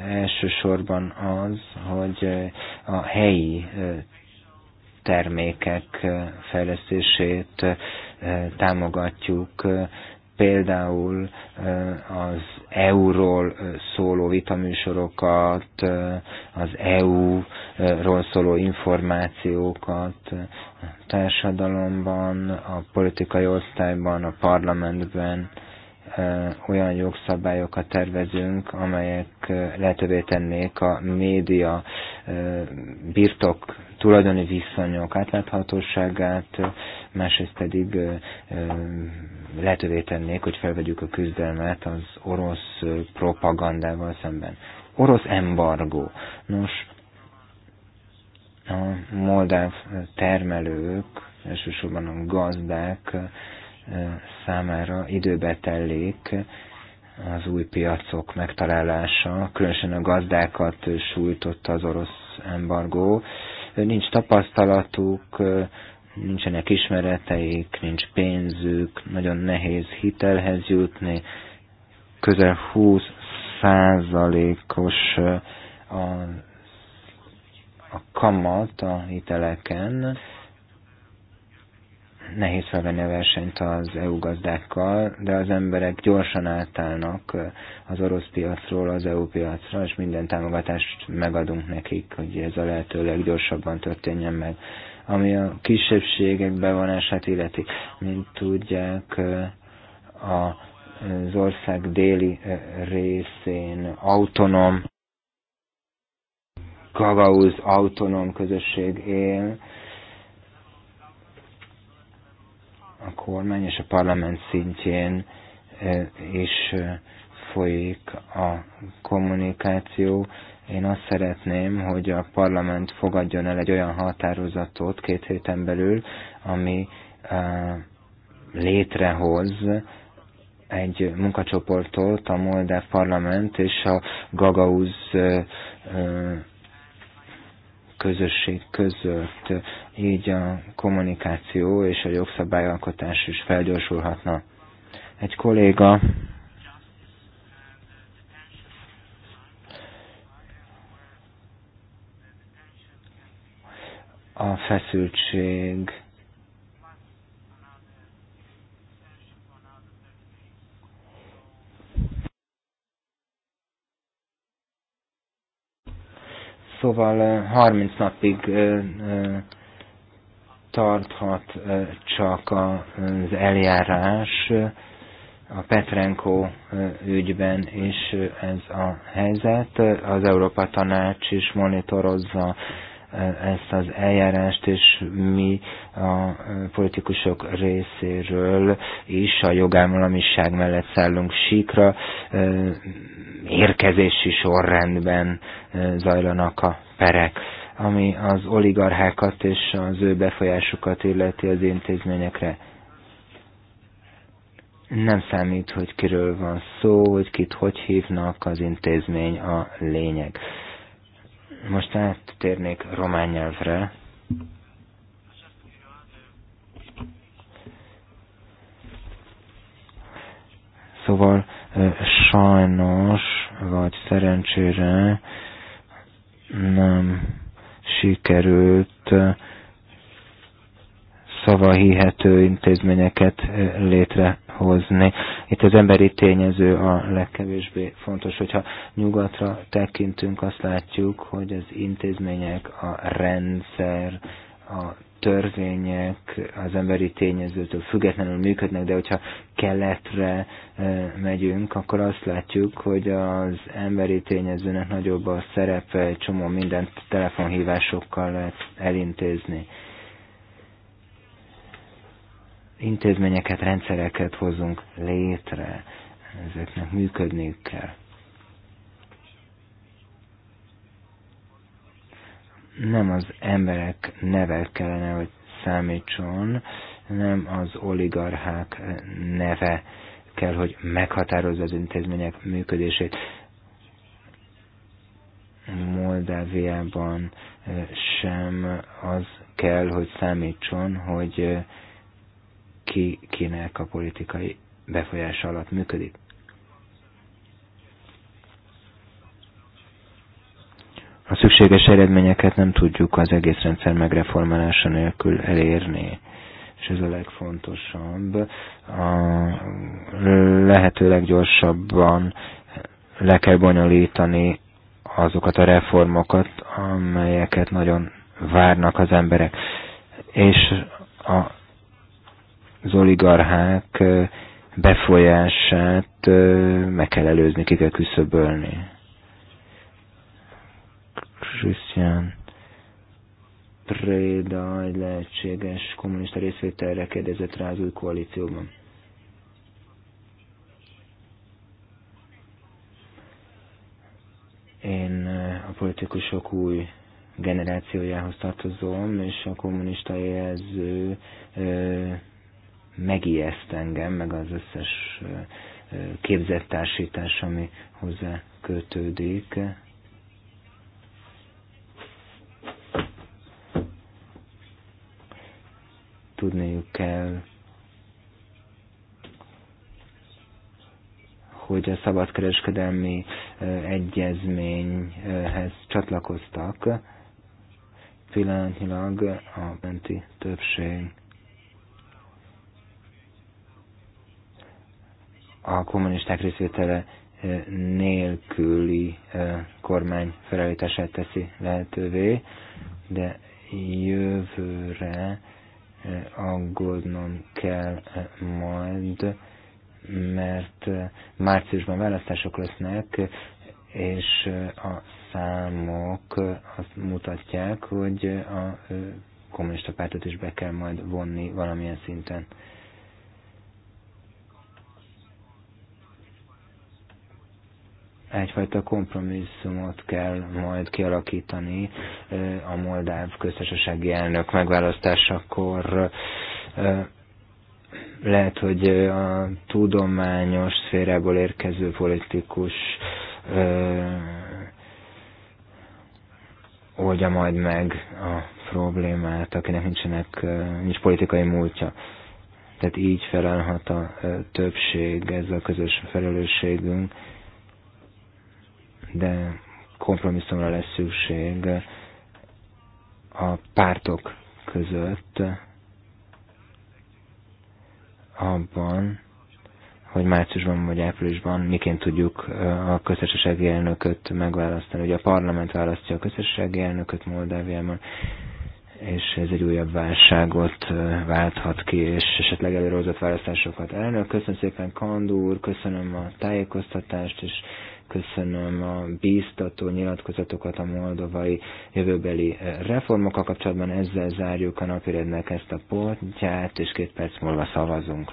Elsősorban az, hogy a helyi termékek fejlesztését támogatjuk, például az EU-ról szóló vitaműsorokat, az EU-ról szóló információkat a társadalomban, a politikai osztályban, a parlamentben olyan jogszabályokat tervezünk, amelyek lehetővé tennék a média birtok tulajdoni viszonyok átláthatóságát, másrészt pedig lehetővé tennék, hogy felvegyük a küzdelmet az orosz propagandával szemben. Orosz embargó. Nos, a moldáv termelők, elsősorban a gazdák számára időbe tellék az új piacok megtalálása, különösen a gazdákat sújtotta az orosz embargó, nincs tapasztalatuk, nincsenek ismereteik, nincs pénzük, nagyon nehéz hitelhez jutni, közel 20 százalékos a, a kamat a hiteleken, nehéz felvenni a versenyt az EU gazdákkal, de az emberek gyorsan átállnak eh, az orosz piacról az EU piacra, és minden támogatást megadunk nekik, hogy ez a lehető leggyorsabban történjen meg. Ami a kisebbségek bevonását illeti, mint tudják, eh, az ország déli eh, részén autonóm Kagauz autonóm közösség él, a kormány és a parlament szintjén e, is e, folyik a kommunikáció. Én azt szeretném, hogy a parlament fogadjon el egy olyan határozatot két héten belül, ami e, létrehoz egy munkacsoportot a Moldáv Parlament és a Gagauz közösség között, így a kommunikáció és a jogszabályalkotás is felgyorsulhatna. Egy kolléga a feszültség Szóval 30 napig tarthat csak az eljárás a Petrenko ügyben is ez a helyzet. Az Európa Tanács is monitorozza ezt az eljárást, és mi a politikusok részéről is a jogállamiság mellett szállunk síkra, érkezési sorrendben zajlanak a perek ami az oligarchákat és az ő befolyásukat illeti az intézményekre. Nem számít, hogy kiről van szó, hogy kit hogy hívnak, az intézmény a lényeg. Most áttérnék román nyelvre. Szóval sajnos, vagy szerencsére nem sikerült szavahihető intézményeket létrehozni. Itt az emberi tényező a legkevésbé fontos, hogyha nyugatra tekintünk, azt látjuk, hogy az intézmények, a rendszer, a törvények az emberi tényezőtől függetlenül működnek, de hogyha keletre eh, megyünk, akkor azt látjuk, hogy az emberi tényezőnek nagyobb a szerepe, egy csomó mindent telefonhívásokkal lehet elintézni. Intézményeket, rendszereket hozunk létre, ezeknek működniük kell. nem az emberek neve kellene, hogy számítson, nem az oligarchák neve kell, hogy meghatározza az intézmények működését. Moldáviában eh, sem az kell, hogy számítson, hogy eh, ki kinek a politikai befolyás alatt működik. a szükséges eredményeket nem tudjuk az egész rendszer megreformálása nélkül elérni. És ez a legfontosabb. A lehető leggyorsabban le kell bonyolítani azokat a reformokat, amelyeket nagyon várnak az emberek. És a, az oligarchák befolyását meg kell előzni, ki kell küszöbölni. Krisztián Préda egy lehetséges kommunista részvételre kérdezett rá az új koalícióban. Én eh, a politikusok új generációjához tartozom, és a kommunista jelző ö, eh, megijeszt engem, meg az összes eh, képzettársítás, ami hozzá kötődik. tudniuk kell, hogy a szabadkereskedelmi egyezményhez csatlakoztak pillanatnyilag a menti többség. a kommunisták részvétele nélküli kormány felállítását teszi lehetővé, de jövőre aggódnom kell majd, mert márciusban választások lesznek, és a számok azt mutatják, hogy a kommunista pártot is be kell majd vonni valamilyen szinten. egyfajta kompromisszumot kell majd kialakítani a Moldáv köztesesegi elnök megválasztásakor lehet, hogy a tudományos szférából érkező politikus oldja majd meg a problémát, akinek nincsenek, nincs politikai múltja. Tehát így felelhet a többség, ez a közös felelősségünk de kompromisszumra lesz szükség a pártok között abban, hogy márciusban vagy áprilisban miként tudjuk a közösségi elnököt megválasztani. Ugye a parlament választja a közösségi elnököt Moldáviában, és ez egy újabb válságot válthat ki, és esetleg előrehozott választásokat. Elnök, köszönöm szépen Kandúr, köszönöm a tájékoztatást, és Köszönöm a bíztató nyilatkozatokat a moldovai jövőbeli eh, reformokkal kapcsolatban. Ezzel zárjuk a napirednek ezt a pontját, és két perc múlva szavazunk.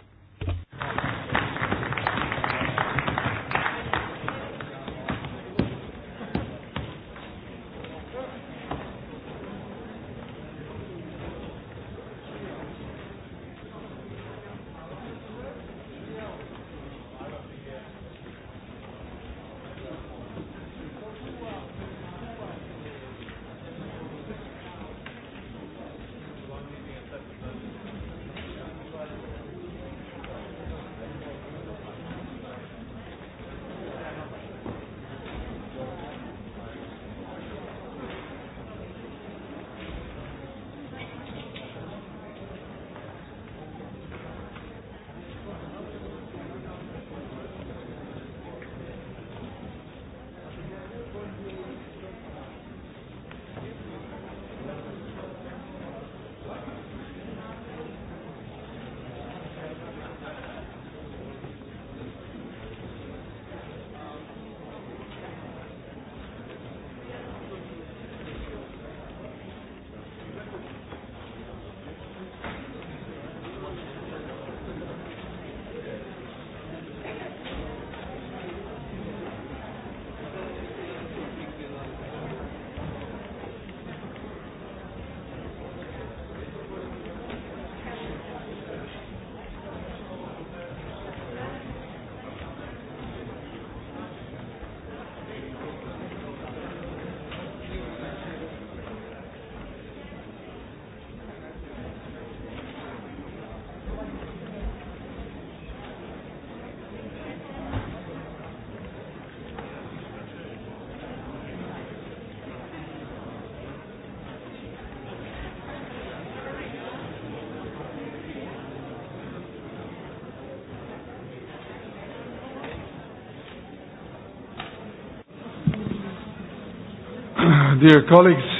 Dear colleagues,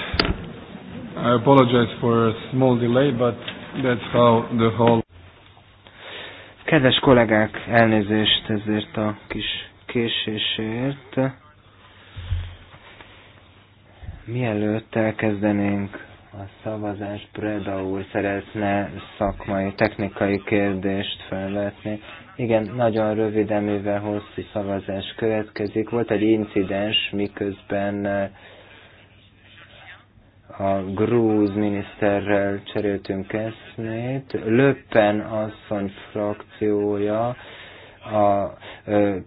I apologize for a small delay, but that's how the whole... Kedves kollégák, elnézést ezért a kis késésért. Mielőtt elkezdenénk a szavazás, Breda úr szeretne szakmai, technikai kérdést felvetni. Igen, nagyon röviden, mivel hosszú szavazás következik. Volt egy incidens, miközben a grúz miniszterrel cseréltünk eszmét. Löppen asszony frakciója a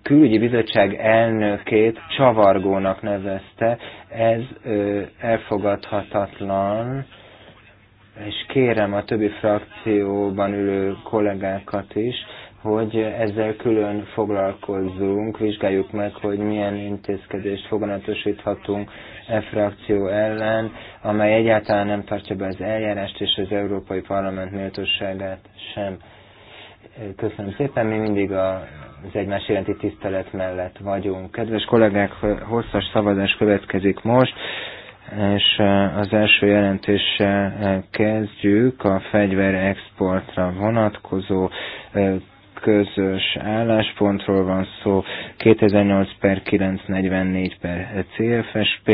külügyi bizottság elnökét csavargónak nevezte. Ez elfogadhatatlan, és kérem a többi frakcióban ülő kollégákat is, hogy ezzel külön foglalkozzunk, vizsgáljuk meg, hogy milyen intézkedést foganatosíthatunk e frakció ellen, amely egyáltalán nem tartja be az eljárást és az Európai Parlament méltóságát sem. Köszönöm szépen, mi mindig az egymás iránti tisztelet mellett vagyunk. Kedves kollégák, hosszas szavazás következik most és e, az első jelentéssel e, kezdjük a fegyverexportra vonatkozó e, közös álláspontról van szó, 2008 per 944 per CFSP,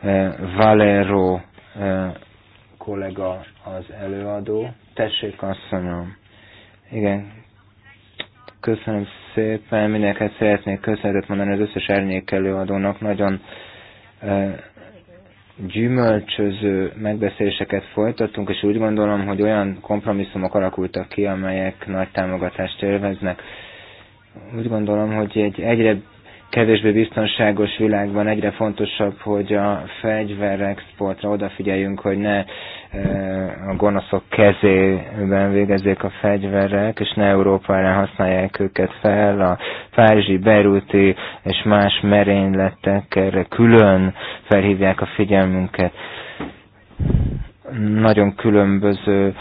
eh, Valero eh, kollega az előadó. Tessék, asszonyom. Igen, köszönöm szépen, mindenket szeretnék köszönetet mondani az összes árnyék előadónak, nagyon eh, gyümölcsöző megbeszéléseket folytattunk, és úgy gondolom, hogy olyan kompromisszumok alakultak ki, amelyek nagy támogatást élveznek. Úgy gondolom, hogy egy egyre kevésbé biztonságos világban egyre fontosabb, hogy a fegyverexportra odafigyeljünk, hogy ne e, a gonoszok kezében végezzék a fegyverek, és ne Európára használják őket fel. A párizsi, berúti és más merényletek erre külön felhívják a figyelmünket nagyon különböző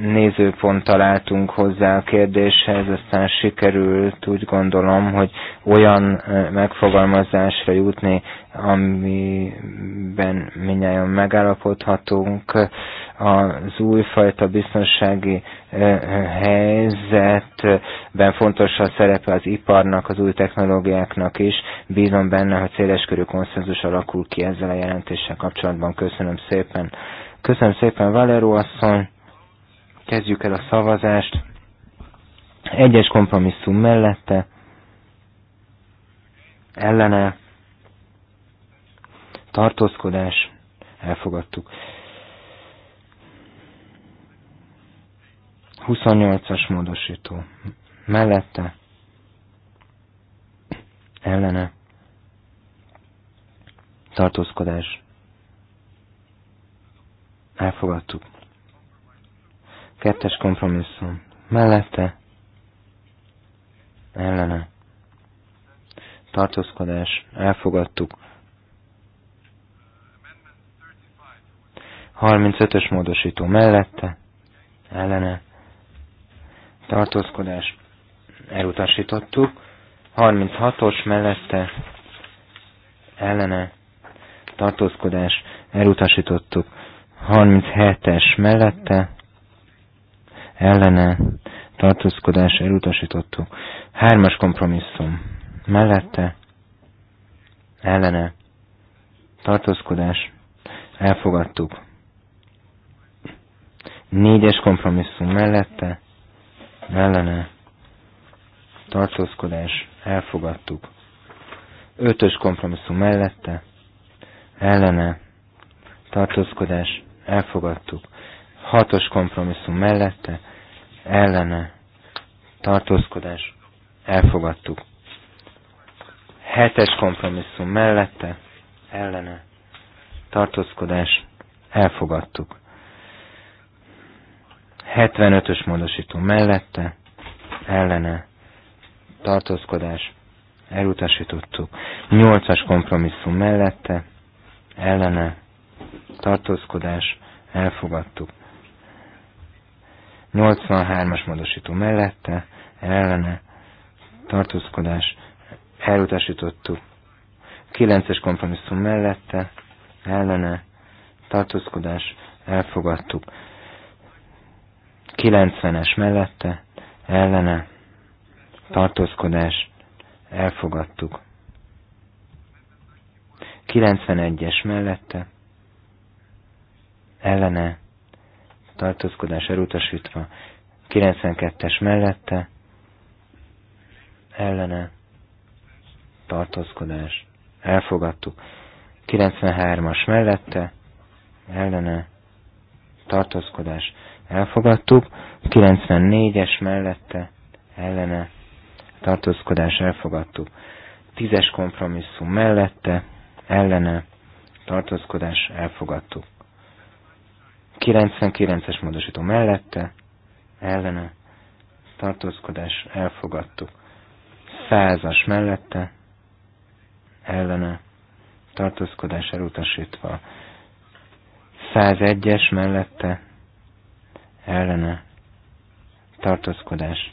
nézőponttal álltunk hozzá a kérdéshez, aztán sikerült úgy gondolom, hogy olyan megfogalmazásra jutni, amiben minnyáján megállapodhatunk. Az újfajta biztonsági eh, helyzetben fontos a szerepe az iparnak, az új technológiáknak is. Bízom benne, hogy széleskörű konszenzus alakul ki ezzel a jelentéssel kapcsolatban. Köszönöm szépen. Köszönöm szépen, Valero asszony. Kezdjük el a szavazást. Egyes kompromisszum mellette. Ellene. Tartózkodás. Elfogadtuk. 28-as módosító. Mellette. Ellene. Tartózkodás. Elfogadtuk. Kettes kompromisszum. Mellette. Ellene. Tartózkodás. Elfogadtuk. 35-ös módosító mellette, ellene, tartózkodás elutasítottuk, 36-os mellette ellene tartózkodás elutasítottuk, 37-es mellette ellene tartózkodás elutasítottuk, 3-as kompromisszum mellette ellene tartózkodás elfogadtuk, 4-es kompromisszum mellette ellene tartózkodás elfogadtuk. Ötös kompromisszum mellette ellene tartózkodás elfogadtuk. Hatos kompromisszum mellette ellene tartózkodás elfogadtuk. Hetes kompromisszum mellette ellene tartózkodás elfogadtuk. 75-ös módosító mellette, ellene, tartózkodás, elutasítottuk. 8-as kompromisszum mellette, ellene, tartózkodás, elfogadtuk. 83-as módosító mellette, ellene, tartózkodás, elutasítottuk. 9-es kompromisszum mellette, ellene, tartózkodás, elfogadtuk. 90-es mellette, ellene, tartózkodás, elfogadtuk. 91-es mellette, ellene, tartózkodás elutasítva, 92-es mellette, ellene, tartózkodás, elfogadtuk. 93-as mellette, ellene, tartózkodás, elfogadtuk, 94-es mellette ellene tartózkodás elfogadtuk, 10-es kompromisszum mellette ellene tartózkodás elfogadtuk, 99-es módosító mellette ellene tartózkodás elfogadtuk, 100-as mellette ellene tartózkodás elutasítva, 101-es mellette ellene tartózkodás.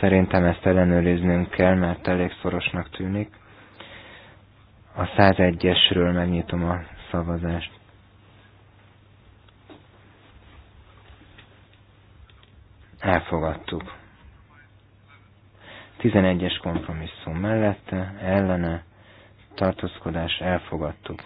Szerintem ezt ellenőriznünk kell, mert elég szorosnak tűnik. A 101-esről megnyitom a szavazást. Elfogadtuk. 11-es kompromisszum mellette, ellene, tartózkodás, elfogadtuk.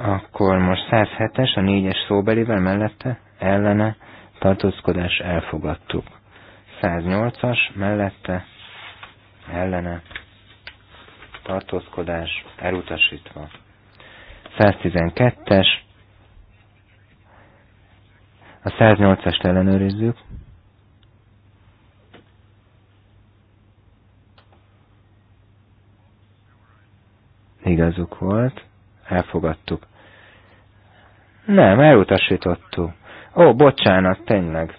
Akkor most 107-es, a 4-es szóbelivel mellette, ellene, tartózkodás elfogadtuk. 108-as mellette, ellene, tartózkodás elutasítva. 112-es, a 108 est ellenőrizzük. Igazuk volt elfogadtuk. Nem, elutasítottuk. Ó, bocsánat, tényleg.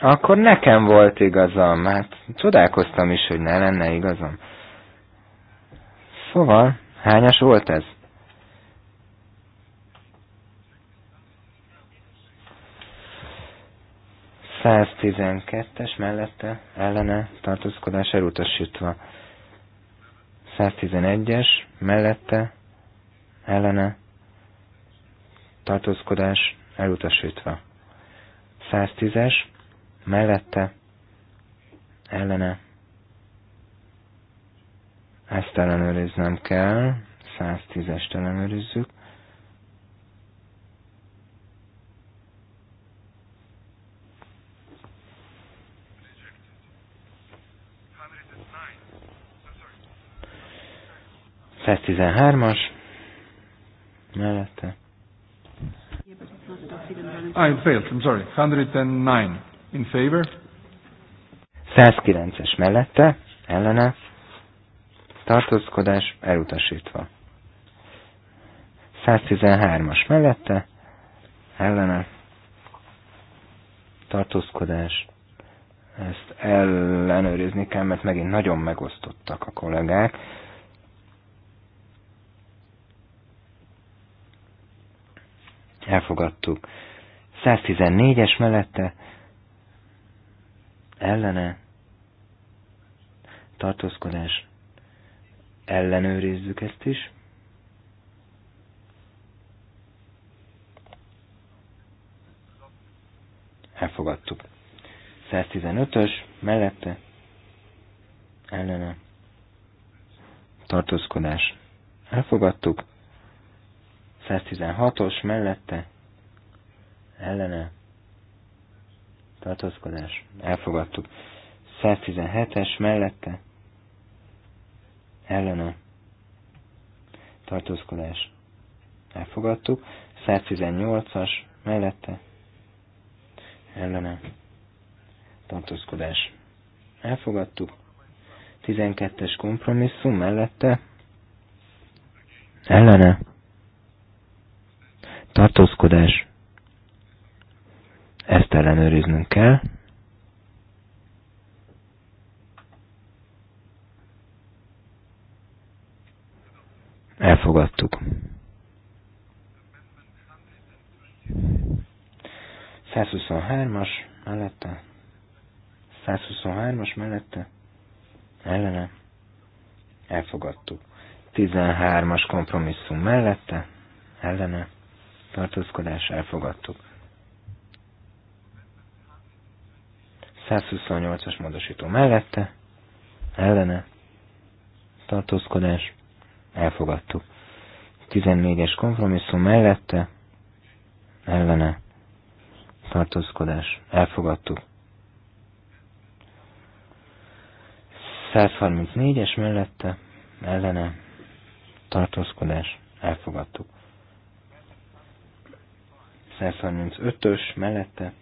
Akkor nekem volt igazam, hát csodálkoztam is, hogy ne lenne igazam. Szóval, hányas volt ez? Száztizenkettes mellette ellene tartózkodás elutasítva. 111-es mellette ellene tartózkodás elutasítva. 110-es mellette ellene ezt ellenőriznem kell, 110-est ellenőrizzük. 113-as mellette. Ah, I failed, I'm sorry. 109 in favor. 109-es mellette, ellene, tartózkodás elutasítva. 113-as mellette, ellene, tartózkodás. Ezt ellenőrizni kell, mert megint nagyon megosztottak a kollégák. elfogadtuk. 114-es mellette ellene tartózkodás ellenőrizzük ezt is. Elfogadtuk. 115-ös mellette ellene tartózkodás elfogadtuk. 116-os mellette ellene tartózkodás elfogadtuk. 117-es mellette ellene tartózkodás elfogadtuk. 118-as mellette ellene tartózkodás elfogadtuk. 12-es kompromisszum mellette ellene tartózkodás, ezt ellenőriznünk kell. Elfogadtuk. 123 mellette, 123-as mellette, ellene, elfogadtuk. 13-as kompromisszum mellette, ellene, tartózkodás elfogadtuk. 128-as módosító mellette, ellene, tartózkodás, elfogadtuk. 14-es kompromisszum mellette, ellene, tartózkodás, elfogadtuk. 134-es mellette, ellene, tartózkodás, elfogadtuk. 135-ös mellette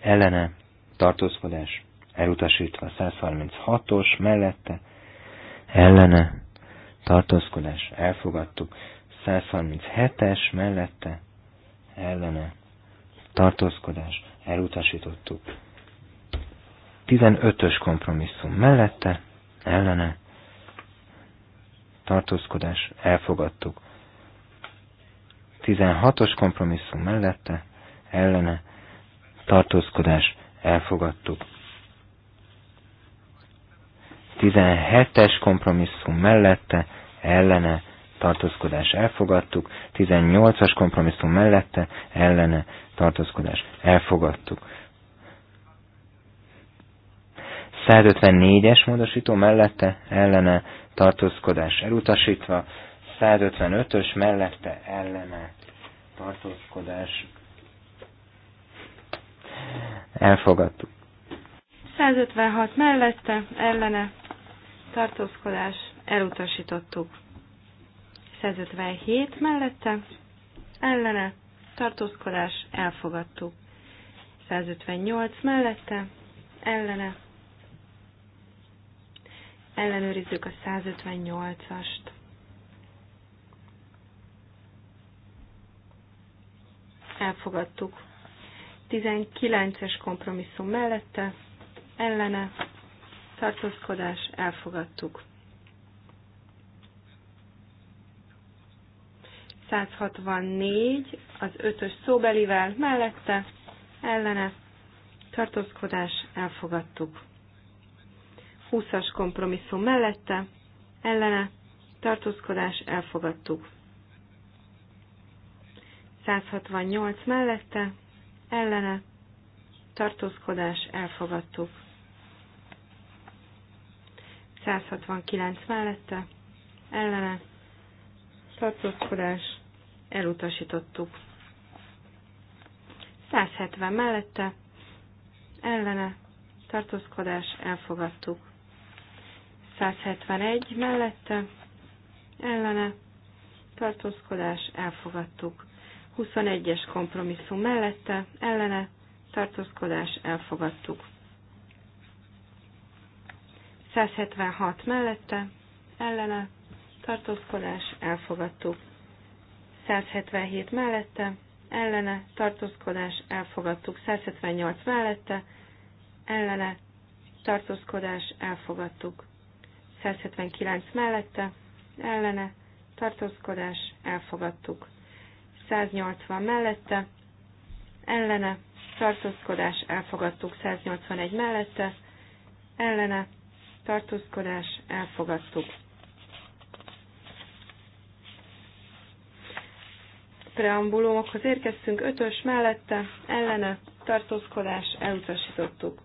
ellene tartózkodás elutasítva 136-os mellette ellene tartózkodás elfogadtuk 137-es mellette ellene tartózkodás elutasítottuk 15-ös kompromisszum mellette ellene tartózkodás elfogadtuk 16-os kompromisszum mellette ellene tartózkodás elfogadtuk. 17-es kompromisszum mellette ellene tartózkodás elfogadtuk, 18-as kompromisszum mellette ellene tartózkodás elfogadtuk. 154-es módosító mellette ellene tartózkodás elutasítva, 155-ös mellette ellene tartózkodás elfogadtuk. 156 mellette, ellene, tartózkodás, elutasítottuk. 157 mellette, ellene, tartózkodás, elfogadtuk. 158 mellette, ellene, ellenőrizzük a 158-ast. elfogadtuk. 19-es kompromisszum mellette, ellene, tartózkodás, elfogadtuk. 164 az ötös szóbelivel mellette, ellene, tartózkodás, elfogadtuk. 20-as kompromisszum mellette, ellene, tartózkodás, elfogadtuk. 168 mellette, ellene, tartózkodás, elfogadtuk. 169 mellette, ellene, tartózkodás, elutasítottuk. 170 mellette, ellene, tartózkodás, elfogadtuk. 171 mellette, ellene, tartózkodás, elfogadtuk. 21-es kompromisszum mellette, ellene, tartózkodás, elfogadtuk. 176 mellette, ellene, tartózkodás, elfogadtuk. 177 mellette, ellene, tartózkodás, elfogadtuk. 178 mellette, ellene, tartózkodás, elfogadtuk. 179 mellette, ellene, tartózkodás, elfogadtuk. 180 mellette, ellene, tartózkodás, elfogadtuk 181 mellette, ellene, tartózkodás, elfogadtuk. Preambulumokhoz érkeztünk, ötös mellette, ellene, tartózkodás, elutasítottuk.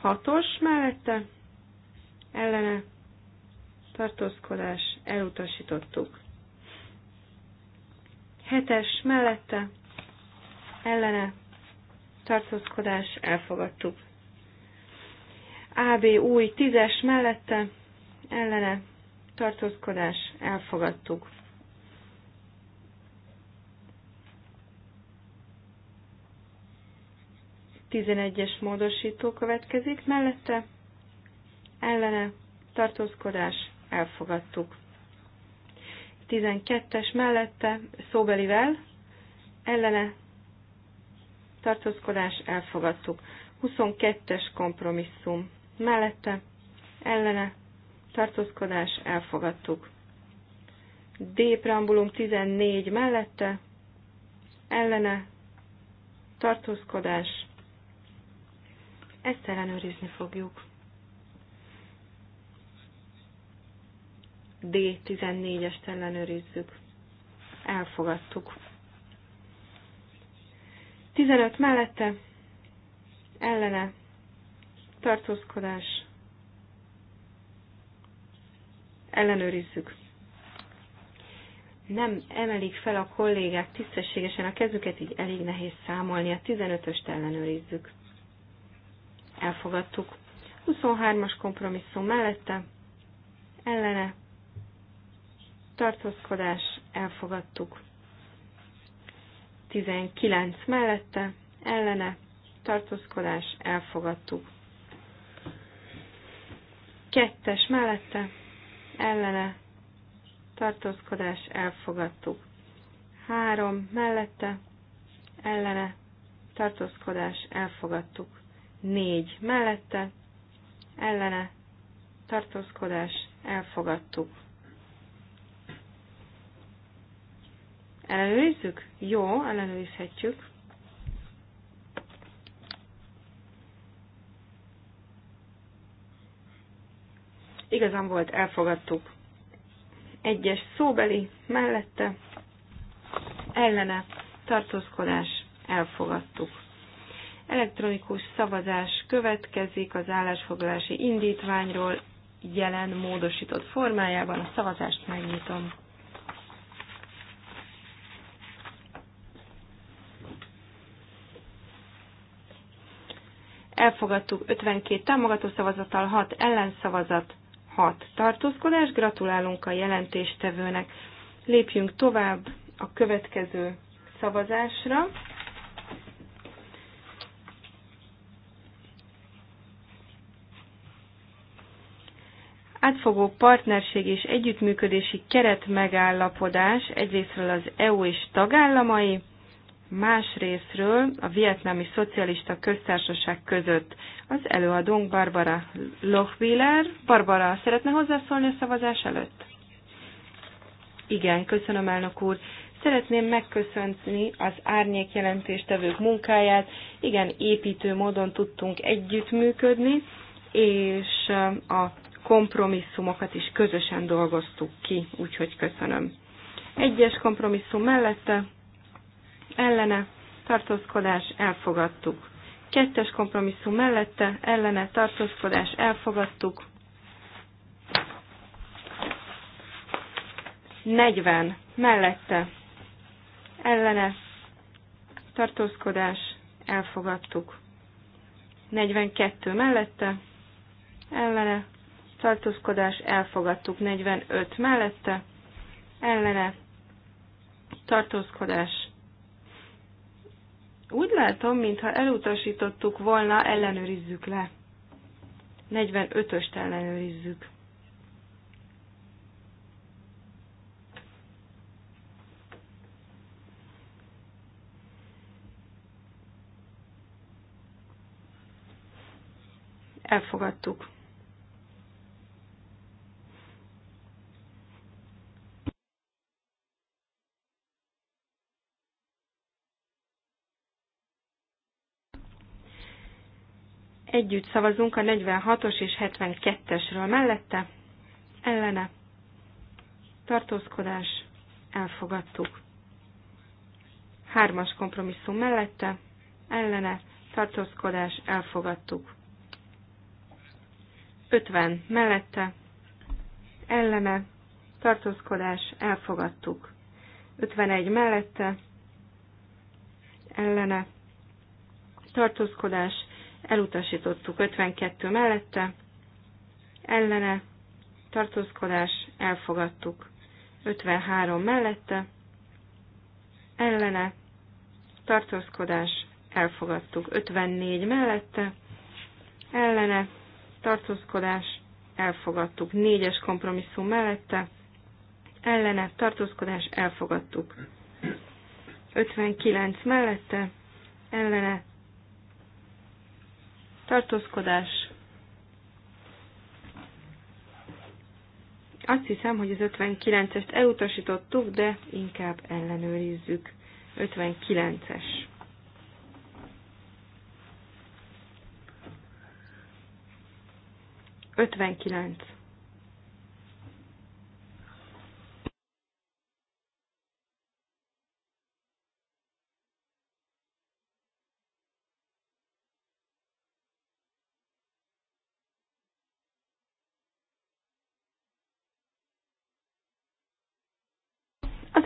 Hatos mellette, ellene, tartózkodás, elutasítottuk. Hetes mellette ellene tartózkodás elfogadtuk. AB új tízes mellette ellene tartózkodás elfogadtuk. Tizenegyes módosító következik mellette ellene tartózkodás elfogadtuk. 12-es mellette szóbelivel ellene tartózkodás elfogadtuk. 22-es kompromisszum mellette ellene tartózkodás elfogadtuk. D preambulum 14 mellette ellene tartózkodás ezt ellenőrizni fogjuk. D14-est ellenőrizzük. Elfogadtuk. 15 mellette ellene tartózkodás ellenőrizzük. Nem emelik fel a kollégák tisztességesen a kezüket, így elég nehéz számolni. A 15-öst ellenőrizzük. Elfogadtuk. 23-as kompromisszum mellette ellene tartózkodás, elfogadtuk. 19 mellette, ellene, tartózkodás, elfogadtuk. Kettes mellette, ellene, tartózkodás, elfogadtuk. Három mellette, ellene, tartózkodás, elfogadtuk. Négy mellette, ellene, tartózkodás, elfogadtuk. Ellenőrizzük? Jó, ellenőrizhetjük. Igazán volt, elfogadtuk. Egyes szóbeli mellette, ellene, tartózkodás, elfogadtuk. Elektronikus szavazás következik az állásfoglalási indítványról jelen módosított formájában. A szavazást megnyitom. Elfogadtuk 52 támogató szavazattal, 6 ellenszavazat, 6 tartózkodás. Gratulálunk a jelentéstevőnek. Lépjünk tovább a következő szavazásra. átfogó partnerség és együttműködési keret megállapodás egyrésztről az EU és tagállamai, más részről a vietnámi szocialista köztársaság között. Az előadónk Barbara Lochwiller. Barbara, szeretne hozzászólni a szavazás előtt? Igen, köszönöm, elnök úr. Szeretném megköszönni az árnyék jelentéstevők munkáját. Igen, építő módon tudtunk együttműködni, és a kompromisszumokat is közösen dolgoztuk ki, úgyhogy köszönöm. Egyes kompromisszum mellette ellene, tartózkodás, elfogadtuk. Kettes kompromisszum mellette, ellene, tartózkodás, elfogadtuk. 40 mellette, ellene, tartózkodás, elfogadtuk. 42 mellette, ellene, tartózkodás, elfogadtuk. 45 mellette, ellene, tartózkodás, úgy látom, mintha elutasítottuk volna, ellenőrizzük le. 45-öst ellenőrizzük. Elfogadtuk. Együtt szavazunk a 46-os és 72-esről mellette, ellene, tartózkodás, elfogadtuk. Hármas kompromisszum mellette, ellene, tartózkodás, elfogadtuk. 50 mellette, ellene, tartózkodás, elfogadtuk. 51 mellette, ellene, tartózkodás, elutasítottuk 52 mellette, ellene, tartózkodás, elfogadtuk 53 mellette, ellene, tartózkodás, elfogadtuk 54 mellette, ellene, tartózkodás, elfogadtuk 4-es kompromisszum mellette, ellene, tartózkodás, elfogadtuk 59 mellette, ellene, tartózkodás. Azt hiszem, hogy az 59-est elutasítottuk, de inkább ellenőrizzük. 59-es. Ötvenkilenc.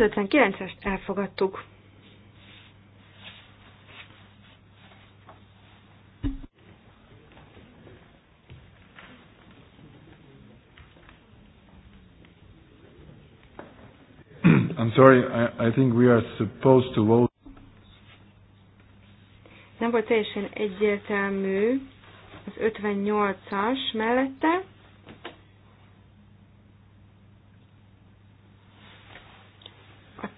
159-est elfogadtuk. I'm sorry, I, I think we are supposed to vote. Nem volt teljesen egyértelmű az 58-as mellette,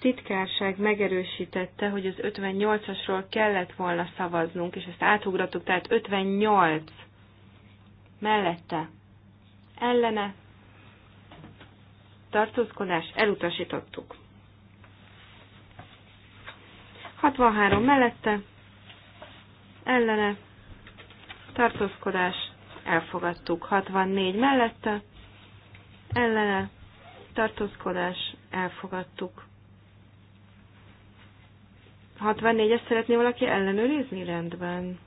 titkárság megerősítette, hogy az 58-asról kellett volna szavaznunk, és ezt átugrottuk, tehát 58 mellette ellene tartózkodás elutasítottuk. 63 mellette ellene tartózkodás elfogadtuk. 64 mellette ellene tartózkodás elfogadtuk. 64 es szeretné valaki ellenőrizni? Rendben.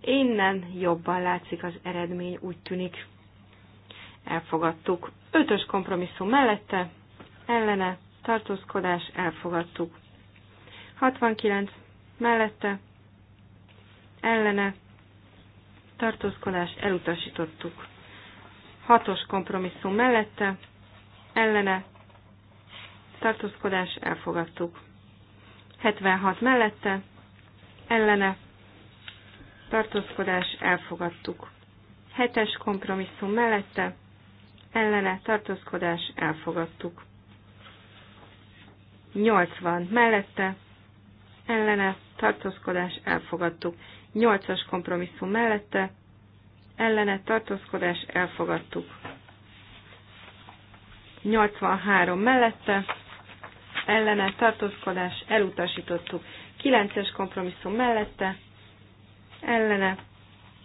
Innen jobban látszik az eredmény, úgy tűnik. Elfogadtuk. Ötös kompromisszum mellette, ellene, tartózkodás, elfogadtuk. 69 mellette, ellene, tartózkodás elutasítottuk. Hatos kompromisszum mellette, ellene, tartózkodás elfogadtuk. 76 mellette, ellene, tartózkodás elfogadtuk. Hetes kompromisszum mellette, ellene, tartózkodás elfogadtuk. 80 mellette, ellene, tartózkodás elfogadtuk. Nyolcas kompromisszum mellette, ellene tartózkodás elfogadtuk. 83 mellette, ellene tartózkodás elutasítottuk. 9-es kompromisszum mellette, ellene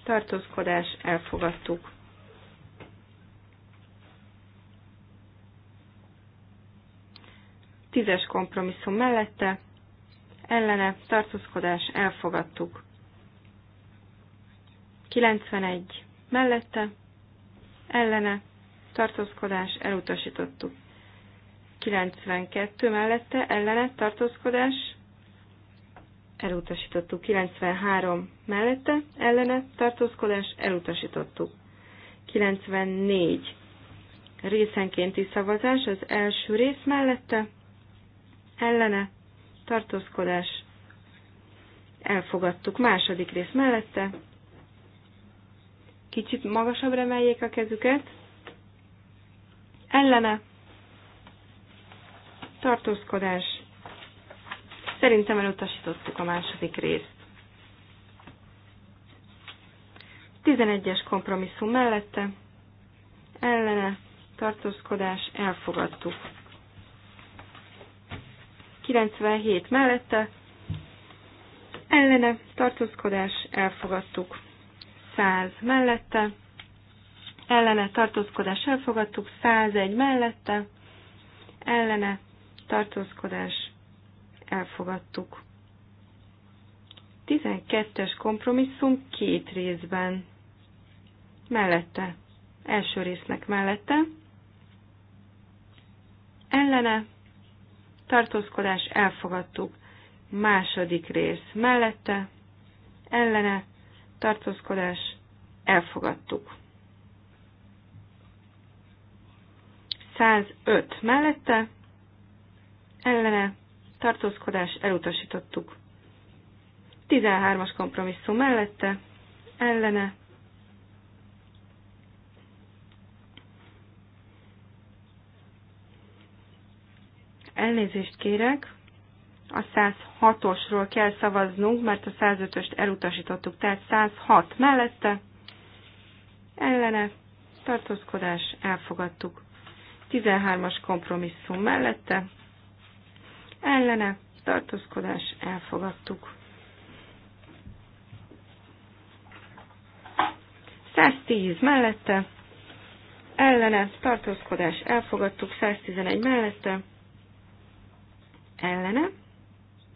tartózkodás elfogadtuk. Tízes kompromisszum mellette, ellene tartózkodás elfogadtuk. 91 mellette, ellene, tartózkodás, elutasítottuk. 92 mellette, ellene, tartózkodás, elutasítottuk. 93 mellette, ellene, tartózkodás, elutasítottuk. 94 részenkénti szavazás az első rész mellette, ellene, tartózkodás, elfogadtuk. Második rész mellette, Kicsit magasabb emeljék a kezüket. Ellene. Tartózkodás. Szerintem elutasítottuk a második részt. 11-es kompromisszum mellette. Ellene. Tartózkodás. Elfogadtuk. 97 mellette. Ellene. Tartózkodás. Elfogadtuk. 100 mellette, ellene tartózkodás elfogadtuk, 101 mellette, ellene tartózkodás elfogadtuk. 12-es kompromisszum két részben. Mellette. Első résznek mellette. Ellene. Tartózkodás elfogadtuk. Második rész mellette. Ellene tartózkodás, elfogadtuk. 105 mellette, ellene, tartózkodás, elutasítottuk. 13-as kompromisszum mellette, ellene, elnézést kérek, a 106-osról kell szavaznunk, mert a 105-öst elutasítottuk, tehát 106 mellette, ellene, tartózkodás, elfogadtuk. 13-as kompromisszum mellette, ellene, tartózkodás, elfogadtuk. 110 mellette, ellene, tartózkodás, elfogadtuk, 111 mellette, ellene,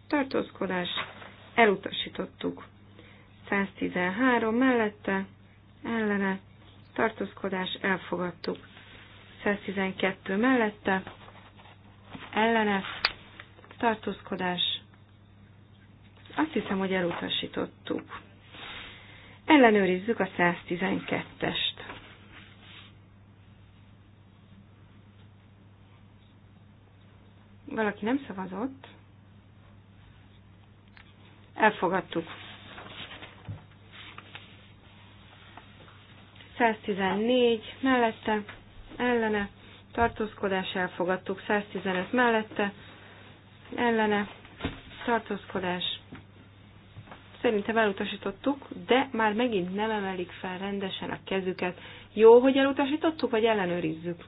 tartózkodás, elutasítottuk. 113 mellette, ellene, tartózkodás, elfogadtuk. 112 mellette, ellene, tartózkodás, azt hiszem, hogy elutasítottuk. Ellenőrizzük a 112-est. Valaki nem szavazott. Elfogadtuk. 114 mellette, ellene, tartózkodás elfogadtuk. 115 mellette, ellene, tartózkodás. Szerintem elutasítottuk, de már megint nem emelik fel rendesen a kezüket. Jó, hogy elutasítottuk, vagy ellenőrizzük.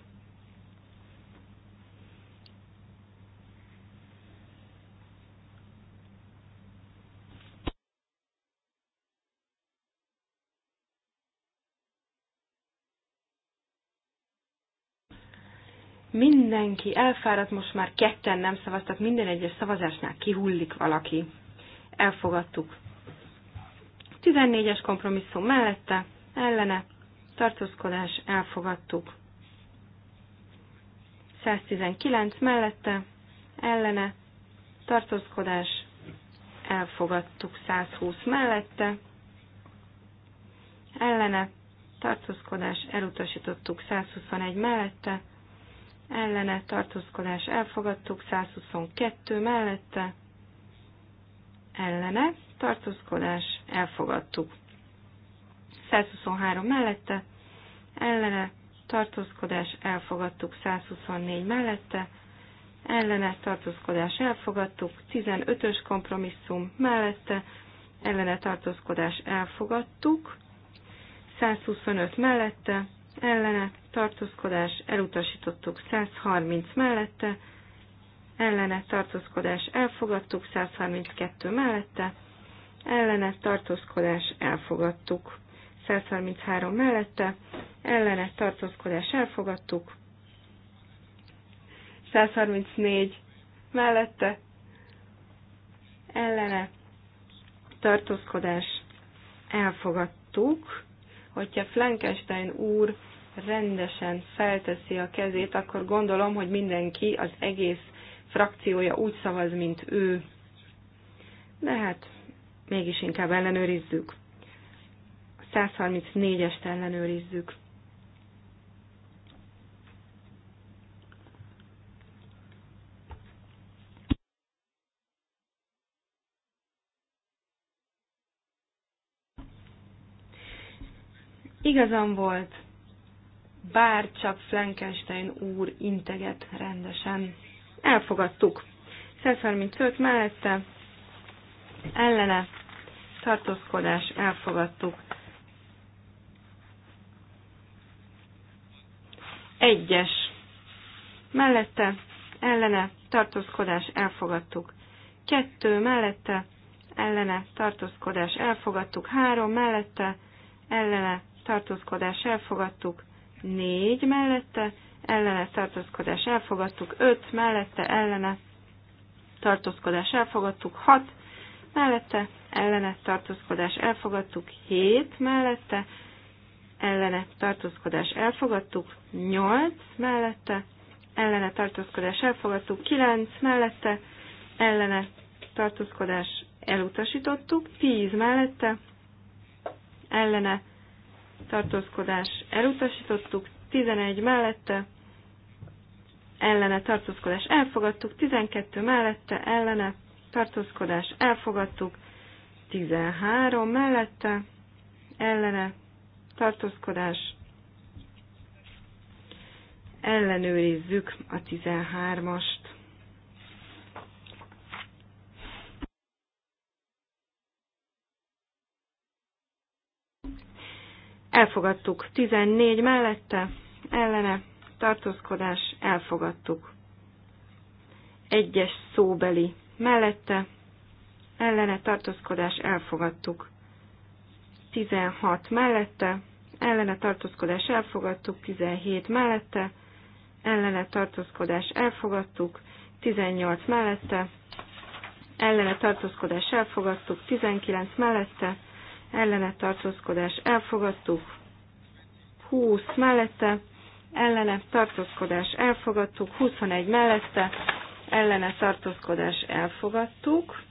Mindenki elfáradt, most már ketten nem szavaztak, minden egyes szavazásnál kihullik valaki. Elfogadtuk. 14-es kompromisszum mellette, ellene, tartózkodás, elfogadtuk. 119 mellette, ellene, tartózkodás, elfogadtuk 120 mellette, ellene, tartózkodás, elutasítottuk 121 mellette, ellene tartózkodás elfogadtuk, 122 mellette ellene tartózkodás elfogadtuk. 123 mellette ellene tartózkodás elfogadtuk, 124 mellette ellene tartózkodás elfogadtuk, 15-ös kompromisszum mellette ellene tartózkodás elfogadtuk, 125 mellette ellene tartózkodás, elutasítottuk 130 mellette, ellene tartózkodás, elfogadtuk 132 mellette, ellene tartózkodás, elfogadtuk 133 mellette, ellene tartózkodás, elfogadtuk 134 mellette, ellene tartózkodás, elfogadtuk, hogyha Flankenstein úr rendesen felteszi a kezét, akkor gondolom, hogy mindenki, az egész frakciója úgy szavaz, mint ő. De hát mégis inkább ellenőrizzük. 134-est ellenőrizzük. Igazam volt, bár csak Frankenstein úr integet rendesen. Elfogadtuk. 135 mellette ellene tartózkodás elfogadtuk. Egyes. Mellette ellene tartózkodás elfogadtuk. Kettő mellette ellene tartózkodás elfogadtuk. Három mellette ellene tartózkodás elfogadtuk. 4 mellette, ellene tartózkodás elfogadtuk, 5 mellette, ellene tartózkodás elfogadtuk, 6 mellette, ellene tartózkodás elfogadtuk, 7 mellette, ellene tartózkodás elfogadtuk, 8 mellette, ellene tartózkodás elfogadtuk, 9 mellette, ellene tartózkodás elutasítottuk, 10 mellette, ellene tartózkodás elutasítottuk, 11 mellette, ellene tartózkodás elfogadtuk, 12 mellette, ellene tartózkodás elfogadtuk, 13 mellette, ellene tartózkodás ellenőrizzük a 13-ast. Elfogadtuk. 14 mellette, ellene, tartózkodás, elfogadtuk. Egyes szóbeli mellette, ellene, tartózkodás, elfogadtuk. 16 mellette, ellene tartózkodás elfogadtuk, 17 mellette, ellene tartózkodás elfogadtuk, 18 mellette, ellene tartózkodás elfogadtuk, 19 mellette, ellene tartózkodás elfogadtuk, 20 mellette, ellene tartózkodás elfogadtuk, 21 mellette, ellene tartózkodás elfogadtuk,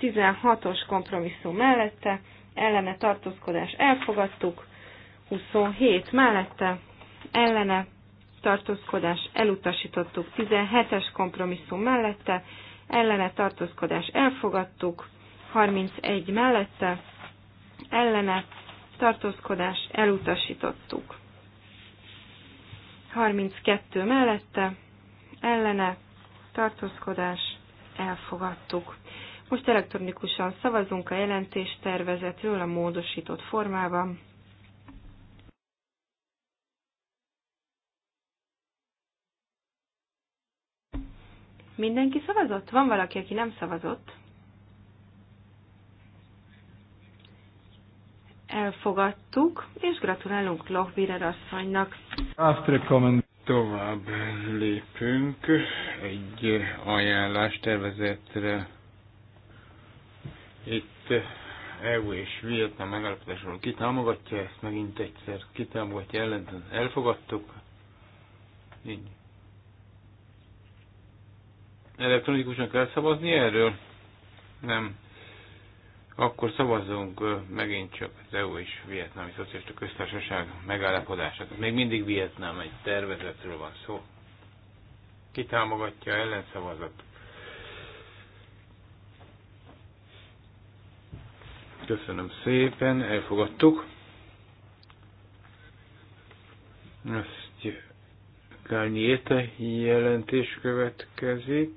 16-os kompromisszum mellette, ellene tartózkodás elfogadtuk, 27 mellette, ellene tartózkodás elutasítottuk, 17-es kompromisszum mellette, ellene tartózkodás elfogadtuk, 31 mellette, ellene tartózkodás elutasítottuk. 32 mellette ellene tartózkodás elfogadtuk. Most elektronikusan szavazunk a jelentés tervezetről a módosított formában. Mindenki szavazott? Van valaki, aki nem szavazott? elfogadtuk, és gratulálunk Lohbirer asszonynak. After comment. Tovább lépünk egy ajánlás tervezetre. Itt EU és Vietnám megállapodásról kitámogatja ezt megint egyszer, kitámogatja ellen, elfogadtuk. Így. Elektronikusan kell szavazni erről? Nem, akkor szavazzunk megint csak az EU és Vietnámi Szocialista Köztársaság megállapodását. Még mindig Vietnám egy tervezetről van szó. Ki támogatja ellenszavazat? Köszönöm szépen, elfogadtuk. Azt Kárnyéte jelentés következik.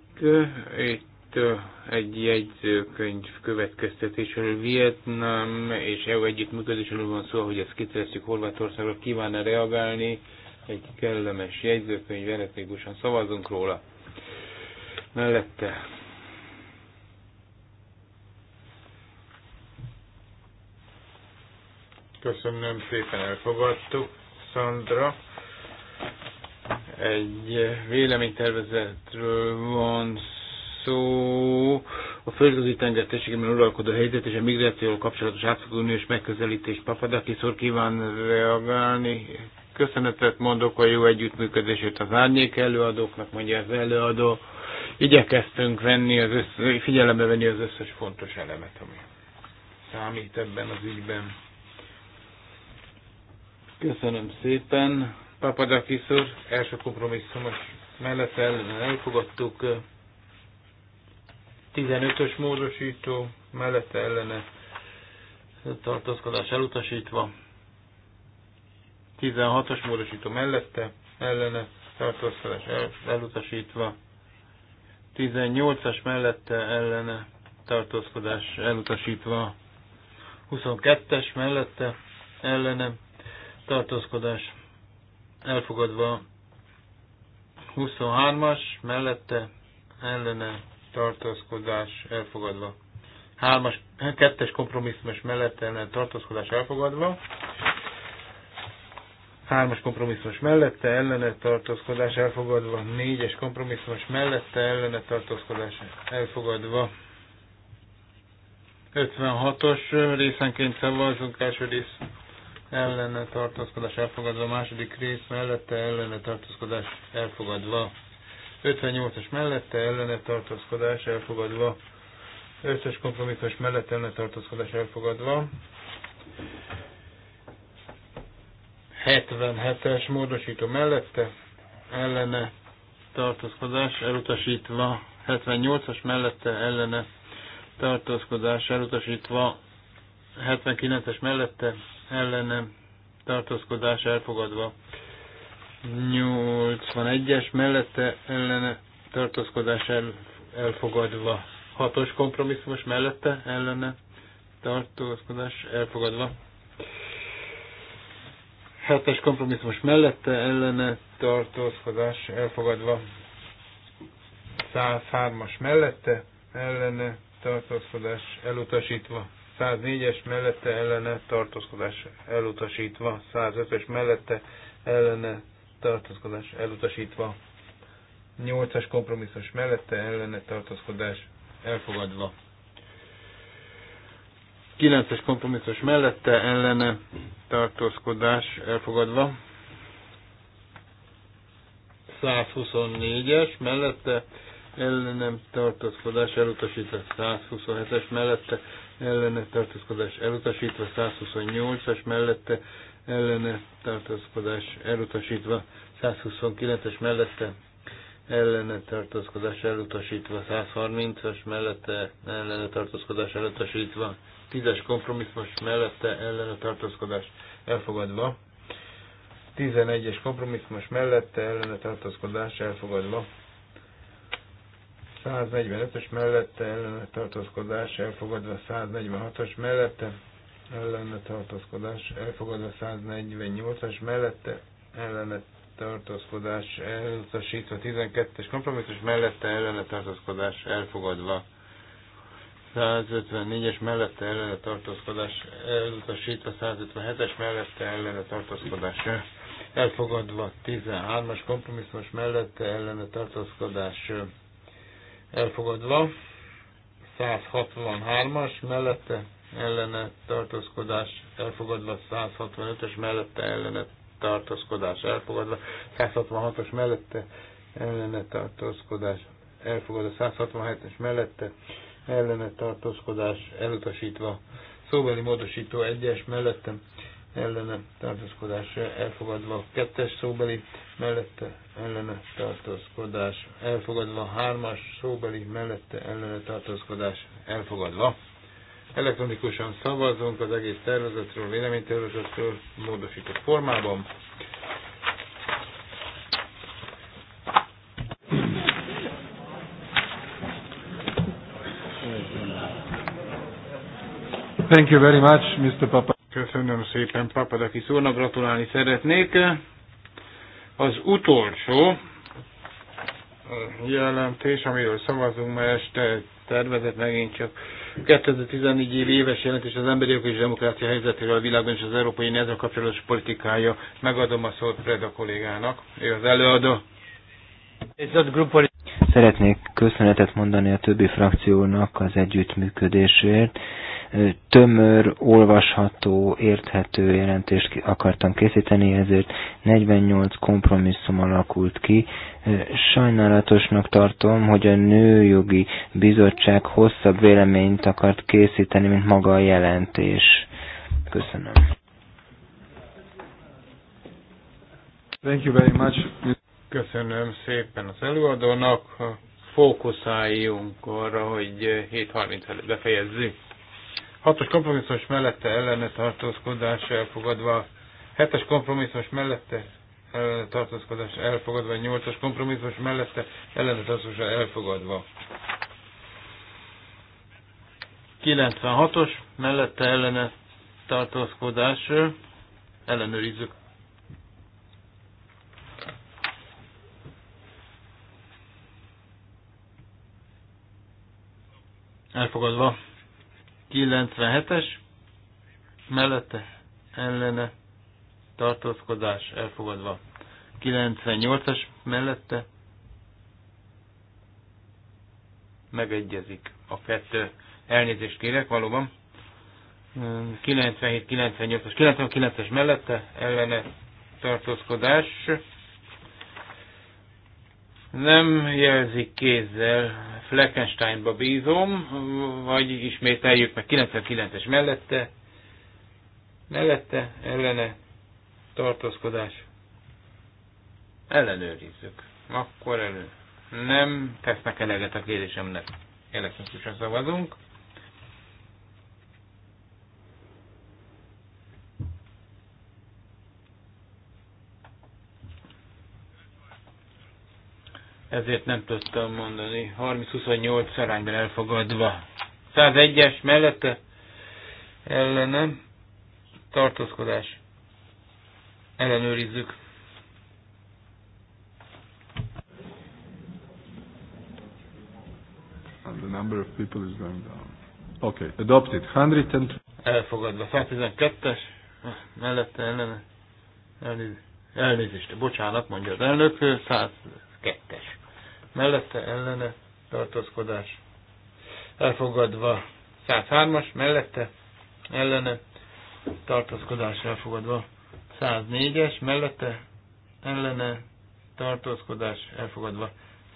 Itt itt egy jegyzőkönyv következtetésről, Vietnám és EU együttműködésről van szó, hogy ezt kiterjesztjük Horvátországra, kívánna reagálni, egy kellemes jegyzőkönyv, eretikusan szavazunk róla. Mellette Köszönöm szépen, elfogadtuk. Szandra, egy véleménytervezetről van szó a földközi tenger térségében uralkodó helyzet és a migrációval kapcsolatos átfogó uniós megközelítés. Papadakis úr kíván reagálni. Köszönetet mondok a jó együttműködését az árnyék előadóknak, mondja az előadó. Igyekeztünk venni az össz, figyelembe venni az összes fontos elemet, ami számít ebben az ügyben. Köszönöm szépen. Papadakis úr, első kompromisszumos mellett elfogadtuk 15-ös módosító mellette ellene tartózkodás elutasítva. 16-os módosító mellette ellene tartózkodás elutasítva. 18-as mellette ellene tartózkodás elutasítva. 22-es mellette ellene tartózkodás elfogadva. 23-as mellette ellene tartózkodás elfogadva. Hármas, kettes kompromisszumos mellettelen tartózkodás elfogadva. Hármas kompromisszumos mellette ellene tartózkodás elfogadva. Négyes kompromisszumos mellette ellene tartózkodás elfogadva. 56-os részenként szavazunk, első rész ellene tartózkodás elfogadva, második rész mellette ellene tartózkodás elfogadva. 58-as mellette ellene tartózkodás elfogadva. Összes kompromisszos mellett ellene tartózkodás elfogadva. 77-es módosító mellette ellene tartózkodás elutasítva. 78-as mellette ellene tartózkodás elutasítva. 79-es mellette ellene tartózkodás elfogadva. 81-es mellette ellene tartózkodás el, elfogadva. 6-os kompromisszumos mellette ellene tartózkodás elfogadva. 7-es kompromisszumos mellette ellene tartózkodás elfogadva. 103-as mellette ellene tartózkodás elutasítva. 104-es mellette ellene tartózkodás elutasítva. 105-es mellette ellene tartózkodás elutasítva. 8-as kompromisszus mellette ellene tartózkodás elfogadva. 9-es kompromisszus mellette ellene tartózkodás elfogadva. 124-es mellette ellene tartózkodás elutasítva. 127-es mellette ellene tartózkodás elutasítva. 128-as mellette ellene tartózkodás elutasítva, 129-es mellette ellene tartózkodás elutasítva, 130-as mellette ellene tartózkodás elutasítva, 10-es kompromisszumos mellette ellene tartózkodás elfogadva, 11-es kompromisszumos mellette ellene tartózkodás elfogadva, 145-ös mellette ellene tartózkodás elfogadva, 146-os mellette ellene tartózkodás elfogadva 148-as mellette ellene tartózkodás elutasítva 12-es kompromisszus mellette ellene tartózkodás elfogadva 154-es mellette ellene tartózkodás elutasítva 157-es mellette ellene tartózkodás elfogadva 13-as kompromisszus, mellette ellene tartózkodás elfogadva 163-as mellette ellene tartózkodás elfogadva, 165-ös mellette ellene tartózkodás elfogadva, 166-os mellette ellene tartózkodás elfogadva, 167-es mellette ellene tartózkodás elutasítva, szóbeli módosító 1-es mellette ellene tartózkodás elfogadva, 2-es szóbeli mellette ellene tartózkodás elfogadva, 3-as szóbeli mellette ellene tartózkodás elfogadva. Elektronikusan szavazunk az egész tervezetről, véleménytervezetről módosított formában. Thank you very much, Mr. Papa. Köszönöm szépen Papadakis úrnak, gratulálni szeretnék. Az utolsó jelentés, amiről szavazunk ma este, tervezet megint csak 2014 év éves jelentés az emberi jogok és demokrácia helyzetéről a világban és az Európai Unió kapcsolatos politikája. Megadom a szót Preda kollégának, ő az előadó. Szeretnék köszönetet mondani a többi frakciónak az együttműködésért. Tömör, olvasható, érthető jelentést akartam készíteni, ezért 48 kompromisszum alakult ki, Sajnálatosnak tartom, hogy a Nőjogi Bizottság hosszabb véleményt akart készíteni, mint maga a jelentés. Köszönöm. Thank you very much. Köszönöm szépen az előadónak. Fókuszáljunk arra, hogy 7.30 előtt befejezzük. Hatos kompromisszumos mellette ellene tartózkodás elfogadva. Hetes kompromisszumos mellette tartózkodás elfogadva, 8-as kompromisszumos mellette ellene tartózkodás elfogadva. 96-os mellette ellene tartózkodás ellenőrizzük. Elfogadva. 97-es mellette ellene tartózkodás elfogadva. 98-as mellette megegyezik a kettő. Elnézést kérek, valóban. 97, 98-as, 99-es mellette ellene tartózkodás. Nem jelzik kézzel, Fleckensteinba bízom, vagy ismételjük meg 99-es mellette, mellette, ellene tartózkodás. Ellenőrizzük. Akkor elő. Nem tesznek eleget a kérésemnek. Elektronikusan szavazunk. Ezért nem tudtam mondani. 30-28 szarányban elfogadva. 101-es mellette ellenem tartózkodás ellenőrizzük. And the number of people is going down. Okay, adopted. 100 Elfogadva. 112-es. Mellette ellene. Elnéz, elnézést. Bocsánat, mondja az elnök. 102-es. Mellette ellene tartózkodás. Elfogadva. 103-as. Mellette ellene tartózkodás elfogadva. 104-es mellette ellene tartózkodás elfogadva.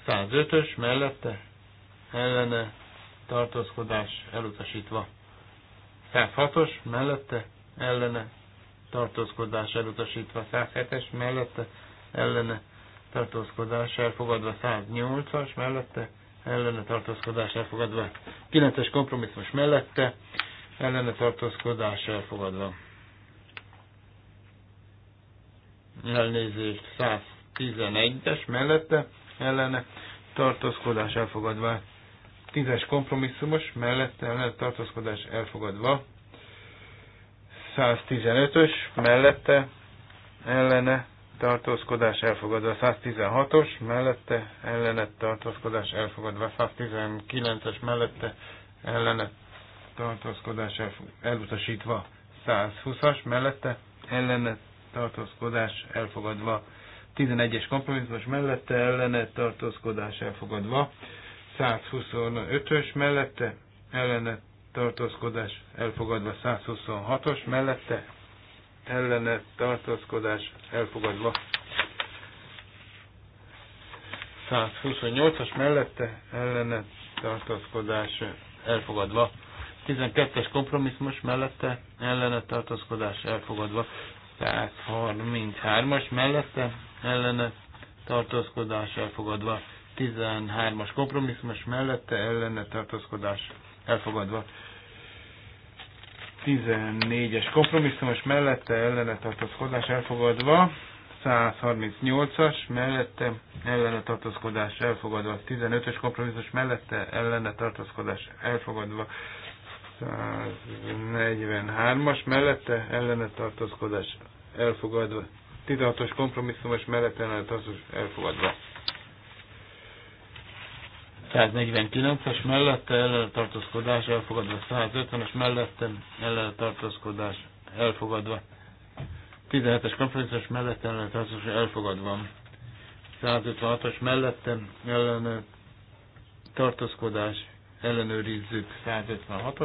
105-ös mellette ellene tartózkodás elutasítva. 106-os mellette ellene tartózkodás elutasítva. 107-es mellette ellene tartózkodás elfogadva. 108-as mellette ellene tartózkodás elfogadva. 9-es kompromisszum mellette ellene tartózkodás elfogadva. elnézést 111-es mellette ellene tartózkodás elfogadva. 10-es kompromisszumos mellette ellene tartózkodás elfogadva. 115-ös mellette ellene tartózkodás elfogadva 116-os, mellette ellenet tartózkodás elfogadva 119-es, mellette ellenet tartózkodás elutasítva 120-as, mellette ellenet tartózkodás elfogadva. 11-es kompromisszumos mellette ellene tartózkodás elfogadva. 125-ös mellette ellene tartózkodás elfogadva. 126-os mellette ellene tartózkodás elfogadva. 128-as mellette ellene tartózkodás elfogadva. 12-es kompromisszumos mellette ellene tartózkodás elfogadva. 133-as mellette ellene tartózkodás elfogadva. 13-as kompromisszumos mellette ellene tartózkodás elfogadva. 14-es kompromisszumos mellette ellene tartózkodás elfogadva. 138-as mellette ellene tartózkodás elfogadva. 15-ös kompromisszumos mellette ellene tartózkodás elfogadva. 143-as mellette ellene tartózkodás elfogadva. 16-os kompromisszumos mellette ellene tartózkodás elfogadva. 149-es mellette ellene tartózkodás elfogadva. 150-es mellette ellene tartózkodás elfogadva. 17-es kompromisszumos mellette ellene tartózkodás elfogadva. 156-os mellette ellene tartózkodás ellenőrizzük 156-ost.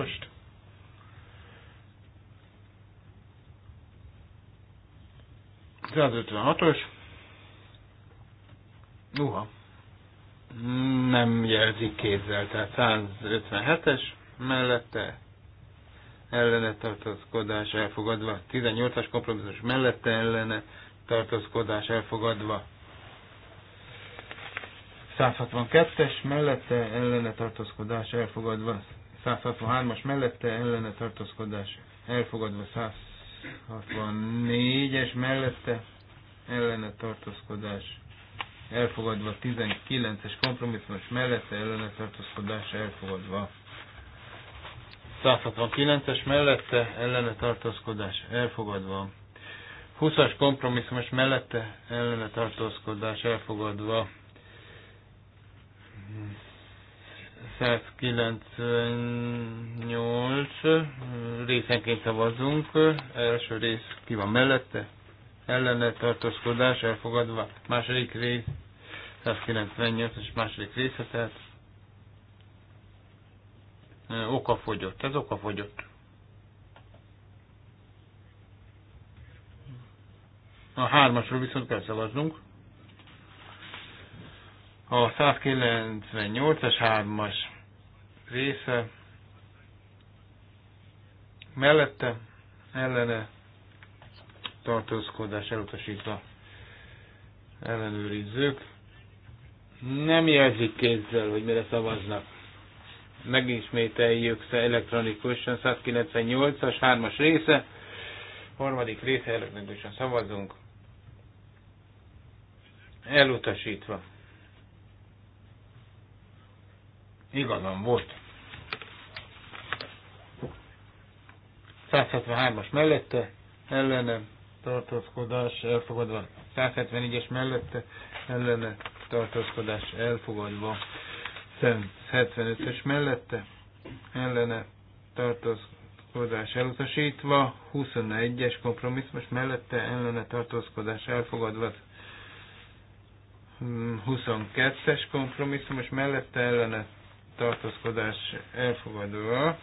os Uha. Nem jelzik kézzel, tehát 157-es mellette ellene tartózkodás elfogadva, 18-as kompromisszus mellette ellene tartózkodás elfogadva, 162-es mellette ellene tartózkodás elfogadva, 163-as mellette ellene tartózkodás elfogadva, 164-es mellette ellene tartózkodás elfogadva, 19-es kompromisszumos mellette ellene tartózkodás elfogadva. 169-es mellette ellene tartózkodás elfogadva. 20-as kompromisszumos mellette ellene tartózkodás elfogadva. 198 részenként szavazunk. Első rész ki van mellette? Ellene tartózkodás elfogadva. Második rész 198 és második része, tehát oka fogyott. Ez oka fogyott. A hármasról viszont kell szavaznunk. A 198-as 3-as része mellette ellene tartózkodás elutasítva ellenőrizzük. Nem jelzik kézzel, hogy mire szavaznak. Megismételjük elektronikusan 198-as 3-as része. Harmadik része elektronikusan szavazunk. Elutasítva. igazam volt. 173-as mellette ellene tartózkodás elfogadva. 174 es mellette ellene tartózkodás elfogadva. 175-ös mellette ellene tartózkodás elutasítva. 21-es kompromisszmus mellette ellene tartózkodás elfogadva. 22-es kompromisszumos mellette ellene tartózkodás elfogadva.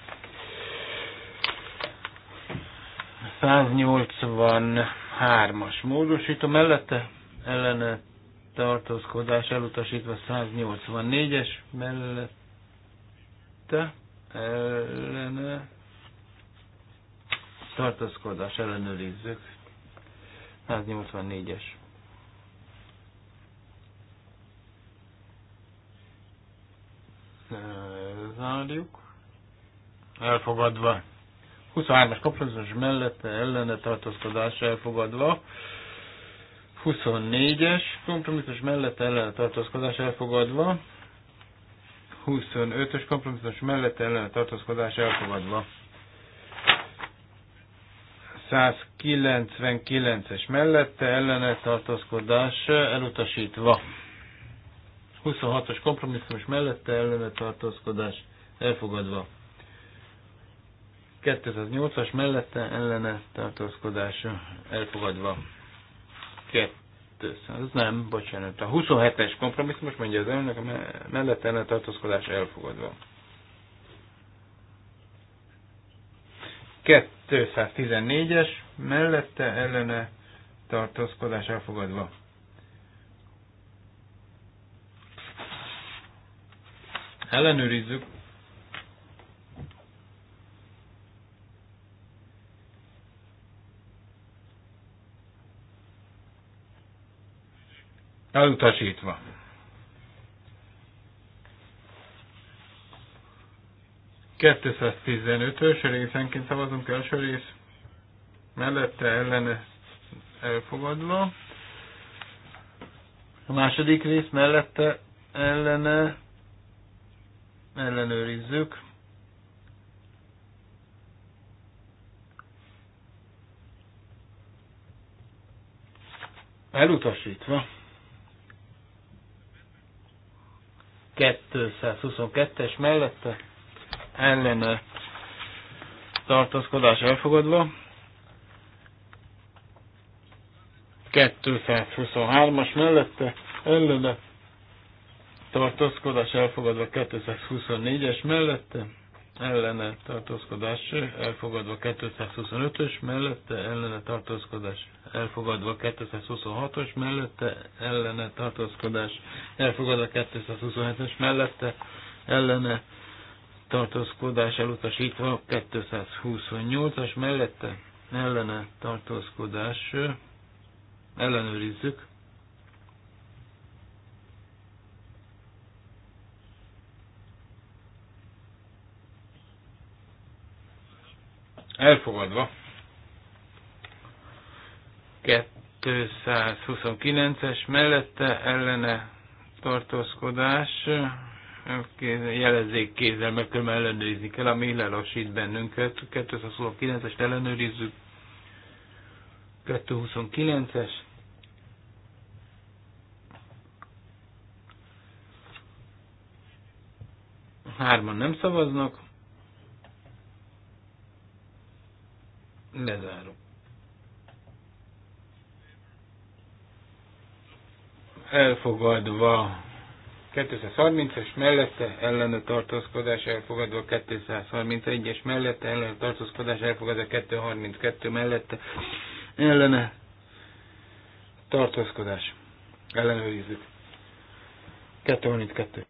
183-as módosító mellette ellene tartózkodás elutasítva 184-es mellette ellene tartózkodás ellenőrizzük 184-es Zárjuk. Elfogadva. 23-as kapcsolatos mellette ellene tartózkodás elfogadva. 24-es kompromisszus mellett ellene tartózkodás elfogadva. 25-ös kompromisszus mellett ellene tartózkodás elfogadva. 199-es mellette ellene tartózkodás elutasítva. 26-os kompromisszum és mellette ellene tartózkodás elfogadva. 2008-as mellette ellene tartózkodás elfogadva. 200, nem, bocsánat, a 27-es kompromisszum, most mondja az elnök, mellette ellene tartózkodás elfogadva. 214-es mellette ellene tartózkodás elfogadva. Ellenőrizzük. Elutasítva. ös részenként szavazunk első rész, mellette ellene elfogadva. A második rész mellette ellene ellenőrizzük. Elutasítva. 222-es mellette ellene tartózkodás elfogadva. 223-as mellette ellene tartózkodás elfogadva 2024 es mellette, ellene tartózkodás elfogadva 2025 ös mellette, ellene tartózkodás elfogadva 2026 os mellette, ellene tartózkodás elfogadva 2027 es mellette, ellene tartózkodás elutasítva 228-as mellette, ellene tartózkodás ellenőrizzük. Elfogadva. 229-es mellette ellene tartózkodás. Jelezzék kézzel, meg kell ellenőrizni kell, ami lelassít bennünket. 229-est ellenőrizzük. 229-es. Hárman nem szavaznak. Lezárom. Elfogadva 230-es mellette ellene tartózkodás elfogadva, 231-es mellette ellene tartózkodás elfogadva, 232 mellette ellene tartózkodás ellenőrizzük. 232.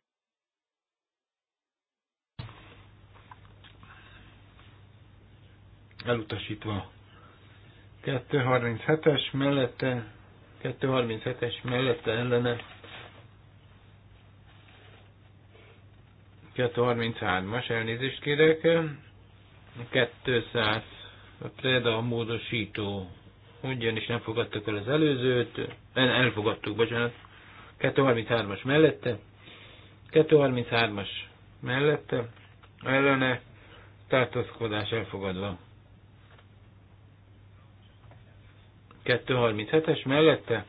elutasítva. 237-es mellette, 237-es mellette ellene, 233-as elnézést kérek, 200 a Preda a módosító, ugyanis nem fogadtuk el az előzőt, el, elfogadtuk, bocsánat, 233-as mellette, 233-as mellette, ellene, tartózkodás elfogadva. 237-es mellette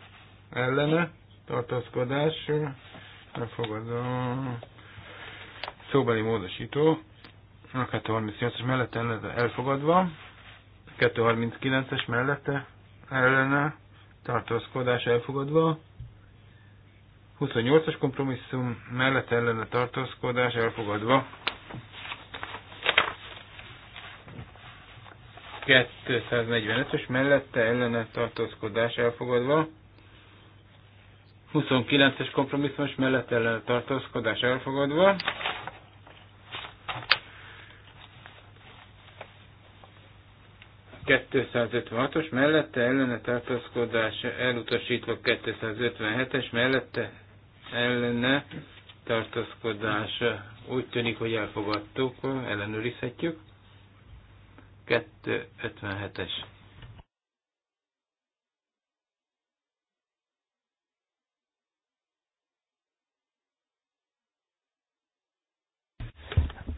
ellene tartaszkodás, elfogadó szóbeli módosító a 238-es mellette elfogadva 239-es mellette ellene tartózkodás elfogadva 28-as kompromisszum mellett ellene tartózkodás elfogadva 245-ös mellette ellene tartózkodás elfogadva. 29-es kompromisszumos mellette ellene tartózkodás elfogadva. ...256-os mellette ellene tartózkodás elutasítva 257-es mellette ellene tartózkodás úgy tűnik, hogy elfogadtuk, ellenőrizhetjük. 257-es.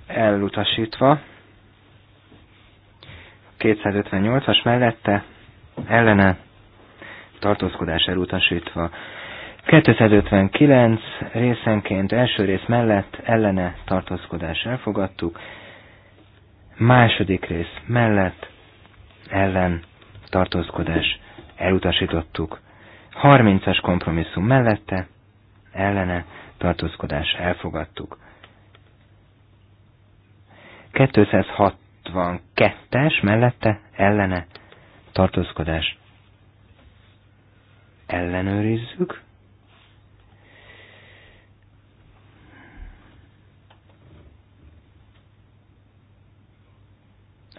Elutasítva. 258-as mellette, ellene, tartózkodás elutasítva. 259 részenként első rész mellett ellene tartózkodás elfogadtuk, Második rész mellett ellen tartózkodás elutasítottuk. 30-as kompromisszum mellette ellene tartózkodás elfogadtuk. 262-es mellette ellene tartózkodás ellenőrizzük.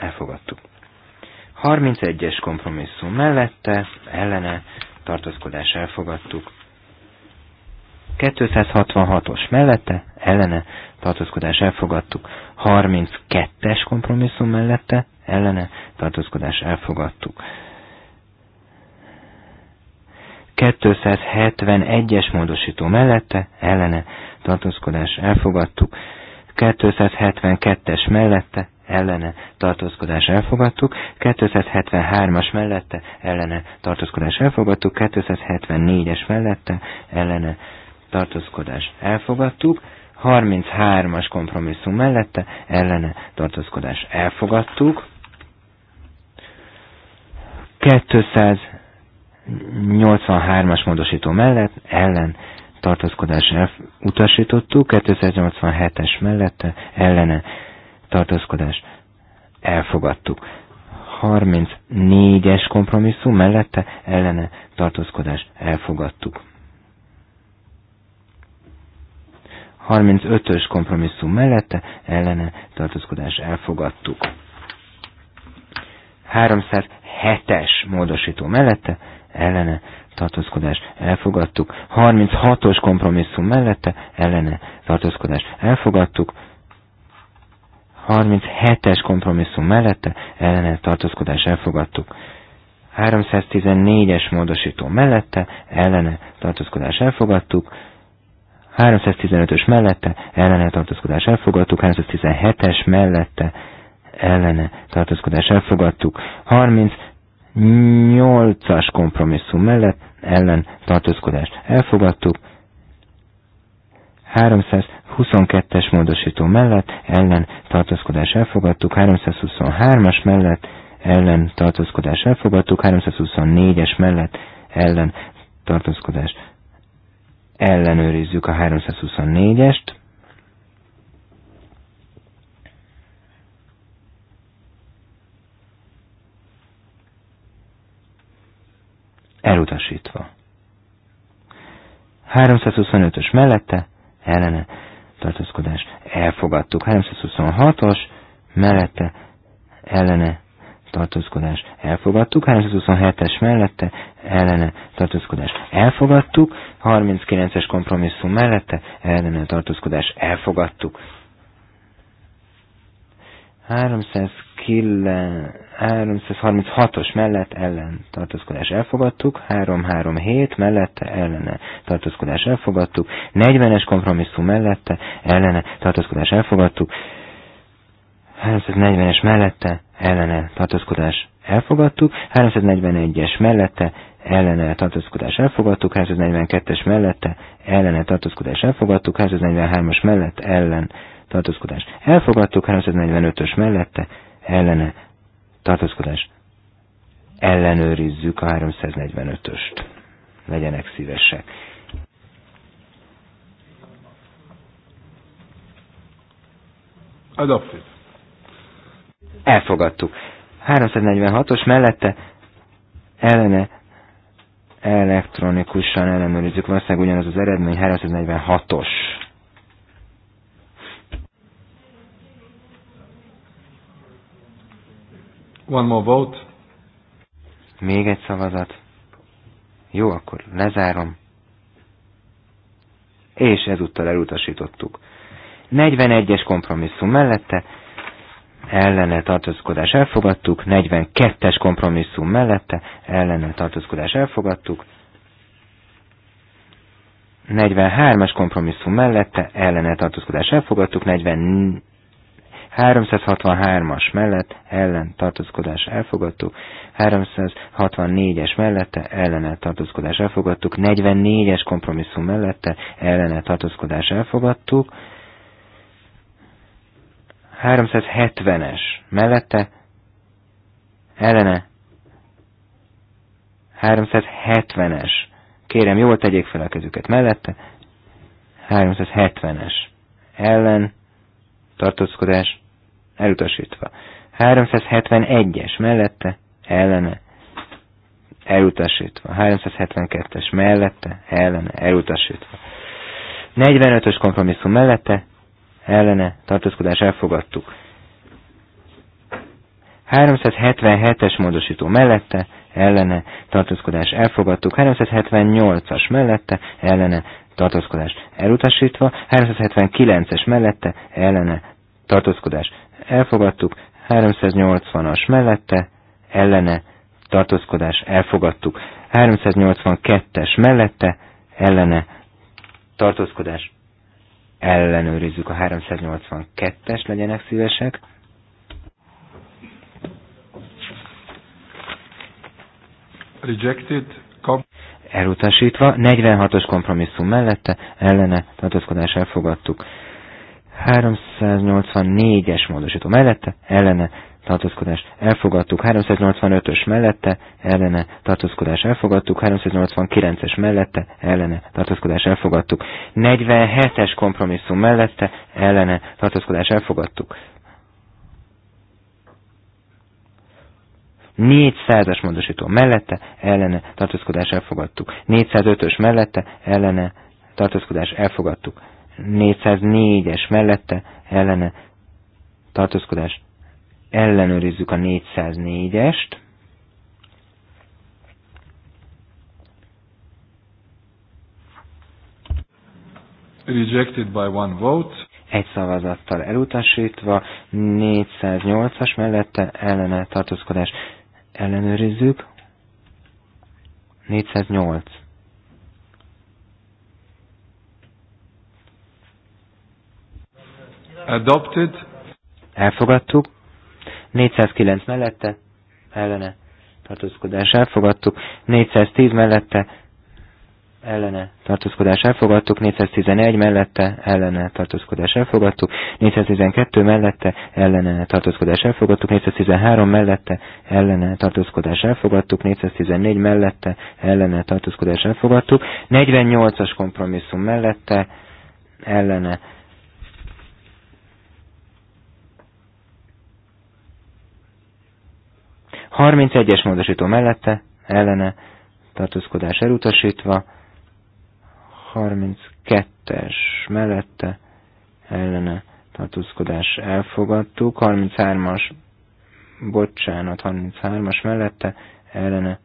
elfogadtuk. 31-es kompromisszum mellette, ellene, tartózkodás elfogadtuk. 266-os mellette, ellene, tartózkodás elfogadtuk. 32-es kompromisszum mellette, ellene, tartózkodás elfogadtuk. 271-es módosító mellette, ellene, tartózkodás elfogadtuk. 272-es mellette, ellene tartózkodás elfogadtuk, 273-as mellette ellene tartózkodás elfogadtuk, 274-es mellette ellene tartózkodás elfogadtuk, 33-as kompromisszum mellette ellene tartózkodás elfogadtuk, 283-as módosító mellett ellen tartózkodás utasítottuk, 287-es mellette ellene tartózkodás elfogadtuk. 34-es kompromisszum mellette ellene tartózkodás elfogadtuk. 35-ös kompromisszum mellette ellene tartózkodás elfogadtuk. 307-es módosító mellette ellene tartózkodás elfogadtuk. 36-os kompromisszum mellette ellene tartózkodás elfogadtuk. 37-es kompromisszum mellette ellene tartózkodás elfogadtuk. 314-es módosító mellette ellene tartózkodás elfogadtuk. 315-ös mellette ellene tartózkodás elfogadtuk. 317-es mellette ellene tartózkodás elfogadtuk. 38-as kompromisszum mellett ellen tartózkodást elfogadtuk. 322-es módosító mellett ellen tartózkodás elfogadtuk, 323-as mellett ellen tartózkodás elfogadtuk, 324-es mellett ellen tartózkodás ellenőrizzük a 324-est. Elutasítva. 325-ös mellette ellene tartózkodás elfogadtuk. 326-os mellette ellene tartózkodás elfogadtuk, 327-es mellette ellene tartózkodás elfogadtuk, 39-es kompromisszum mellette ellene tartózkodás elfogadtuk. 336-os mellett ellen tartózkodás elfogadtuk, 337 mellette ellene tartózkodás elfogadtuk, 40-es kompromisszum mellette ellene tartózkodás elfogadtuk, 340-es mellette ellene tartózkodás elfogadtuk, 341-es mellette ellene tartózkodás elfogadtuk, 342-es mellette ellene tartózkodás elfogadtuk, 343-as mellett ellen tartózkodás. Elfogadtuk 345-ös mellette, ellene, tartózkodás. Ellenőrizzük a 345-öst. Legyenek szívesek. Adopted. Elfogadtuk. 346-os mellette ellene elektronikusan ellenőrizzük, valószínűleg ugyanaz az eredmény, 346-os. One more vote. Még egy szavazat. Jó, akkor lezárom. És ezúttal elutasítottuk. 41-es kompromisszum mellette, ellene tartózkodás elfogadtuk, 42-es kompromisszum mellette, ellene tartózkodás elfogadtuk, 43 es kompromisszum mellette, ellene tartózkodás elfogadtuk, 44 363-as mellett ellen tartózkodás elfogadtuk, 364-es mellette ellene tartózkodás elfogadtuk, 44-es kompromisszum mellette ellene tartózkodás elfogadtuk, 370-es mellette ellene 370-es. Kérem, jól tegyék fel a kezüket mellette. 370-es. Ellen tartózkodás elutasítva. 371-es mellette, ellene, elutasítva. 372-es mellette, ellene, elutasítva. 45-ös kompromisszum mellette, ellene, tartózkodás elfogadtuk. 377-es módosító mellette, ellene, tartózkodás elfogadtuk. 378-as mellette, ellene, tartózkodás elutasítva. 379-es mellette, ellene, tartózkodás elfogadtuk, 380-as mellette, ellene, tartózkodás, elfogadtuk, 382-es mellette, ellene, tartózkodás, ellenőrizzük a 382-es, legyenek szívesek. Rejected. Elutasítva, 46-os kompromisszum mellette, ellene, tartózkodás elfogadtuk. 384-es módosító mellette, ellene tartózkodás elfogadtuk, 385-ös mellette, ellene tartózkodás elfogadtuk, 389-es mellette, ellene tartózkodás elfogadtuk, 47-es kompromisszum mellette, ellene tartózkodás elfogadtuk. 400-as módosító mellette, ellene tartózkodás elfogadtuk, 405-ös mellette, ellene tartózkodás elfogadtuk. 404-es mellette ellene tartózkodás. Ellenőrizzük a 404-est. Rejected by one vote. Egy szavazattal elutasítva, 408-as mellette ellene tartózkodás. Ellenőrizzük. 408. Adopted. Elfogadtuk. 409 mellette, ellene, tartózkodás elfogadtuk. 410 mellette, ellene tartózkodás elfogadtuk, 411 mellette ellene tartózkodás elfogadtuk, 412 mellette ellene tartózkodás elfogadtuk, 413 mellette ellene tartózkodás elfogadtuk, 414 mellette ellene tartózkodás elfogadtuk, 48-as kompromisszum mellette ellene 31-es módosító mellette, ellene, tartózkodás elutasítva, 32-es mellette, ellene, tartózkodás elfogadtuk, 33-as, bocsánat, 33-as mellette, ellene,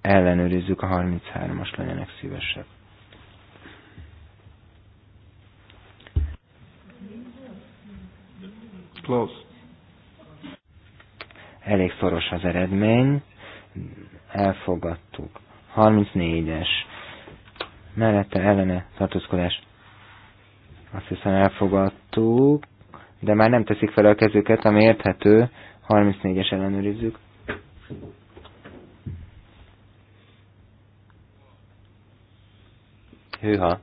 ellenőrizzük a 33-as, legyenek szívesek. Close elég szoros az eredmény, elfogadtuk. 34-es, mellette ellene tartózkodás. Azt hiszem elfogadtuk, de már nem teszik fel a kezüket, ami érthető, 34-es ellenőrizzük. Hűha.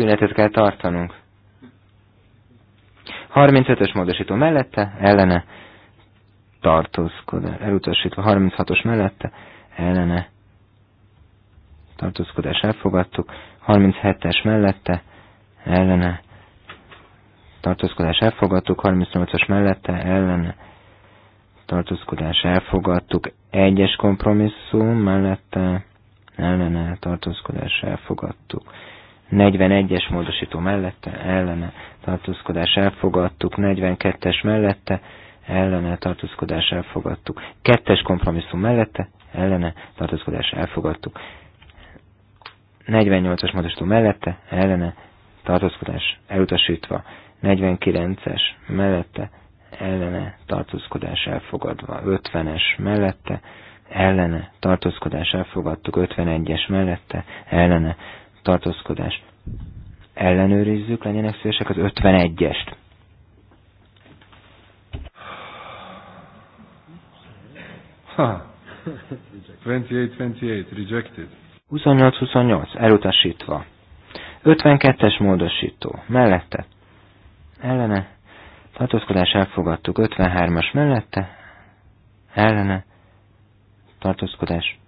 szünetet kell tartanunk. 35-ös módosító mellette, ellene tartózkodás, elutasítva 36-os mellette, ellene tartózkodás elfogadtuk, 37-es mellette, ellene tartózkodás elfogadtuk, 38 os mellette, ellene tartózkodás elfogadtuk, egyes kompromisszum mellette, ellene tartózkodás elfogadtuk. 41-es módosító mellette, ellene tartózkodás elfogadtuk, 42-es mellette, ellene tartózkodás elfogadtuk, 2-es kompromisszum mellette, ellene tartózkodás elfogadtuk, 48-as módosító mellette, ellene tartózkodás elutasítva, 49-es mellette, ellene tartózkodás elfogadva, 50-es mellette, ellene tartózkodás elfogadtuk, 51-es mellette, ellene tartózkodás. Ellenőrizzük, legyenek szívesek az 51-est. Ha. 28-28, rejected. 28-28, elutasítva. 52-es módosító, mellette. Ellene. Tartózkodás elfogadtuk. 53-as mellette. Ellene. Tartózkodás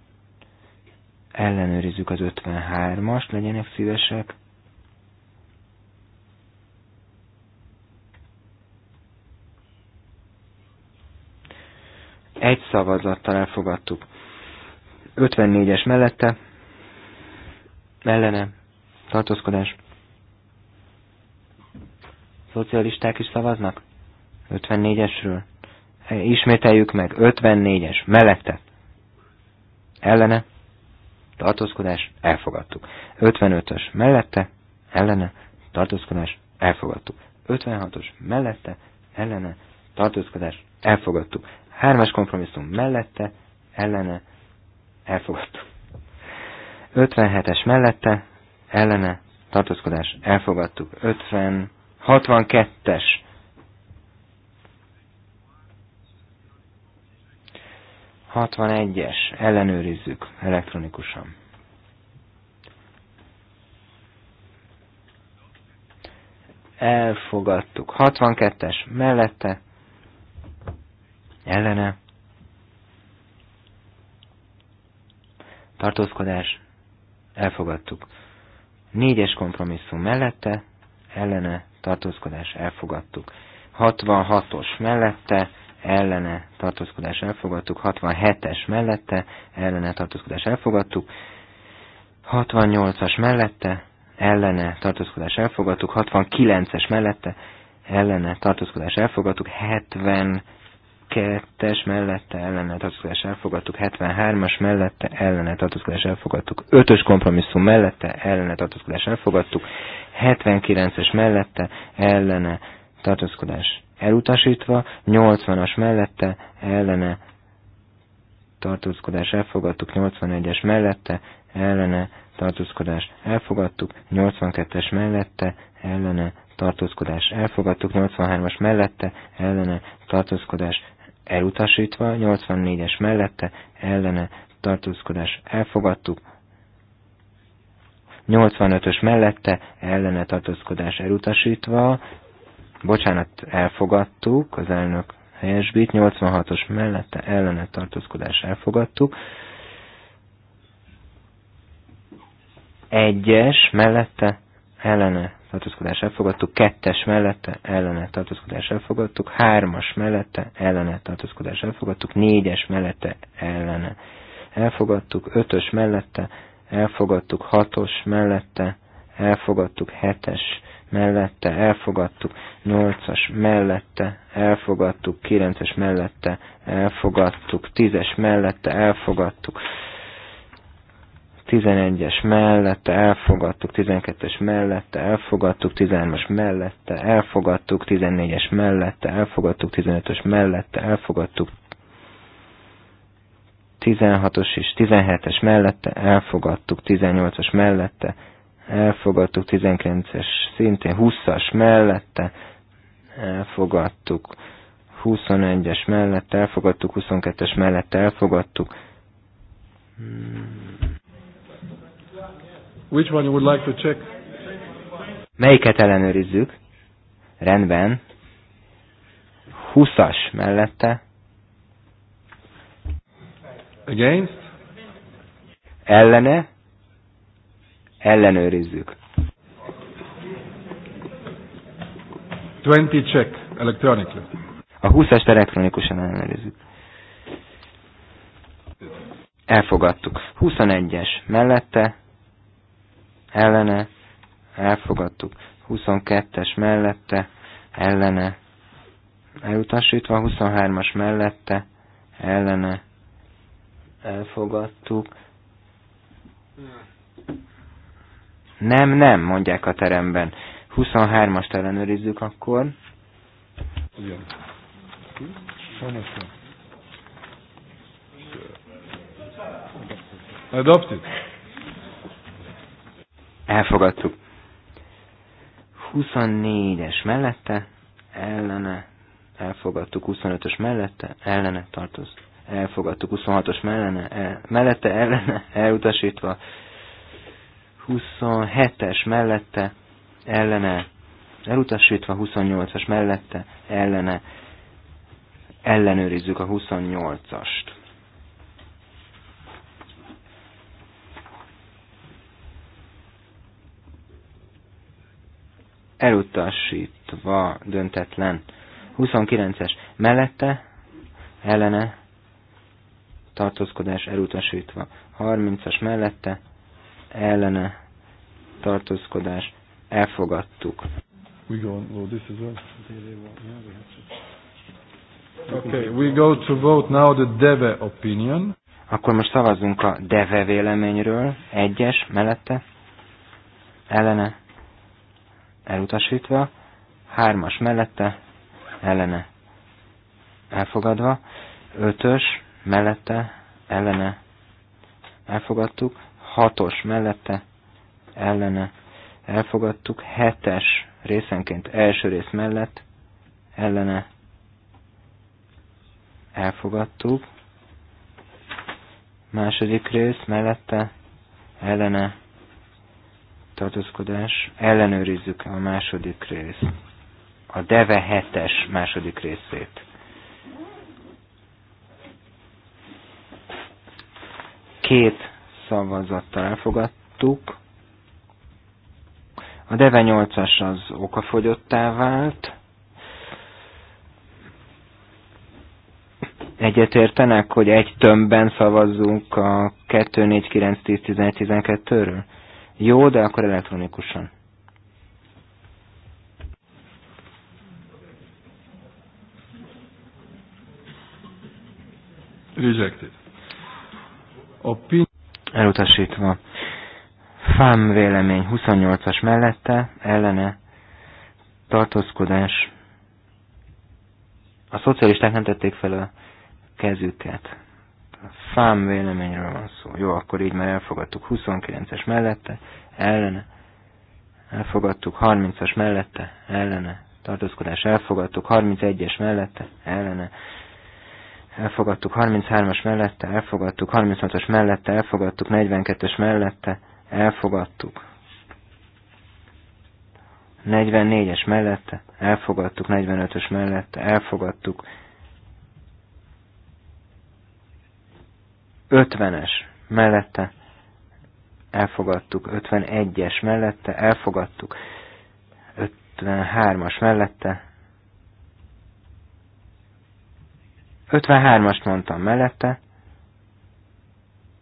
ellenőrizzük az 53-ast, legyenek szívesek. Egy szavazattal elfogadtuk. 54-es mellette, ellene, tartózkodás. Szocialisták is szavaznak? 54-esről? Ismételjük meg, 54-es, mellette, ellene, tartózkodás, elfogadtuk. 55-ös mellette, ellene, tartózkodás, elfogadtuk. 56-os mellette, ellene, tartózkodás, elfogadtuk. 3-es kompromisszum mellette, ellene, elfogadtuk. 57-es mellette, ellene, tartózkodás, elfogadtuk. 50, 62-es 61-es, ellenőrizzük elektronikusan. Elfogadtuk. 62-es mellette, ellene, tartózkodás, elfogadtuk. 4-es kompromisszum mellette, ellene, tartózkodás, elfogadtuk. 66-os mellette, ellene tartózkodás elfogadtuk, 67-es mellette ellene tartózkodás elfogadtuk, 68-as mellette ellene tartózkodás elfogadtuk, 69-es mellette ellene tartózkodás elfogadtuk, 72-es mellette ellene tartózkodás elfogadtuk, 73-as mellette ellene tartózkodás elfogadtuk, 5-ös kompromisszum mellette ellene tartózkodás elfogadtuk, 79-es mellette ellene tartózkodás elutasítva, 80-as mellette ellene tartózkodás elfogadtuk, 81-es mellette ellene tartózkodás elfogadtuk, 82-es mellette ellene tartózkodás elfogadtuk, 83-as mellette ellene tartózkodás elutasítva, 84-es mellette ellene tartózkodás elfogadtuk, 85-ös mellette ellene tartózkodás elutasítva, Bocsánat, elfogadtuk, az elnök helyesbít, 86-os mellette ellene tartózkodás elfogadtuk. Egyes mellette ellene tartózkodás elfogadtuk, kettes mellette ellene tartózkodás elfogadtuk, hármas mellette ellene tartózkodás elfogadtuk, négyes mellette ellene elfogadtuk, ötös mellette elfogadtuk, hatos mellette elfogadtuk, hetes mellette elfogadtuk, 8-as mellette elfogadtuk, 9-es mellette elfogadtuk, 10-es mellette elfogadtuk, 11-es mellette elfogadtuk, 12-es mellette elfogadtuk, 13-as mellette elfogadtuk, 14-es mellette elfogadtuk, 15-ös mellette elfogadtuk, 16-os és 17-es mellette elfogadtuk, 18-as mellette elfogadtuk, 19-es szintén 20-as mellette elfogadtuk, 21-es mellette elfogadtuk, 22-es mellette elfogadtuk. Which one you would like to check? Melyiket ellenőrizzük? Rendben. 20-as mellette. Against? Ellene ellenőrizzük. 20 check electronically. A 20-est elektronikusan ellenőrizzük. Elfogadtuk. 21-es mellette, ellene, elfogadtuk. 22-es mellette, ellene, elutasítva. 23-as mellette, ellene, elfogadtuk. Nem, nem, mondják a teremben. 23-ast ellenőrizzük akkor. Ugyan. Adopted. Elfogadtuk. 24-es mellette, ellene, elfogadtuk. 25-ös mellette, ellene tartoz. Elfogadtuk. 26-os mellene, el, mellette, ellene, elutasítva. 27-es mellette ellene elutasítva, 28-as mellette ellene ellenőrizzük a 28-ast. Elutasítva döntetlen. 29-es mellette ellene tartózkodás elutasítva. 30-as mellette ellene tartózkodás elfogadtuk. We go on, oh, this is Okay, we go to vote now the Deve opinion. Akkor most szavazunk a Deve véleményről, egyes, mellette, ellene, elutasítva, hármas mellette, ellene, elfogadva, ötös mellette, ellene, elfogadtuk, hatos mellette ellene elfogadtuk, hetes részenként első rész mellett ellene elfogadtuk, második rész mellette ellene tartózkodás, ellenőrizzük a második rész, a Deve hetes második részét. Két szavazattal elfogadtuk. A Deve 8-as az okafogyottá vált. Egyetértenek, hogy egy tömbben szavazzunk a 2, 4, 9, 10, 11, 12-ről? Jó, de akkor elektronikusan. Rejected. Opinion elutasítva. Fám vélemény 28-as mellette, ellene, tartózkodás. A szocialisták nem tették fel a kezüket. Fám véleményről van szó. Jó, akkor így már elfogadtuk 29-es mellette, ellene, elfogadtuk 30-as mellette, ellene, tartózkodás elfogadtuk 31-es mellette, ellene, elfogadtuk, 33-as mellette elfogadtuk, 36 as mellette elfogadtuk, 42-es mellette elfogadtuk. 44-es mellette elfogadtuk, 45-ös mellette elfogadtuk, 50-es mellette elfogadtuk, 51-es mellette elfogadtuk, 53-as mellette 53-ast mondtam mellette,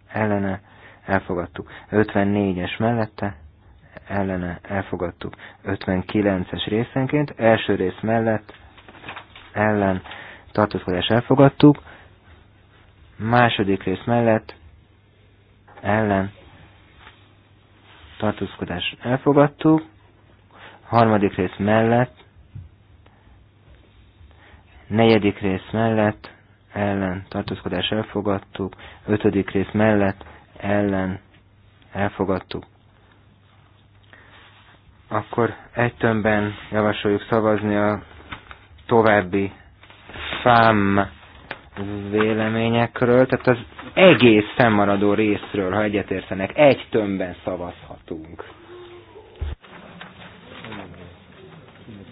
ellene elfogadtuk. 54-es mellette, ellene elfogadtuk. 59-es részenként, első rész mellett, ellen tartózkodás elfogadtuk. Második rész mellett, ellen tartózkodás elfogadtuk. Harmadik rész mellett, negyedik rész mellett ellen tartózkodás elfogadtuk, ötödik rész mellett ellen elfogadtuk. Akkor egy tömbben javasoljuk szavazni a további fám véleményekről, tehát az egész fennmaradó részről, ha egyetértenek, egy tömbben szavazhatunk.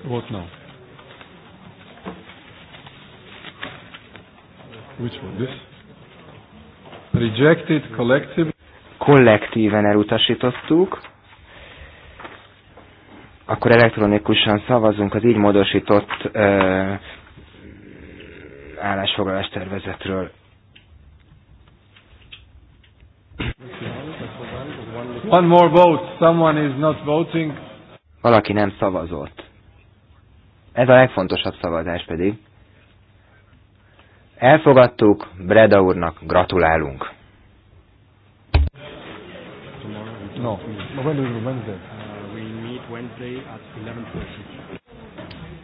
Volt no. Which one? This? Rejected, collective. Kollektíven elutasítottuk. Akkor elektronikusan szavazunk az így módosított uh, állásfoglalás tervezetről. One more vote. Someone is not voting. Valaki nem szavazott. Ez a legfontosabb szavazás pedig. Elfogadtuk, Breda úrnak gratulálunk. No, when is Wednesday? Uh, we meet Wednesday at 11.30.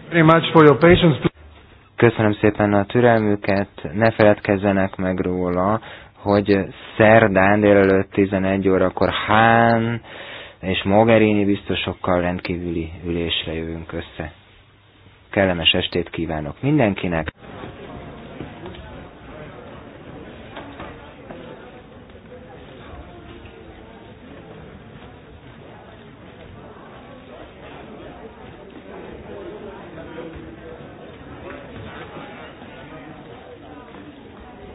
Very much for your patience. Köszönöm szépen a türelmüket, ne feledkezzenek meg róla, hogy szerdán délelőtt 11 órakor Hán és Mogherini biztosokkal rendkívüli ülésre jövünk össze. Kellemes estét kívánok mindenkinek!